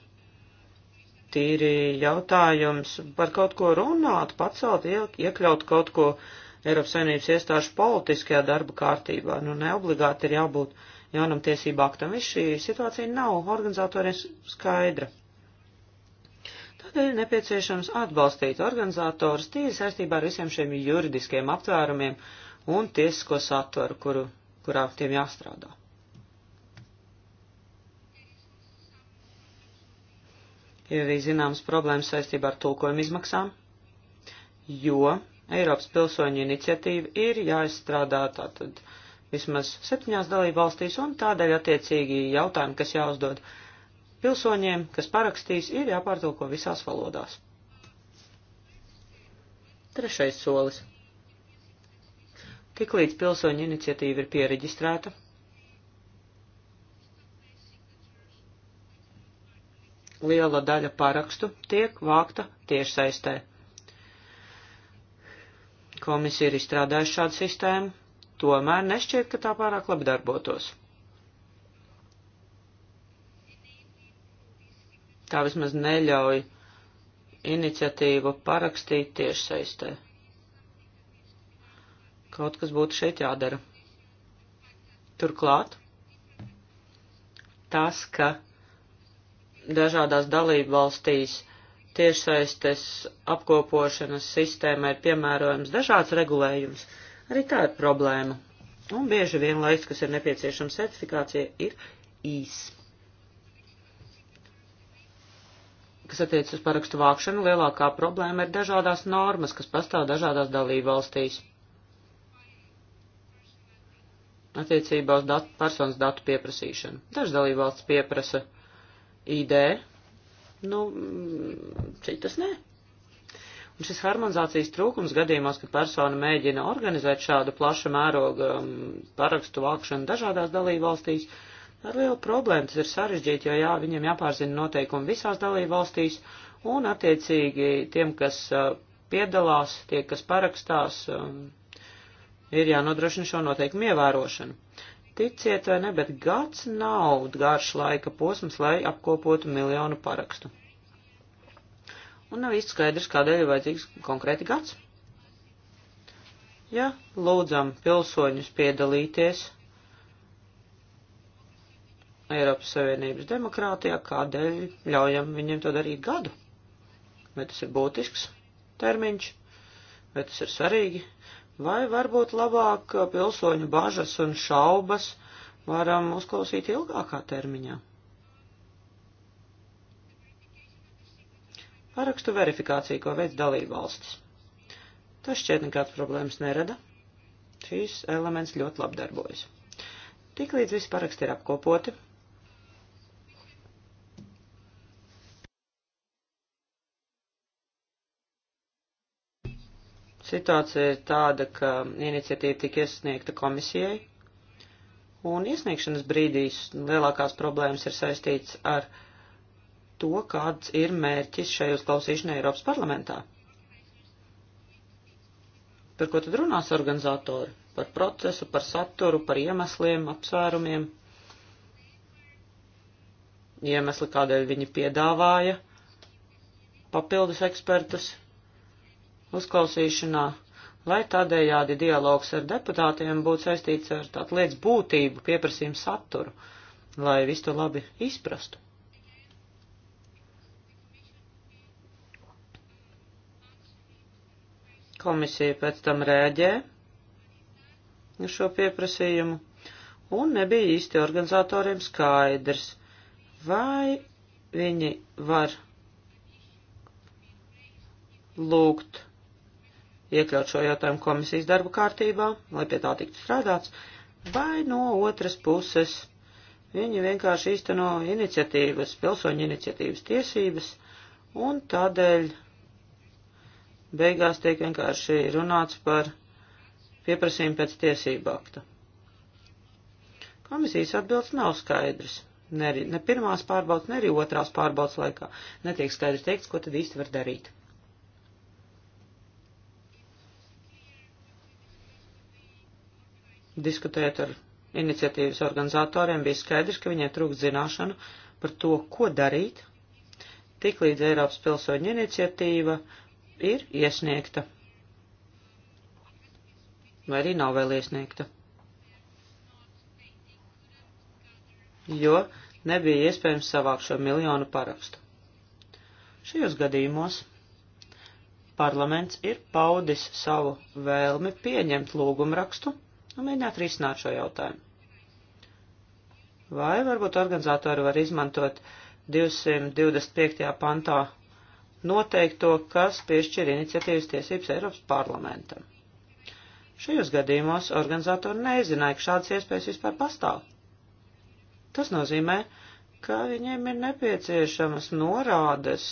Tīri jautājums par kaut ko runāt, pacelt, iekļaut kaut ko Eiropas Savienības iestāžu politiskajā darba kārtībā. Nu, neobligāti ir jābūt jaunam tiesību aktam. Viss šī situācija nav organizatoriem skaidra. Tādēļ nepieciešams atbalstīt organizatorus tīri saistībā ar visiem šiem juridiskiem aptvērumiem un tiesisko satvaru, kuru, kurā tiem jāstrādā. ir arī zināmas problēmas saistībā ar tulkojumu izmaksām, jo Eiropas pilsoņu iniciatīva ir jāizstrādā tātad vismaz septiņās dalību valstīs, un tādēļ attiecīgi jautājumi, kas jāuzdod pilsoņiem, kas parakstīs, ir jāpārtulko visās valodās. Trešais solis. Tiklīdz pilsoņu iniciatīva ir piereģistrēta, liela daļa parakstu tiek vākta tiešsaistē. Komisija ir izstrādājusi šādu sistēmu, tomēr nešķiet, ka tā pārāk labi darbotos. Tā vismaz neļauj iniciatīvu parakstīt tiešsaistē. Kaut kas būtu šeit jādara. Turklāt, tas, ka dažādās dalību valstīs tiešsaistes apkopošanas sistēmai ir piemērojams dažāds regulējums, arī tā ir problēma. Un bieži vien laiks, kas ir nepieciešams certifikācija, ir īs. Kas attiecas uz parakstu vākšanu, lielākā problēma ir dažādās normas, kas pastāv dažādās dalību valstīs. Attiecībā uz datu, personas datu pieprasīšanu. Dažas dalību valsts pieprasa uh, ID, nu, mm, citas nē. Un šis harmonizācijas trūkums gadījumos, kad persona mēģina organizēt šādu plaša mēroga mm, parakstu vākšanu dažādās dalībvalstīs, ar lielu problēmu tas ir sarežģīti, jo jā, viņiem jāpārzina noteikumi visās dalībvalstīs, un attiecīgi tiem, kas piedalās, tie, kas parakstās, ir jānodrošina šo noteikumu ievērošanu. Ticiet vai ne, bet gads nav garš laika posms, lai apkopotu miljonu parakstu. Un nav īsti skaidrs, kādēļ ir vajadzīgs konkrēti gads. Ja lūdzam pilsoņus piedalīties Eiropas Savienības demokrātijā, kādēļ ļaujam viņiem to darīt gadu? Vai tas ir būtisks termiņš? Vai tas ir svarīgi? Vai varbūt labāk uh, pilsoņu bažas un šaubas varam uzklausīt ilgākā termiņā? Parakstu verifikāciju, ko veids dalībvalstis. Tas šķiet nekāds problēmas nerada. Šīs elements ļoti labi darbojas. Tiklīdz visi paraksti ir apkopoti, Situācija ir tāda, ka iniciatīva tika iesniegta komisijai, un iesniegšanas brīdīs lielākās problēmas ir saistīts ar to, kāds ir mērķis šai uzklausīšanai Eiropas parlamentā. Par ko tad runās organizatori? Par procesu, par saturu, par iemesliem, apsvērumiem, iemesli, kādēļ viņi piedāvāja papildus ekspertus, uzklausīšanā, lai tādējādi dialogs ar deputātiem būtu saistīts ar tādu lietas būtību, pieprasījumu saturu, lai visu to labi izprastu. Komisija pēc tam rēģē uz šo pieprasījumu, un nebija īsti organizatoriem skaidrs, vai viņi var lūgt iekļaut šo jautājumu komisijas darba kārtībā, lai pie tā tiktu strādāts, vai no otras puses viņi vienkārši īsteno iniciatīvas, pilsoņu iniciatīvas tiesības, un tādēļ beigās tiek vienkārši runāts par pieprasījumu pēc tiesību akta. Komisijas atbildes nav skaidrs. Ne, ne pirmās pārbaudas, ne arī otrās pārbaudas laikā netiek skaidrs teikts, ko tad īsti var darīt. diskutējot ar iniciatīvas organizatoriem, bija skaidrs, ka viņai trūkst zināšanu par to, ko darīt, tiklīdz Eiropas pilsoņu iniciatīva ir iesniegta. Vai arī nav vēl iesniegta. Jo nebija iespējams savākt šo miljonu parakstu. Šajos gadījumos parlaments ir paudis savu vēlmi pieņemt lūgumrakstu un mēģināt risināt šo jautājumu. Vai varbūt organizatori var izmantot 225. pantā noteikto, kas piešķir iniciatīvas tiesības Eiropas parlamentam. Šajos gadījumos organizatori nezināja, ka šādas iespējas vispār pastāv. Tas nozīmē, ka viņiem ir nepieciešamas norādes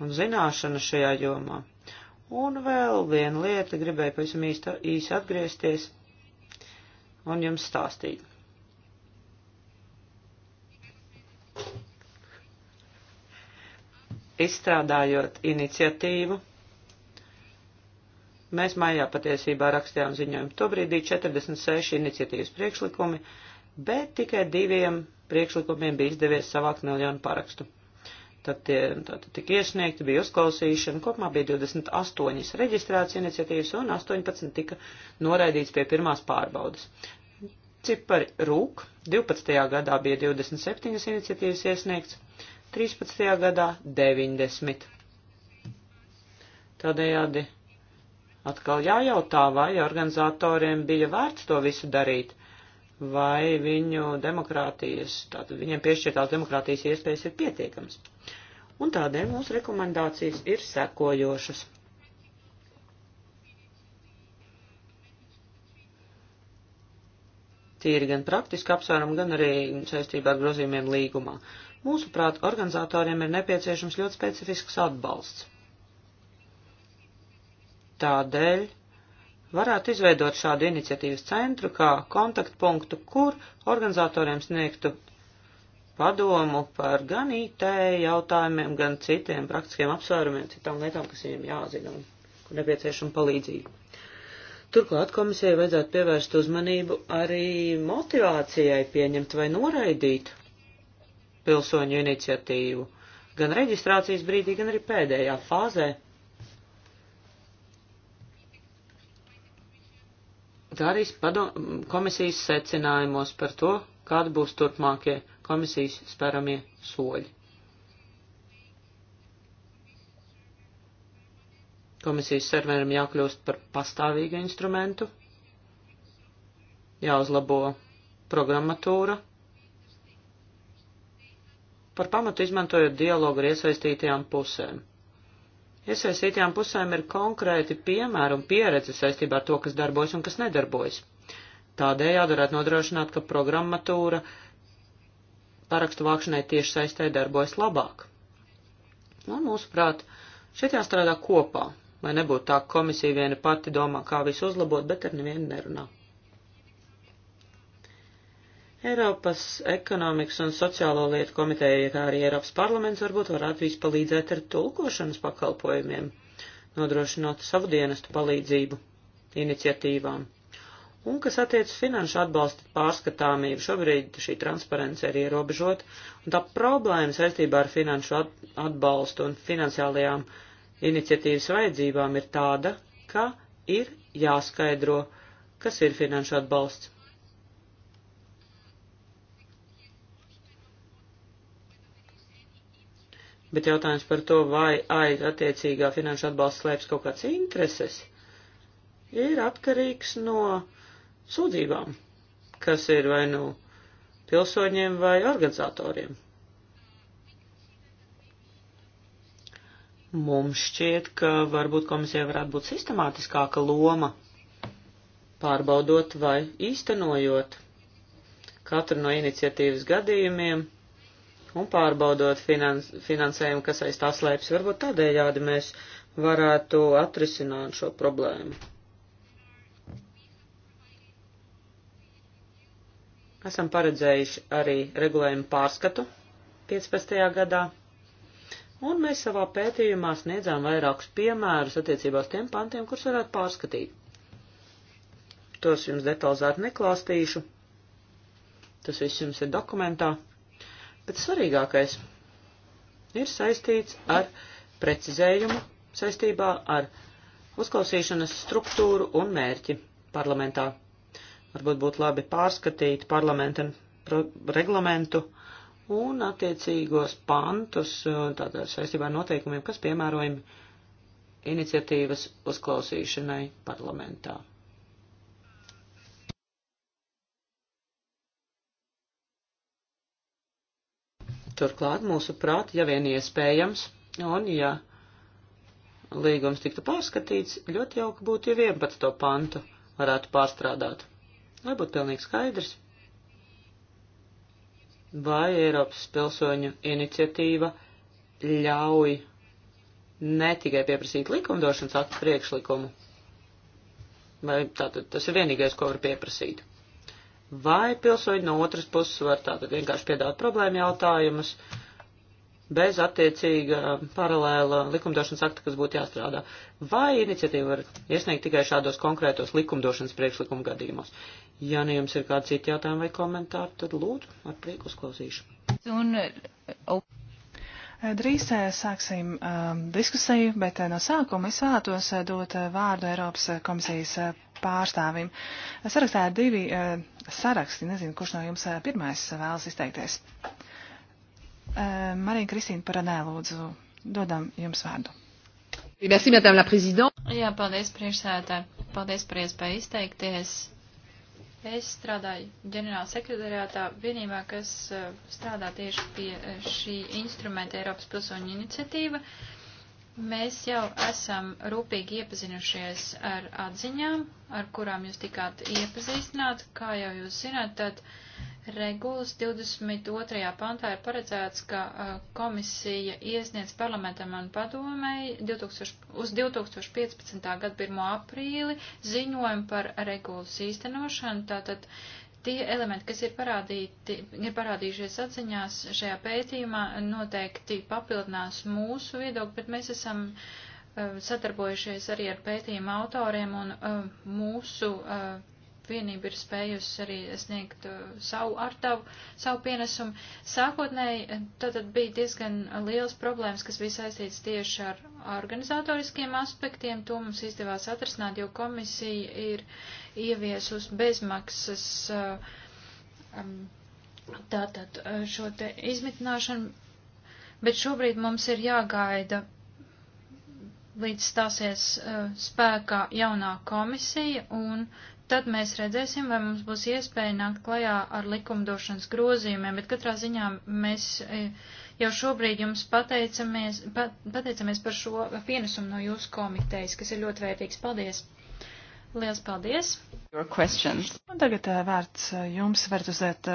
un zināšana šajā jomā. Un vēl viena lieta, gribēju pavisam īsti, īsi atgriezties un jums stāstīt. Izstrādājot iniciatīvu, mēs maijā patiesībā rakstījām ziņojumu. Tobrīdī 46 iniciatīvas priekšlikumi, bet tikai diviem priekšlikumiem bija izdevies savākt miljonu parakstu. Tad tie tad tika iesniegti, bija uzklausīšana, kopumā bija 28 reģistrētas iniciatīvas un 18 tika noraidīts pie pirmās pārbaudas. Cipari rūk, 12. gadā bija 27 iniciatīvas iesniegts, 13. gadā 90. Tādējādi atkal jājautā, vai organizatoriem bija vērts to visu darīt, vai viņu demokrātijas, tātad viņiem piešķirtās demokrātijas iespējas ir pietiekams. Un tādēļ mūsu rekomendācijas ir sekojošas. Tīri gan praktiski apsvērumu, gan arī saistībā ar grozījumiem līgumā. Mūsuprāt, organizatoriem ir nepieciešams ļoti specifisks atbalsts. Tādēļ varētu izveidot šādu iniciatīvas centru kā kontaktpunktu, kur organizatoriem sniegtu padomu par gan IT jautājumiem, gan citiem praktiskiem apsvērumiem, citām lietām, kas viņiem jāzina un kur nepieciešama palīdzība. Turklāt komisijai vajadzētu pievērst uzmanību arī motivācijai pieņemt vai noraidīt pilsoņu iniciatīvu, gan reģistrācijas brīdī, gan arī pēdējā fāzē. Tā arī komisijas secinājumos par to, kāda būs turpmākie komisijas spēramie soļi. Komisijas serveram jākļūst par pastāvīgu instrumentu, jāuzlabo programmatūra, par pamatu izmantojot dialogu ar iesaistītajām pusēm. Iesaistītajām pusēm ir konkrēti piemēri un pieredze saistībā ar to, kas darbojas un kas nedarbojas. Tādējādi varētu nodrošināt, ka programmatūra parakstu vākšanai tieši saistē darbojas labāk. Un, mūsuprāt, šeit jāstrādā kopā, lai nebūtu tā, ka komisija viena pati domā, kā visu uzlabot, bet ar nevienu nerunā. Eiropas ekonomikas un sociālo lietu komiteja, kā arī Eiropas parlaments, varbūt varētu vispalīdzēt ar tulkošanas pakalpojumiem, nodrošinot savu dienestu palīdzību iniciatīvām. Un, kas attiecas finanšu atbalsta pārskatāmību, šobrīd šī transparence ir ierobežota, un tā problēma saistībā ar finanšu atbalstu un finansiālajām uh, iniciatīvas vajadzībām ir tāda, ka ir jāskaidro, kas ir finanšu atbalsts. Bet jautājums par to, vai aiz attiecīgā finanšu atbalsta slēpjas kaut kāds intereses, ir atkarīgs no sūdzībām, kas ir vai nu pilsoņiem vai organizatoriem. Mums šķiet, ka varbūt komisija varētu būt sistemātiskāka loma, pārbaudot vai īstenojot katru no iniciatīvas gadījumiem un pārbaudot finans, finansējumu, kas aiz tā slēpjas. Varbūt tādējādi mēs varētu atrisināt šo problēmu. Esam paredzējuši arī regulējumu pārskatu 15. gadā un mēs savā pētījumā sniedzām vairākus piemērus attiecībā uz tiem pantiem, kurus varētu pārskatīt. Tos jums detalizēti neklāstīšu, tas viss jums ir dokumentā, bet svarīgākais ir saistīts ar precizējumu saistībā ar uzklausīšanas struktūru un mērķi parlamentā. Varbūt būtu labi pārskatīt parlamenta reglamentu un attiecīgos pantus uh, tādā saistībā ar noteikumiem, kas piemērojami iniciatīvas uzklausīšanai parlamentā. Turklāt, mūsuprāt, ja vien iespējams, un ja līgums tiktu pārskatīts, ļoti jauki būtu, ja 11. pantu varētu pārstrādāt, lai būtu pilnīgi skaidrs vai Eiropas pilsoņu iniciatīva ļauj ne tikai pieprasīt likumdošanas aktu priekšlikumu, vai tātad tas ir vienīgais, ko var pieprasīt, vai pilsoņi no otras puses var tātad vienkārši piedāt problēmu jautājumus bez attiecīga paralēla likumdošanas akta, kas būtu jāstrādā, vai iniciatīva var iesniegt tikai šādos konkrētos likumdošanas priekšlikumu gadījumos. Ja ne nu jums ir kādi citi jautājumi vai komentāri, tad lūdzu, ar prieku uzklausīšu. Un, Drīz eh, sāksim eh, diskusiju, bet eh, no sākuma es vēlētos dot vārdu Eiropas komisijas pārstāvim. Sarakstā ir divi saraksti, nezinu, kurš no jums pirmais vēlas izteikties. Marija Kristīna Paranē, lūdzu, dodam jums vārdu. Merci, madame la présidente. Jā, paldies priekšsētāji. Paldies par iespēju izteikties. Es strādāju ģenerāla sekretariātā vienībā, kas eh, strādā tieši pie eh, šī instrumenta Eiropas pilsoņu iniciatīva. Mēs jau esam rūpīgi iepazinušies ar atziņām, ar kurām jūs tikāt iepazīstināt. Kā jau jūs zināt, tad Regulas 22. pantā ir paredzēts, ka komisija iesniedz parlamentam un padomēji 2000, uz 2015. gada 1. aprīli ziņojumu par regulas īstenošanu. Tātad tie elementi, kas ir, parādīti, ir parādījušies atziņās šajā pētījumā, noteikti papildinās mūsu viedokli, bet mēs esam uh, sadarbojušies arī ar pētījuma autoriem un uh, mūsu uh, vienība ir spējusi arī sniegt uh, savu artavu, savu pienesumu. Sākotnēji eh, tad bija diezgan liels problēmas, kas bija saistīts tieši ar organizatoriskiem aspektiem. To mums izdevās atrasināt, jo komisija ir ieviesus bezmaksas uh, um, tātad uh, šo te izmitināšanu, bet šobrīd mums ir jāgaida līdz stāsies uh, spēkā jaunā komisija, un Tad mēs redzēsim, vai mums būs iespēja nākt klajā ar likumdošanas grozījumiem, bet katrā ziņā mēs e, jau šobrīd jums pateicamies, pateicamies par šo pienesumu no jūsu komitejas, kas ir ļoti vērtīgs. Paldies! Liels paldies! Un tagad e, vārds e, jums varat uzdot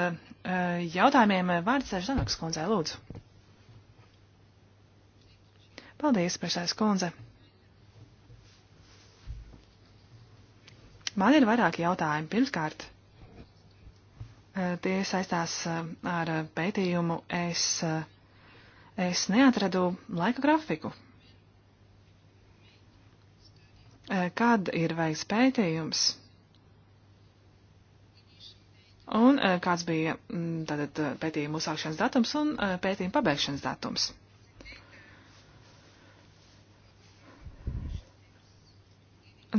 jautājumiem. Vārds ir Zanoks kundzē, lūdzu. Paldies, priekšsēdētājas kundze. Man ir vairāki jautājumi. Pirmkārt, eh, tie saistās eh, ar pētījumu. Es, eh, es neatradu laika grafiku. Kad ir veikts pētījums? Un kāds bija mm, tātad pētījuma uzsākšanas datums un pētījuma pabeigšanas datums?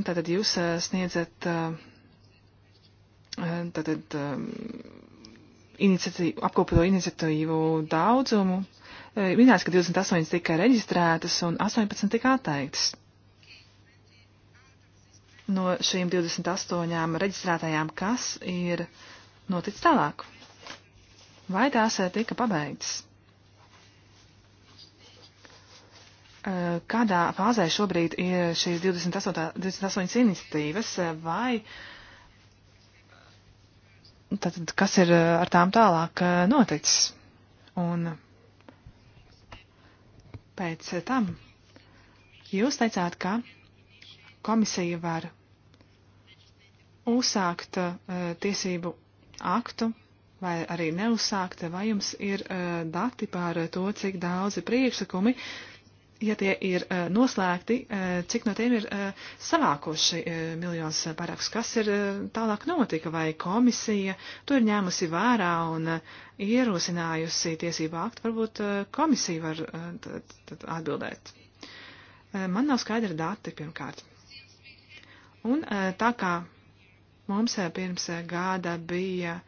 Tātad jūs sniedzat tātad, iniciatīvu, apkopoto iniciatīvu daudzumu. Minēts, ka 28 tika reģistrētas un 18 tika atteiktas. No šīm 28 reģistrētajām, kas ir noticis tālāk? Vai tās tika pabeigtas? Eh, kādā fāzē šobrīd ir šīs 28, 28 iniciatīvas, eh, vai tātad, kas ir eh, ar tām tālāk noticis? Un pēc tam jūs teicāt, ka komisija var uzsākt tiesību aktu vai arī neuzsākt, vai jums ir dati par to, cik daudzi priekšlikumi uh, ja tie ir eh, noslēgti, eh, cik no tiem ir eh, savākoši miljonus parakstu, kas ir tālāk notika, vai komisija to ir ņēmusi vērā un ierosinājusi tiesību aktu, varbūt komisija var atbildēt. Man nav skaidra dati pirmkārt. Un tā kā mums pirms gada bija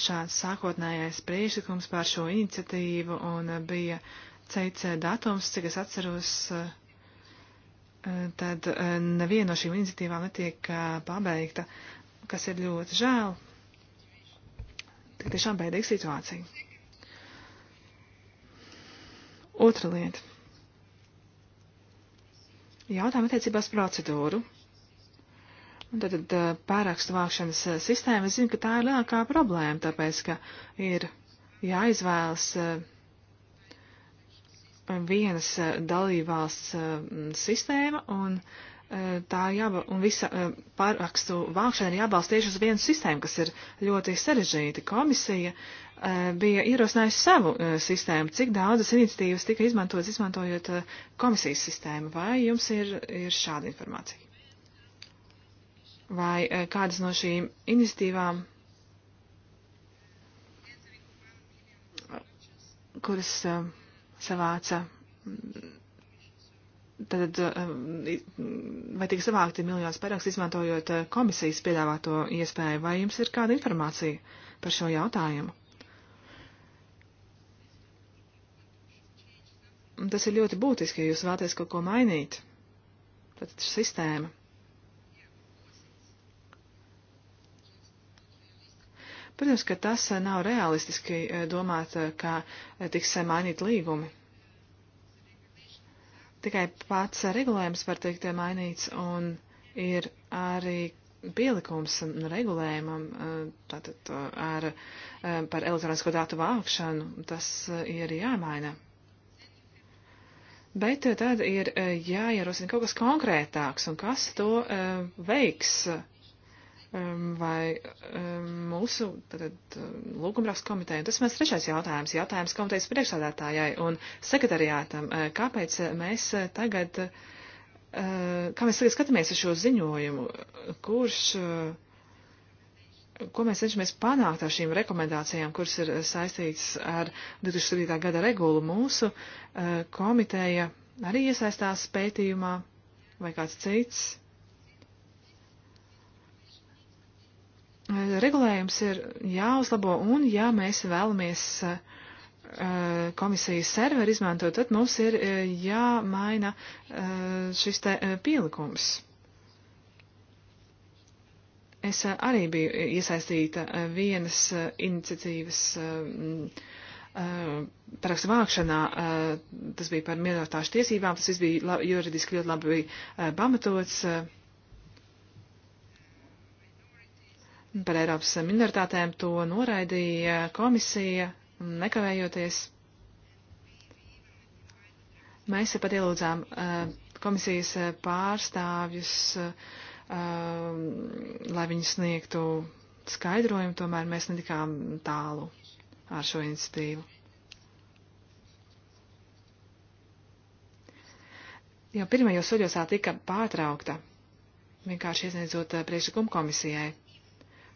šāds sākotnējais priekšlikums par šo iniciatīvu un bija uh, CIC datums, cik es atceros, eh, eh, tad eh, neviena no šīm iniciatīvām netiek pabeigta, kas ir ļoti žēl. Tik tiešām bēdīga situācija. Otra lieta. Jautājumi attiecībās procedūru. Un tad, tad pārākstu vākšanas sistēma, es zinu, ka tā ir lielākā problēma, tāpēc, ka ir jāizvēlas vienas eh, dalībvalsts eh, sistēma un eh, tā jāba, un visa pārakstu vākšana ir jābalsta tieši uz vienu sistēmu, kas ir ļoti sarežģīta. Komisija bija ierosinājusi savu sistēmu, cik daudzas iniciatīvas tika izmantotas izmantojot komisijas sistēmu. Vai jums ir, ir šāda informācija? Vai kādas no šīm iniciatīvām, kuras uh, savāca. Mm, tad, um, vai tika savākti miljonus parakstu izmantojot uh, komisijas piedāvāto iespēju, vai jums ir kāda informācija par šo jautājumu? Tas ir ļoti būtiski, ja jūs vēlaties kaut ko mainīt. Tad sistēma. Protams, ka tas eh, nav realistiski eh, domāt, eh, kā tiks mainīt līgumi. Tikai pats regulējums var tikt mainīts un ir arī pielikums mm, regulējumam tātad ar, par elektronisko datu vākšanu. Tas ir jāmaina. Bet tad ir jāierosina kaut kas konkrētāks, un kas to veiks Um, vai um, mūsu um, lūgumrakstu komiteja. Tas mans trešais jautājums, jautājums komitejas priekšsādātājai un sekretariātam. Uh, kāpēc mēs tagad, uh, kā mēs tagad skatāmies uz šo ziņojumu, kurš, uh, ko mēs cenšamies panākt ar šīm rekomendācijām, kuras ir saistītas ar 2007. gada regulu mūsu komiteja arī iesaistās pētījumā vai kāds cits? Eh, regulējums ir jāuzlabo, un ja mēs vēlamies eh, komisijas serveri izmantot, tad mums ir eh, jāmaina šis te pielikums. Es arī biju iesaistīta vienas iniciatīvas parakstu vākšanā, tas bija par minoritāšu tiesībām, tas viss bija juridiski ļoti labi pamatots. Uh, par Eiropas minoritātēm to noraidīja komisija, nekavējoties. Mēs pat ielūdzām eh, komisijas eh, pārstāvjus, eh, lai viņi sniegtu skaidrojumu, tomēr mēs netikām tālu ar šo iniciatīvu. Jau pirmajos soļos tā tika pārtraukta, vienkārši iesniedzot priekšlikumu komisijai.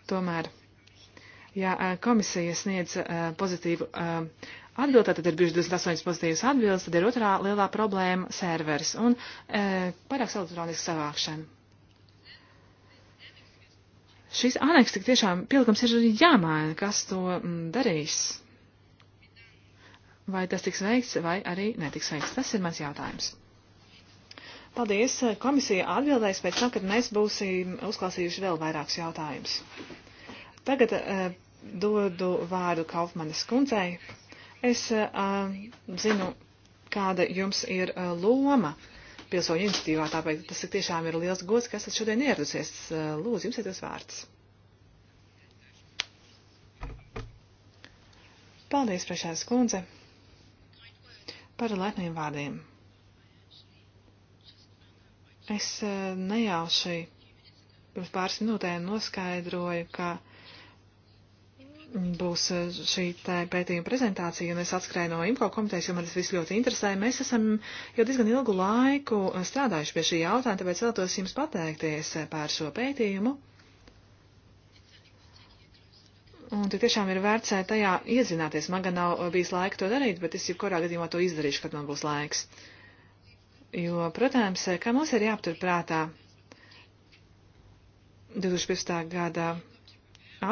Tomēr, ja komisija sniedz pozitīvu atbildi, tad ir bijuši 28 pozitīvas atbildes, tad ir otrā lielā problēma - servers un pārāk elektroniska savākšana. Šis aneks tik tiešām pielikums ir jāmaina, kas to mm, darīs. Vai tas tiks veikts, vai arī netiks veikts. Tas ir mans jautājums. Paldies! Eh, komisija atbildēs pēc tam, kad mēs būsim uzklāsījuši vēl vairākus jautājumus. Tagad uh, dodu vārdu Kaufmanis kundzei. Es uh, zinu, kāda jums ir uh, loma pilsoņu iniciatīvā, tāpēc tas ir tiešām ir liels gods, kas esat šodien ieradusies. Uh, lūdzu, jums ir tas vārds. Paldies, priekšās kundze, par laipniem vārdiem. Es eh, nejauši pirms pāris minūtēm noskaidroju, ka būs eh, šī pētījuma prezentācija, un es atskrēju no IMCO komitejas, jo man tas viss ļoti interesē. Mēs esam jau diezgan ilgu laiku eh, strādājuši pie šī jautājuma, tāpēc vēlētos jums pateikties par šo pētījumu. Un tik tiešām ir vērts tajā iedzināties. Man gan nav bijis laika to darīt, bet es jebkurā gadījumā to izdarīšu, kad man būs laiks. Uh, Jo, protams, ka mums ir jāaptur prātā 2015. gada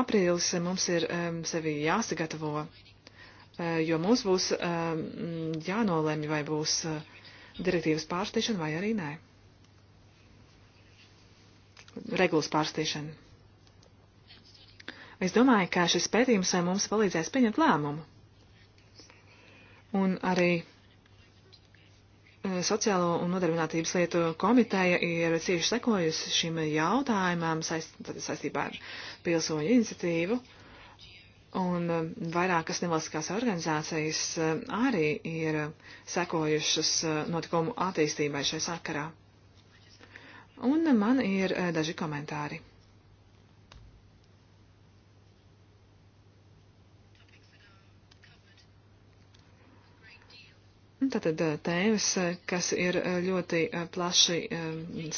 aprīlis mums ir um, sevi jāsagatavo, uh, jo mums būs um, jānolemj, vai būs uh, direktīvas pārstīšana vai arī nē. Regulas pārstīšana. Es domāju, ka šis pētījums uh, mums palīdzēs pieņemt lēmumu. Un arī Sociālo un nodarbinātības lietu komiteja ir cieši sekojusi šim jautājumam saist, saistībā ar pilsoņu iniciatīvu. Un um, vairākas nevalstiskās organizācijas um, arī ir sekojušas um, notikumu attīstībai šai sakarā. Un man ir uh, daži komentāri. Tātad eh, tēmas, eh, kas ir eh, ļoti plaši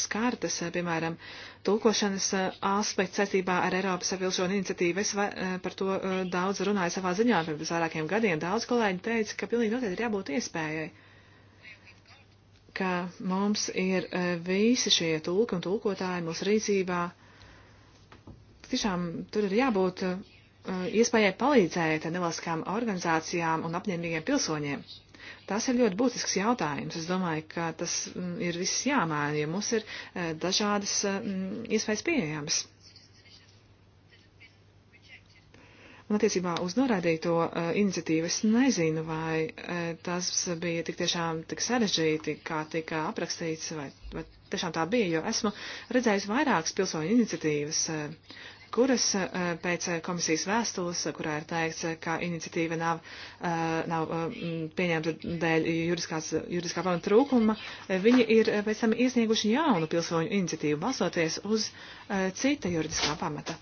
skārtas, piemēram, tulkošanas aspekts saistībā ar Eiropas vilšonu iniciatīvu. Es par to daudz runāju savā ziņā pirms vairākiem gadiem. Daudz kolēģi teica, ka pilnīgi noteikti ir jābūt iespējai, ka mums ir visi šie tulki un tulkotāji mūsu rīcībā. Tiešām tur ir jābūt iespējai palīdzēt nevalstiskām organizācijām un apņēmīgiem pilsoņiem Tas ir ļoti būtisks jautājums. Es domāju, ka tas mm, ir viss jāmaina, jo mums ir eh, dažādas mm, iespējas pieejamas. Un attiecībā uz norādīto eh, iniciatīvu es nezinu, vai eh, tas bija tik tiešām tik sarežģīti, kā tika aprakstīts, vai, vai tiešām tā bija, jo esmu redzējis vairākas pilsoņu iniciatīvas kuras eh, pēc eh, komisijas vēstules, eh, kurā ir teikts, ka iniciatīva nav, nav pieņemta dēļ juridiskās, juridiskā pamata trūkuma, viņi ir pēc tam iesnieguši jaunu pilsoņu iniciatīvu, balsoties uz cita juridiskā pamata.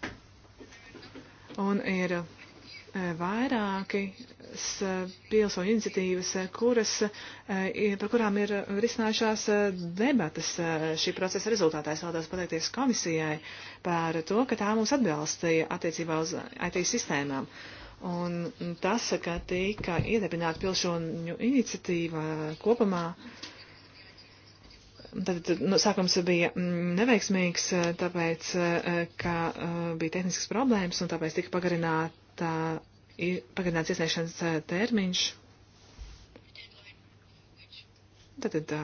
Un ir Eh, vairākas eh, pilsoņu iniciatīvas, eh, kuras, par kurām ir risinājušās debatas šī procesa rezultātā. Es vēlos pateikties komisijai par to, ka tā mūs atbalstīja attiecībā uz IT sistēmām. Un tas, ka tika iedibināta pilsoņu iniciatīva kopumā, tad nu, sākums bija mm, neveiksmīgs, tāpēc, ka bija tehniskas problēmas un tāpēc tika pagarināta tā pagarināts iesniegšanas termiņš. Tātad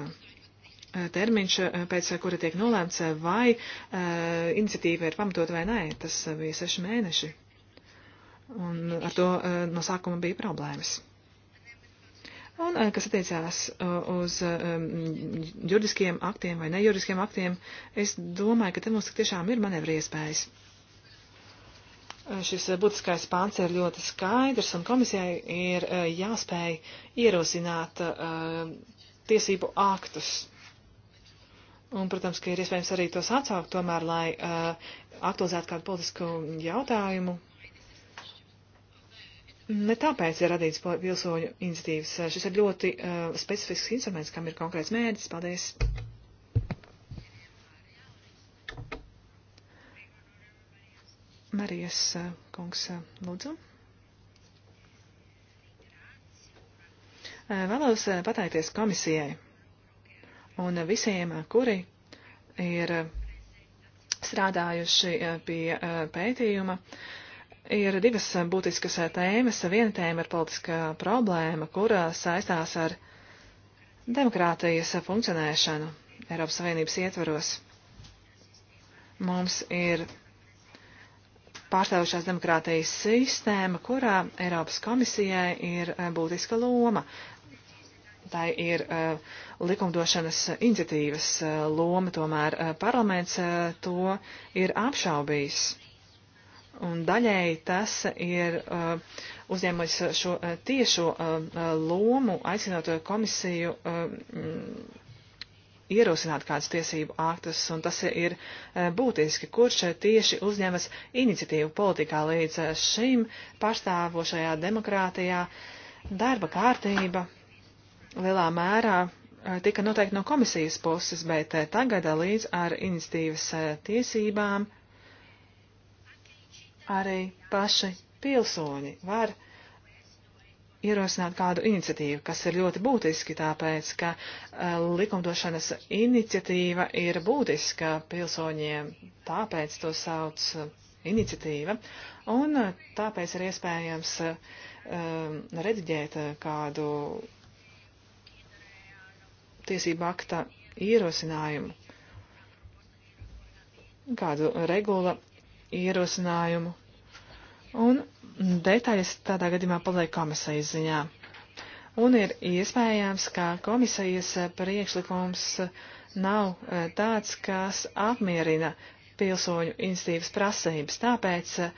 termiņš, pēc kura tiek nolēmts, vai iniciatīva ir pamatot vai nē. Tas bija seši mēneši. Un ar to no sākuma bija problēmas. Un kas attiecās uz juridiskiem aktiem vai nejuridiskiem aktiem, es domāju, ka te mums tiešām ir manevri iespējas. Eh, šis eh, būtiskais pāns ir ļoti skaidrs, un komisijai ir eh, jāspēj ierosināt uh, tiesību aktus. Un, protams, ka ir iespējams arī tos atsaukt, tomēr, lai uh, aktualizētu kādu politisku jautājumu. Ne tāpēc ir radīts pilsoņu iniciatīvas. Šis ir ļoti uh, specifisks instruments, kam ir konkrēts mērķis. Paldies! Marijas eh, kungs, eh, lūdzu. Eh, vēlos pateikties komisijai un visiem, kuri ir strādājuši pie pētījuma. Ir divas būtiskas tēmas. Viena tēma ir politiskā problēma, kurā saistās ar demokrātijas funkcionēšanu Eiropas Savienības ietvaros. Mums ir pārstāvošās demokrātijas sistēma, kurā Eiropas komisijai ir eh, būtiska loma. Tā ir eh, likumdošanas iniciatīvas eh, loma, tomēr parlaments to ir apšaubījis. Un daļēji tas ir uh, uzņēmējis šo uh, tiešo uh, lomu, aicinot komisiju uh, ierosināt kādus tiesību aktus, un tas ir e, būtiski, kurš tieši uzņemas iniciatīvu politikā līdz e, šim pārstāvošajā demokrātijā. Darba kārtība lielā mērā e, tika noteikti no komisijas puses, bet tagad līdz ar iniciatīvas tiesībām arī paši pilsoņi var ierosināt kādu iniciatīvu, kas ir ļoti būtiski, tāpēc, ka e, likumdošanas iniciatīva ir būtiska pilsoņiem, tāpēc to sauc e, iniciatīva, un e, tāpēc ir iespējams um, rediģēt kādu tiesību akta ierosinājumu, kādu regula ierosinājumu, un Detaļas tādā gadījumā paliek komisijas ziņā. Un ir iespējams, ka komisijas priekšlikums nav e, tāds, kas apmierina pilsoņu institīvas prasības, tāpēc e,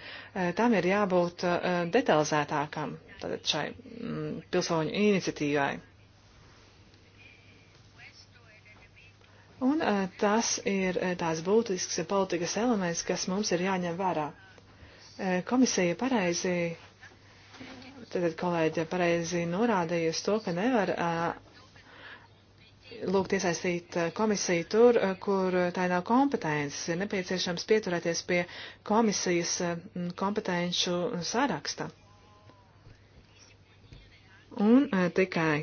tam ir jābūt e, detalizētākam tātad šai mm, pilsoņu iniciatīvai. Un tas ir tāds būtisks politikas elements, kas mums ir jāņem vērā. E, komisija pareizi, tad kolēģi pareizi norādījusi to, ka nevar e, lūgt iesaistīt e, komisiju tur, kur tā nav kompetences. Ir nepieciešams pieturēties pie komisijas kompetenču saraksta. Un tikai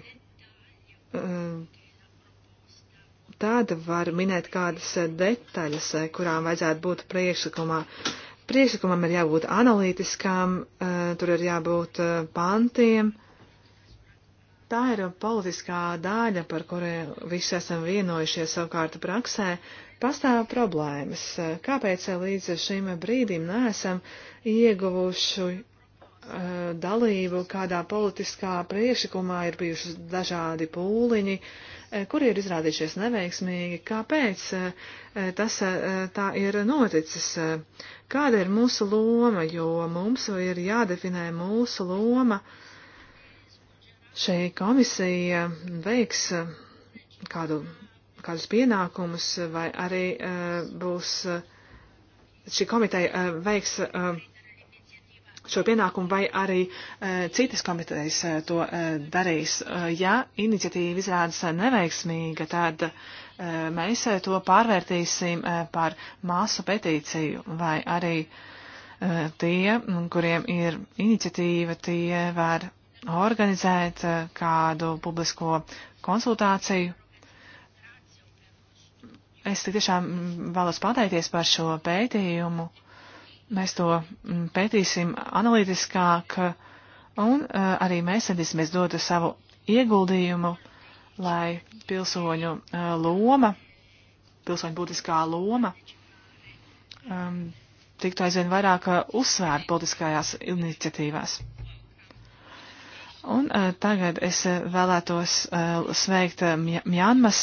tāda var minēt kādas detaļas, kurām vajadzētu būt priekšlikumā. Uh, Priekšlikumam ir jābūt analītiskām, eh, tur ir jābūt eh, pantiem. Tā ir politiskā daļa, par kuru visi esam vienojušies savukārt praksē. Pastāv problēmas. Kāpēc līdz šim brīdim neesam ieguvuši eh, dalību kādā politiskā priekšlikumā ir bijuši dažādi pūliņi, kuri ir izrādījušies neveiksmīgi, kāpēc eh, tas eh, tā ir noticis, kāda ir mūsu loma, jo mums ir jādefinē mūsu loma. Šī komisija veiks eh, kādu, kādus pienākumus vai arī būs šī komiteja veiks šo pienākumu, vai arī uh, citas komitejas uh, to uh, darīs. Uh, ja iniciatīva izrādās neveiksmīga, tad uh, mēs uh, to pārvērtīsim uh, par māsu petīciju, vai arī uh, tie, kuriem ir iniciatīva, tie var organizēt uh, kādu publisko konsultāciju. Es tiešām vēlos pateikties par šo pētījumu Mēs to mm, pētīsim analītiskāk, un e, arī mēs centīsimies dot savu ieguldījumu, lai pilsoņu e, loma, pilsoņu būtiskā loma, e, tiktu aizvien vairāk uzsvērta politiskajās iniciatīvās. Un uh, tagad es eh, vēlētos uh, sveikt Mjanmas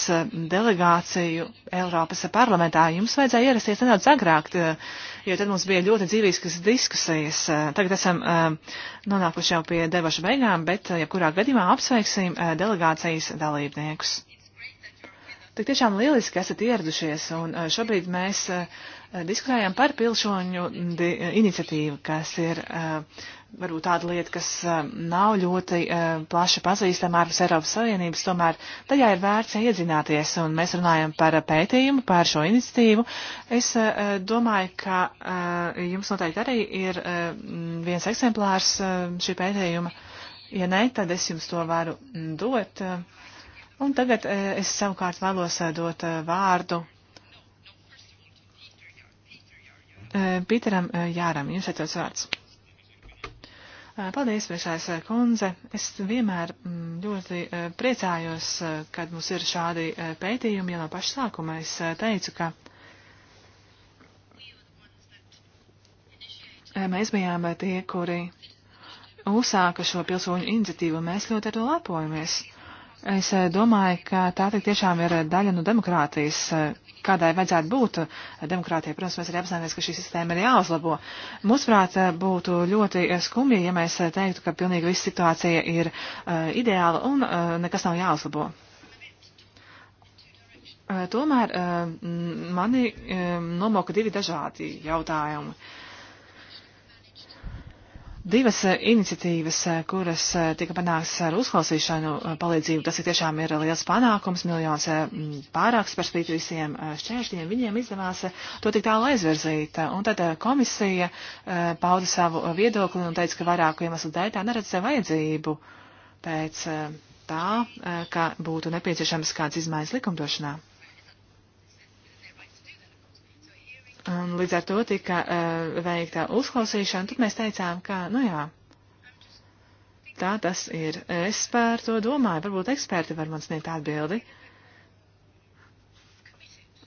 delegāciju Eiropas parlamentā. Jums vajadzēja ierasties nedaudz agrāk, tā, jo tad mums bija ļoti dzīvīskas diskusijas. Uh, tagad esam uh, nonākuši jau pie debašu beigām, bet uh, jebkurā gadījumā apsveiksim uh, delegācijas dalībniekus. Tik tiešām lieliski esat ieradušies, un šobrīd mēs diskutējam par pilsoņu iniciatīvu, kas ir varbūt tāda lieta, kas eh, nav ļoti eh, plaši pazīstama ārpus Eiropas Savienības, tomēr tajā ir vērts iedzināties, un mēs runājam par eh, pētījumu, par šo iniciatīvu. Es domāju, ka jums noteikti arī ir viens eksemplārs šī pētījuma. Ja nē, tad es jums to varu dot. Un tagad es savukārt vēlos dot vārdu Pīteram Jāram. Jums ir tas vārds. Paldies, priekšsēs kundze. Es vienmēr mm, ļoti priecājos, kad mums ir šādi pētījumi, jo no paša sākuma es teicu, ka mēs bijām tie, kuri uzsāka šo pilsoņu iniciatīvu, un mēs ļoti ar to lepojamies. Es eh, domāju, ka tā tik tiešām ir eh, daļa no demokrātijas, eh, kādai vajadzētu būt demokrātijai. Protams, mēs arī apzināmies, ka šī sistēma ir jāuzlabo. Mūsuprāt, būtu ļoti skumji, ja mēs teiktu, ka pilnīgi viss situācija ir uh, ideāla un uh, nekas nav jāuzlabo. Uh, tomēr mani nomoka divi dažādi jautājumi divas eh, iniciatīvas, eh, kuras eh, tika panāks ar uzklausīšanu palīdzību. Tas ir tiešām ir liels panākums, miljons pārāks par spīti visiem šķēršļiem. Viņiem izdevās to tik tālu aizverzīt. Un tad komisija pauda savu viedokli un teica, ka vairāku iemeslu dēļ tā neredz vajadzību pēc tā, ka būtu nepieciešams kāds izmaiņas likumdošanā. Un līdz ar to tika uh, veikta uzklausīšana, tad mēs teicām, ka, nu jā, tā tas ir. Es par to domāju, varbūt eksperti var man sniegt atbildi.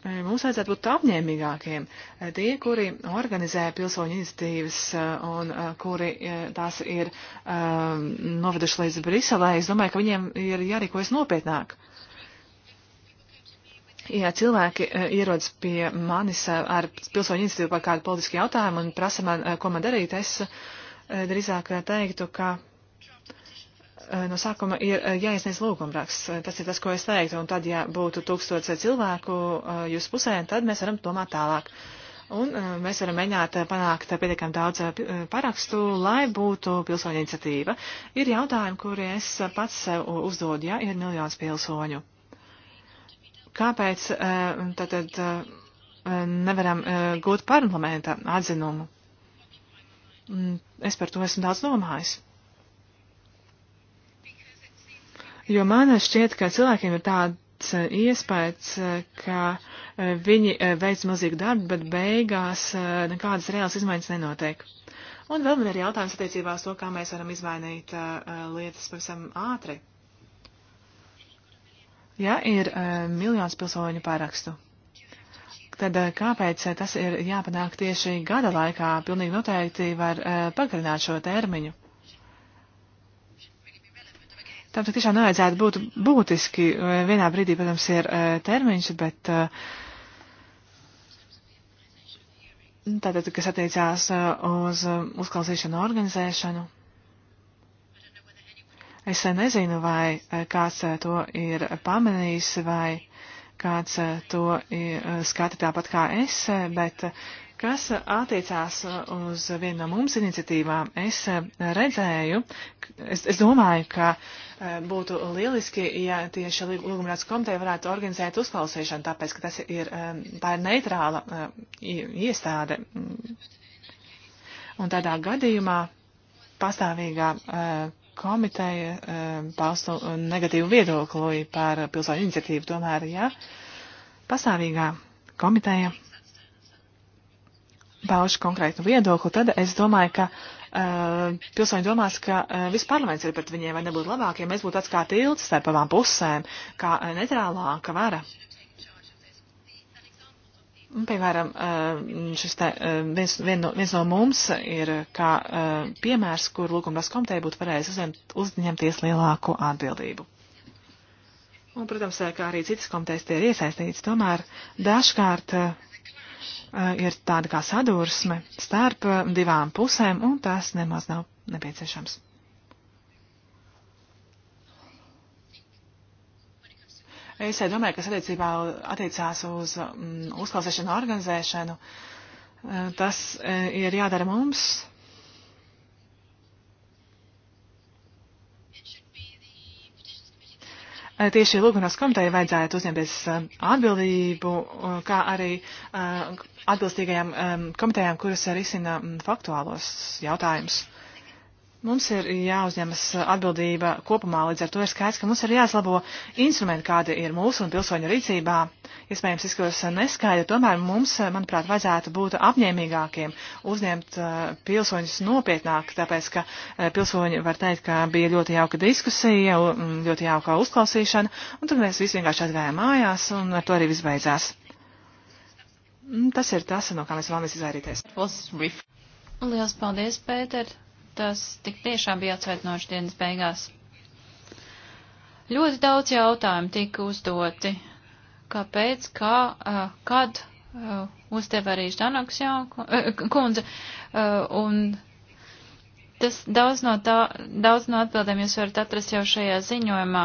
Eh, mums vajadzētu būt apņēmīgākiem. Eh, tie, kuri organizē pilsoņu iniciatīvas un kuri tās ir um, noveduši līdz Briselē, es domāju, ka viņiem ir jārīkojas nopietnāk. Uh, Ja cilvēki eh, ierodas pie manis eh, ar pilsoņu iniciatīvu par kādu politisku jautājumu un prasa man, eh, ko man darīt, es drīzāk teiktu, ka no sākuma ir jāiesniedz lūgumraksts. Tas ir tas, ko es teiktu. Un tad, ja būtu tūkstots cilvēku jūs pusē, tad mēs varam domāt tālāk. Un mēs varam mēģināt panākt pietiekam daudz parakstu, lai būtu pilsoņu iniciatīva. Ir jautājumi, kuri es pats sev uzdodu, ja ir miljons pilsoņu. Kāpēc eh, tātad eh, nevaram eh, gūt parlamenta atzinumu? Mm, es par to esmu daudz domājis. Jo man šķiet, ka cilvēkiem ir tāds iespējas, ka viņi veic milzīgu darbu, bet beigās nekādas reālas izmaiņas nenotiek. Un vēl man ir jautājums attiecībā uz to, kā mēs varam izmainīt lietas pavisam ātri ja ir eh, miljons pilsoņu pārakstu, tad eh, kāpēc eh, tas ir jāpanāk tieši gada laikā? Pilnīgi noteikti var pagarināt šo termiņu. Tam tik tiešām nevajadzētu būt būtiski. Vienā brīdī, protams, ir termiņš, bet tātad, kas attiecās uz uzklausīšanu organizēšanu. Es eh, nezinu, vai eh, kāds eh, to ir pamanījis, vai kāds to skata tāpat kā es, bet kas attiecās uz vienu no mums iniciatīvām, es redzēju, es, es domāju, ka būtu lieliski, ja tieši Lūgumrāts komiteja varētu organizēt uzklausīšanu, tāpēc, ka tas ir, tā ir neitrāla iestāde. Un tādā gadījumā pastāvīgā komiteja e, paustu negatīvu viedokli par pilsēņu iniciatīvu. Tomēr, ja pastāvīgā komiteja pauž konkrētu viedokli, tad es domāju, ka uh, pilsoņi domās, ka uh, viss parlaments ir pret viņiem, vai nebūtu labāk, ja mēs būtu tāds kā tilts starp abām pusēm, kā uh, neitrālāka vara. Uh, Nu, piemēram, eh, šis te, eh, viens, vien no, viens no mums ir kā eh, piemērs, kur lūgumās komiteja būtu varējis uzņemt, uzņemties lielāku atbildību. Un, protams, kā arī citas komitejas tie ir iesaistīts, tomēr dažkārt ir tāda kā sadursme starp divām pusēm, un tas nemaz nav nepieciešams. Es domāju, kas attiecībā attiecās uz mm, uzklausīšanu organizēšanu, e, tas e, ir jādara mums. E, tieši Lūgunas komitejai vajadzētu uzņemties atbildību, kā arī atbilstīgajām komitejām, kuras risina faktuālos jautājumus. Mums ir jāuzņemas atbildība kopumā, līdz ar to ir skaidrs, ka mums ir jāuzlabo instrumenti, kādi ir mūsu un pilsoņu rīcībā. Iespējams, izskatās neskaidri, tomēr mums, manuprāt, vajadzētu būt apņēmīgākiem, uzņemt eh, pilsoņus nopietnāk, tāpēc, ka eh, pilsoņi var teikt, ka bija ļoti jauka diskusija, mm, ļoti jauka uzklausīšana, un tad mēs visi vienkārši atgājām mājās, un ar to arī viss beidzās. Mm, tas ir tas, no kā mēs vēlamies izvairīties. Liels paldies, Pēter! Tas tik tiešām bija atsveitinoši dienas beigās. Ļoti daudz jautājumu tika uzdoti. Kāpēc, kā, uh, kad uh, uzdev arī Ždanoks kundze, uh, un tas daudz no, tā, daudz no atbildēm jūs varat atrast jau šajā ziņojumā.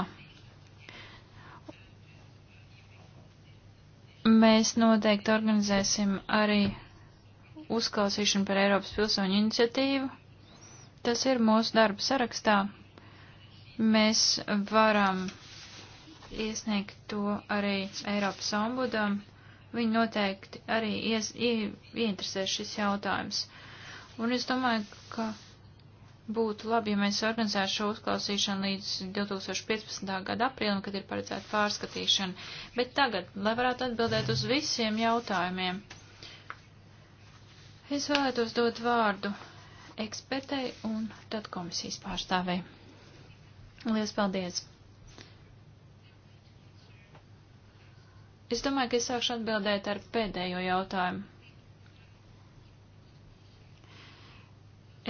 Mēs noteikti organizēsim arī uzklausīšanu par Eiropas pilsoņu iniciatīvu tas ir mūsu darba sarakstā. Mēs varam iesniegt to arī Eiropas ombudam. Viņi noteikti arī ies, ie, ieinteresēs šis jautājums. Un es domāju, ka būtu labi, ja mēs organizētu šo uzklausīšanu līdz 2015. gada aprīlim, kad ir paredzēta pārskatīšana. Bet tagad, lai varētu atbildēt uz visiem jautājumiem, es vēlētos dot vārdu ekspertei un tad komisijas pārstāvei. Lielas paldies! Es domāju, ka es sākšu atbildēt ar pēdējo jautājumu.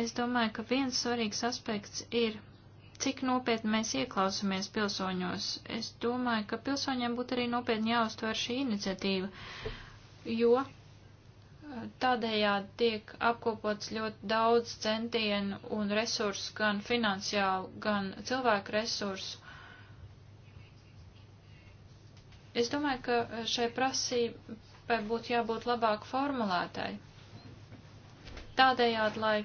Es domāju, ka viens svarīgs aspekts ir, cik nopietni mēs ieklausamies pilsoņos. Es domāju, ka pilsoņiem būtu arī nopietni jāuztver šī iniciatīva, jo Tādējādi tiek apkopots ļoti daudz centienu un resursu, gan finansiālu, gan cilvēku resursu. Es domāju, ka šai prasībai būtu jābūt labāk formulētai. Tādējādi, lai,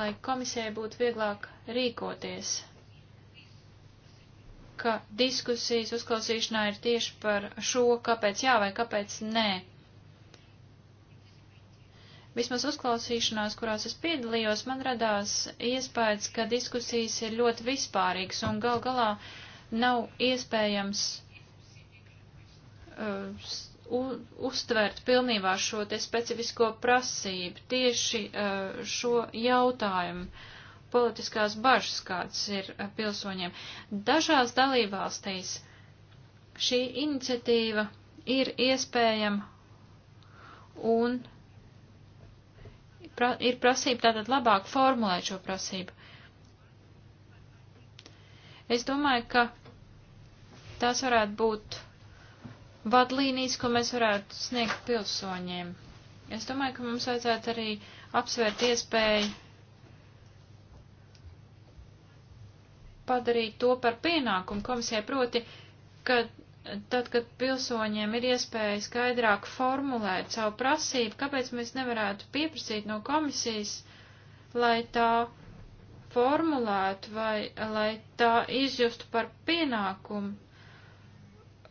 lai komisijai būtu vieglāk rīkoties ka diskusijas uzklausīšanā ir tieši par šo, kāpēc jā vai kāpēc nē. Vismaz uzklausīšanās, kurās es piedalījos, man radās iespējas, ka diskusijas ir ļoti vispārīgas un gal galā nav iespējams uh, uztvert pilnībā šo te specifisko prasību, tieši uh, šo jautājumu. Uh, politiskās bažas, kādas ir eh, pilsoņiem. Dažās dalībvalstīs šī iniciatīva ir iespējama un pra, ir prasība tātad labāk formulēt šo prasību. Es domāju, ka tās varētu būt vadlīnijas, ko mēs varētu sniegt pilsoņiem. Es domāju, ka mums vajadzētu arī apsvērt iespēju padarīt to par pienākumu komisijai, proti, ka tad, kad pilsoņiem ir iespēja skaidrāk formulēt savu prasību, kāpēc mēs nevarētu pieprasīt no komisijas, lai tā formulētu vai lai tā izjustu par pienākumu.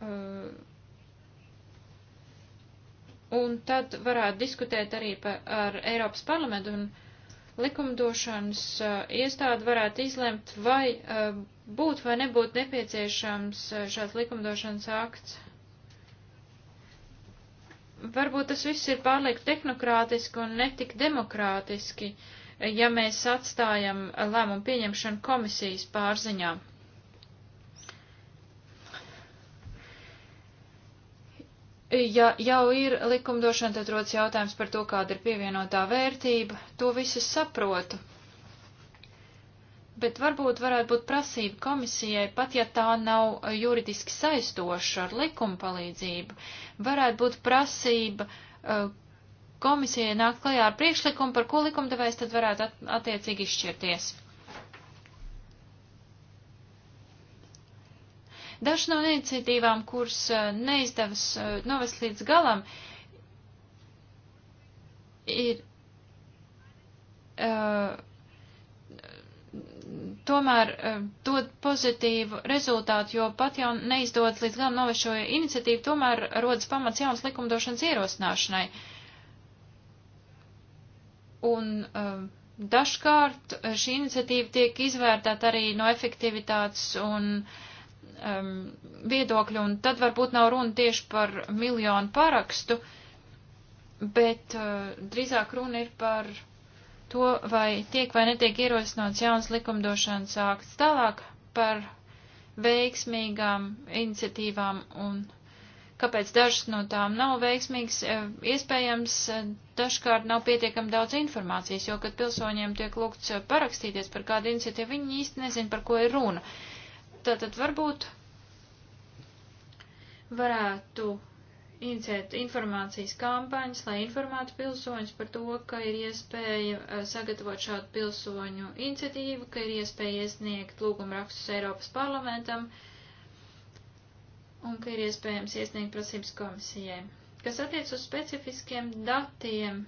Uh, un tad varētu diskutēt arī par, ar Eiropas parlamentu un likumdošanas uh, iestāde varētu izlemt, vai uh, būt vai nebūt nepieciešams uh, šāds likumdošanas akts. Varbūt tas viss ir pārlieku tehnokrātiski un netik demokrātiski, ja mēs atstājam lēmumu pieņemšanu komisijas pārziņām. Ja jau ir likumdošana, tad rodas jautājums par to, kāda ir pievienotā vērtība. To visu saprotu. Bet varbūt varētu būt prasība komisijai, pat ja tā nav juridiski saistoša ar likuma palīdzību, varētu būt prasība uh, komisijai nākt klajā ar priekšlikumu, par ko likumdevējs tad varētu attiecīgi izšķirties. Dažas no iniciatīvām, kuras e, neizdevas e, novest līdz galam, ir uh, tomēr uh, dod pozitīvu rezultātu, jo pat jau neizdodas līdz galam novest šo iniciatīvu, tomēr rodas pamats jaunas likumdošanas ierosināšanai. Un uh, dažkārt šī iniciatīva tiek izvērtēta arī no efektivitātes un uh, um, viedokļu, un tad varbūt nav runa tieši par miljonu parakstu, bet uh, drīzāk runa ir par to, vai tiek vai netiek ierosināts jauns likumdošanas akts tālāk par veiksmīgām iniciatīvām un kāpēc dažas no tām nav veiksmīgas, uh, iespējams, uh, dažkārt nav pietiekami daudz informācijas, jo, kad pilsoņiem tiek lūgts uh, parakstīties par kādu iniciatīvu, viņi īsti nezin, par ko ir runa. Uh, Tātad varbūt varētu inicēt informācijas kampaņas, lai informētu pilsoņus par to, ka ir iespēja eh, sagatavot šādu pilsoņu iniciatīvu, ka ir iespēja iesniegt lūgumrakstus Eiropas parlamentam un ka ir iespējams iesniegt prasības komisijai. Kas attiec uz specifiskiem datiem,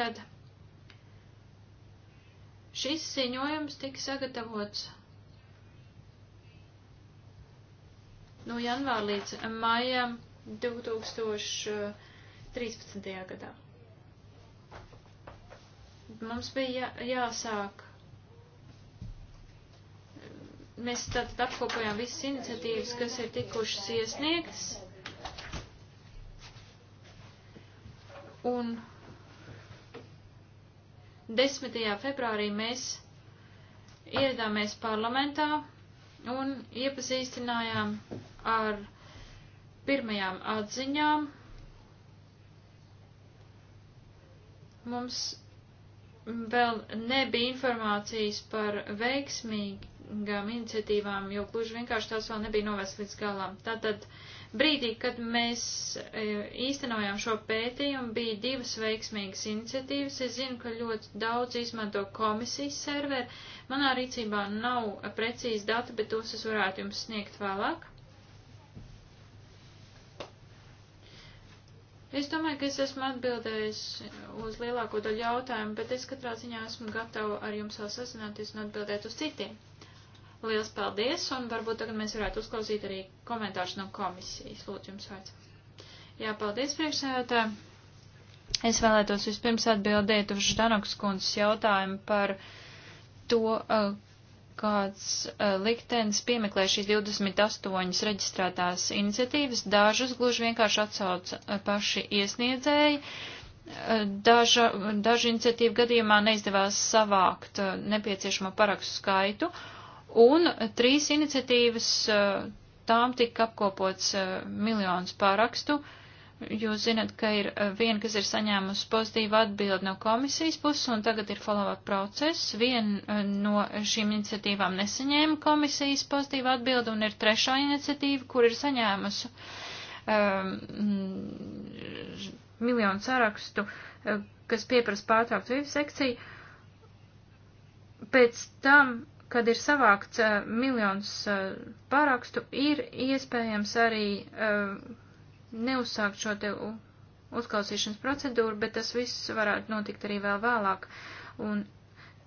tad šis ziņojums tika sagatavots no janvāra līdz maijam 2013. gadā. Mums bija jā, jāsāk. Mēs tātad apkopojām visas iniciatīvas, kas ir tikušas iesniegtas. Un 10. februārī mēs ieradāmies parlamentā un iepazīstinājām ar pirmajām atziņām. Mums vēl nebija informācijas par veiksmīgām iniciatīvām, jo gluži vienkārši tās vēl nebija novest līdz galam. Tātad brīdī, kad mēs e, īstenojām šo pētījumu, bija divas veiksmīgas iniciatīvas. Es zinu, ka ļoti daudz izmanto komisijas serveri. Manā rīcībā nav precīzi dati, bet tos es varētu jums sniegt vēlāk. Es domāju, ka es esmu atbildējis uz lielāko daļu jautājumu, bet es katrā ziņā esmu gatava ar jums vēl sazināties un atbildēt uz citiem. Liels paldies, un varbūt tagad mēs varētu uzklausīt arī komentārus no komisijas. Lūdzu, jums vārds. Jā, paldies, priekšsēdētāji. Es vēlētos vispirms atbildēt uz Ždanoks kundzes jautājumu par to, uh, kāds uh, liktenis piemeklē šīs 28 reģistrētās iniciatīvas, dažas gluži vienkārši atsauc uh, paši iesniedzēji. Uh, daža, daži iniciatīvu gadījumā neizdevās savākt nepieciešamo parakstu skaitu, un trīs iniciatīvas tām tika apkopots miljons parakstu, uh, Jūs zinat, ka ir eh, viena, kas ir saņēmusi pozitīvu atbildi no komisijas puses, un tagad ir follow-up process. Viena eh, no šīm iniciatīvām nesaņēma komisijas pozitīvu atbildi, un ir trešā iniciatīva, kur ir saņēmusi um, miljonu sarakstu, eh, kas pieprasa pārtraukt vīvu sekciju. Pēc tam, kad ir savākts uh, miljons uh, pārakstu, ir iespējams arī. Uh, neuzsākt šo te uzklausīšanas procedūru, bet tas viss varētu notikt arī vēl vēlāk. Un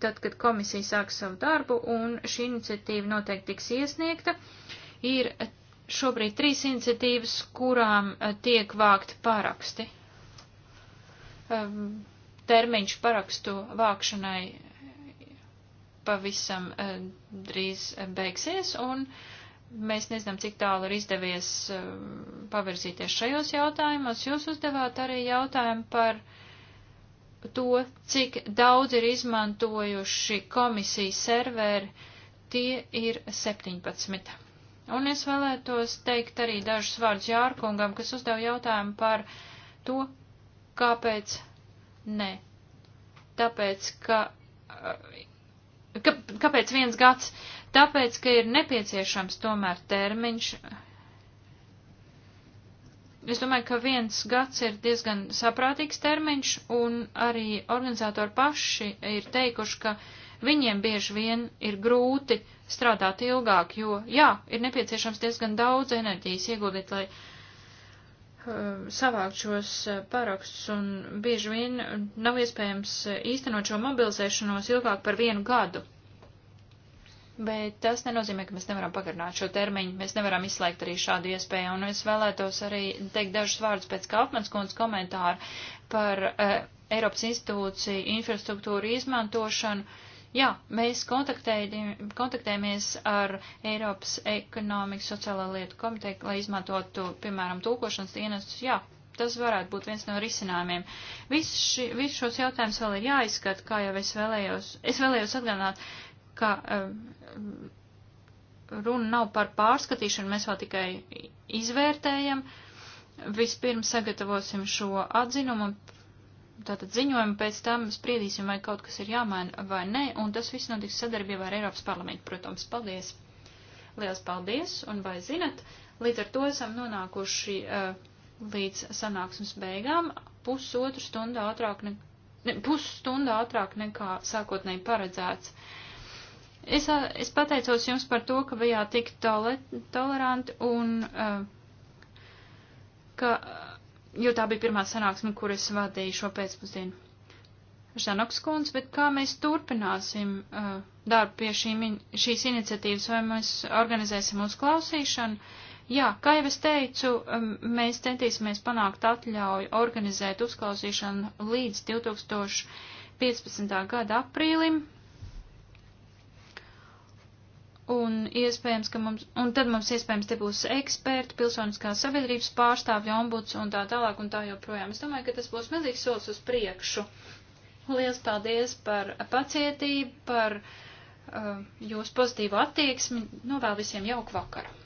tad, kad komisija sāks savu darbu, un šī iniciatīva noteikti tiks iesniegta, ir šobrīd trīs iniciatīvas, kurām e, tiek vākti paraksti. E, termiņš parakstu vākšanai pavisam e, drīz beigsies, un uh, Mēs nezinām, cik tālu ir izdevies eh, pavirzīties šajos jautājumos. Jūs uzdevāt arī jautājumu par to, cik daudz ir izmantojuši komisijas serveri. Tie ir 17. Un es vēlētos teikt arī dažus vārdus Jārkungam, kas uzdev jautājumu par to, kāpēc nē. Tāpēc, ka, eh, ka kāpēc viens gads tāpēc, ka ir nepieciešams tomēr termiņš. Es domāju, ka viens gads ir diezgan saprātīgs termiņš, un arī organizatori paši ir teikuši, ka viņiem bieži vien ir grūti strādāt ilgāk, jo, jā, ir nepieciešams diezgan daudz enerģijas ieguldīt, lai uh, savākt šos uh, parakstus, un bieži vien nav iespējams īstenot šo mobilizēšanos ilgāk par vienu gadu. Bet tas nenozīmē, ka mēs nevaram pagarināt šo termiņu, mēs nevaram izslēgt arī šādu iespēju, un es vēlētos arī teikt dažus vārdus pēc Kaufmanas kundzes komentāru par eh, Eiropas institūciju infrastruktūru izmantošanu. Jā, mēs kontaktējamies ar Eiropas ekonomikas sociālā lietu komiteju, lai izmantotu, piemēram, tūkošanas dienestus. Jā, tas varētu būt viens no risinājumiem. Visus vis šos jautājumus vēl ir jāizskata, kā jau es vēlējos. Es vēlējos atgādināt, ka eh, runa nav par pārskatīšanu, mēs vēl tikai izvērtējam. Vispirms sagatavosim šo atzinumu, tātad ziņojumu, pēc tam spriedīsim, vai kaut kas ir jāmaina vai nē, un tas viss notiks sadarbībā ar Eiropas parlamentu, protams. Paldies! Liels paldies! Un vai zinat, līdz ar to esam nonākuši uh, līdz sanāksmes beigām, pusotru stundu ātrāk, ne, ne, pusstunda ātrāk nekā sākotnēji paredzēts. Uh, Es, es pateicos jums par to, ka bijāt tik tole, toleranti un uh, ka, jo tā bija pirmā sanāksme, kur es vadīju šo pēcpusdienu. Žanoks kundz, bet kā mēs turpināsim uh, darbu pie šī, šīs iniciatīvas, vai mēs organizēsim uzklausīšanu? Jā, kā jau es teicu, um, mēs centīsimies panākt atļauju organizēt uzklausīšanu līdz 2015. gada aprīlim, Un iespējams, ka mums, un tad mums iespējams te būs eksperti, pilsoniskās sabiedrības pārstāvja, ombuds un tā tālāk un tā joprojām. Es domāju, ka tas būs milzīgs solis uz priekšu. Lielas paldies par pacietību, par uh, jūsu pozitīvu attieksmi. Novēl visiem jauku vakaru!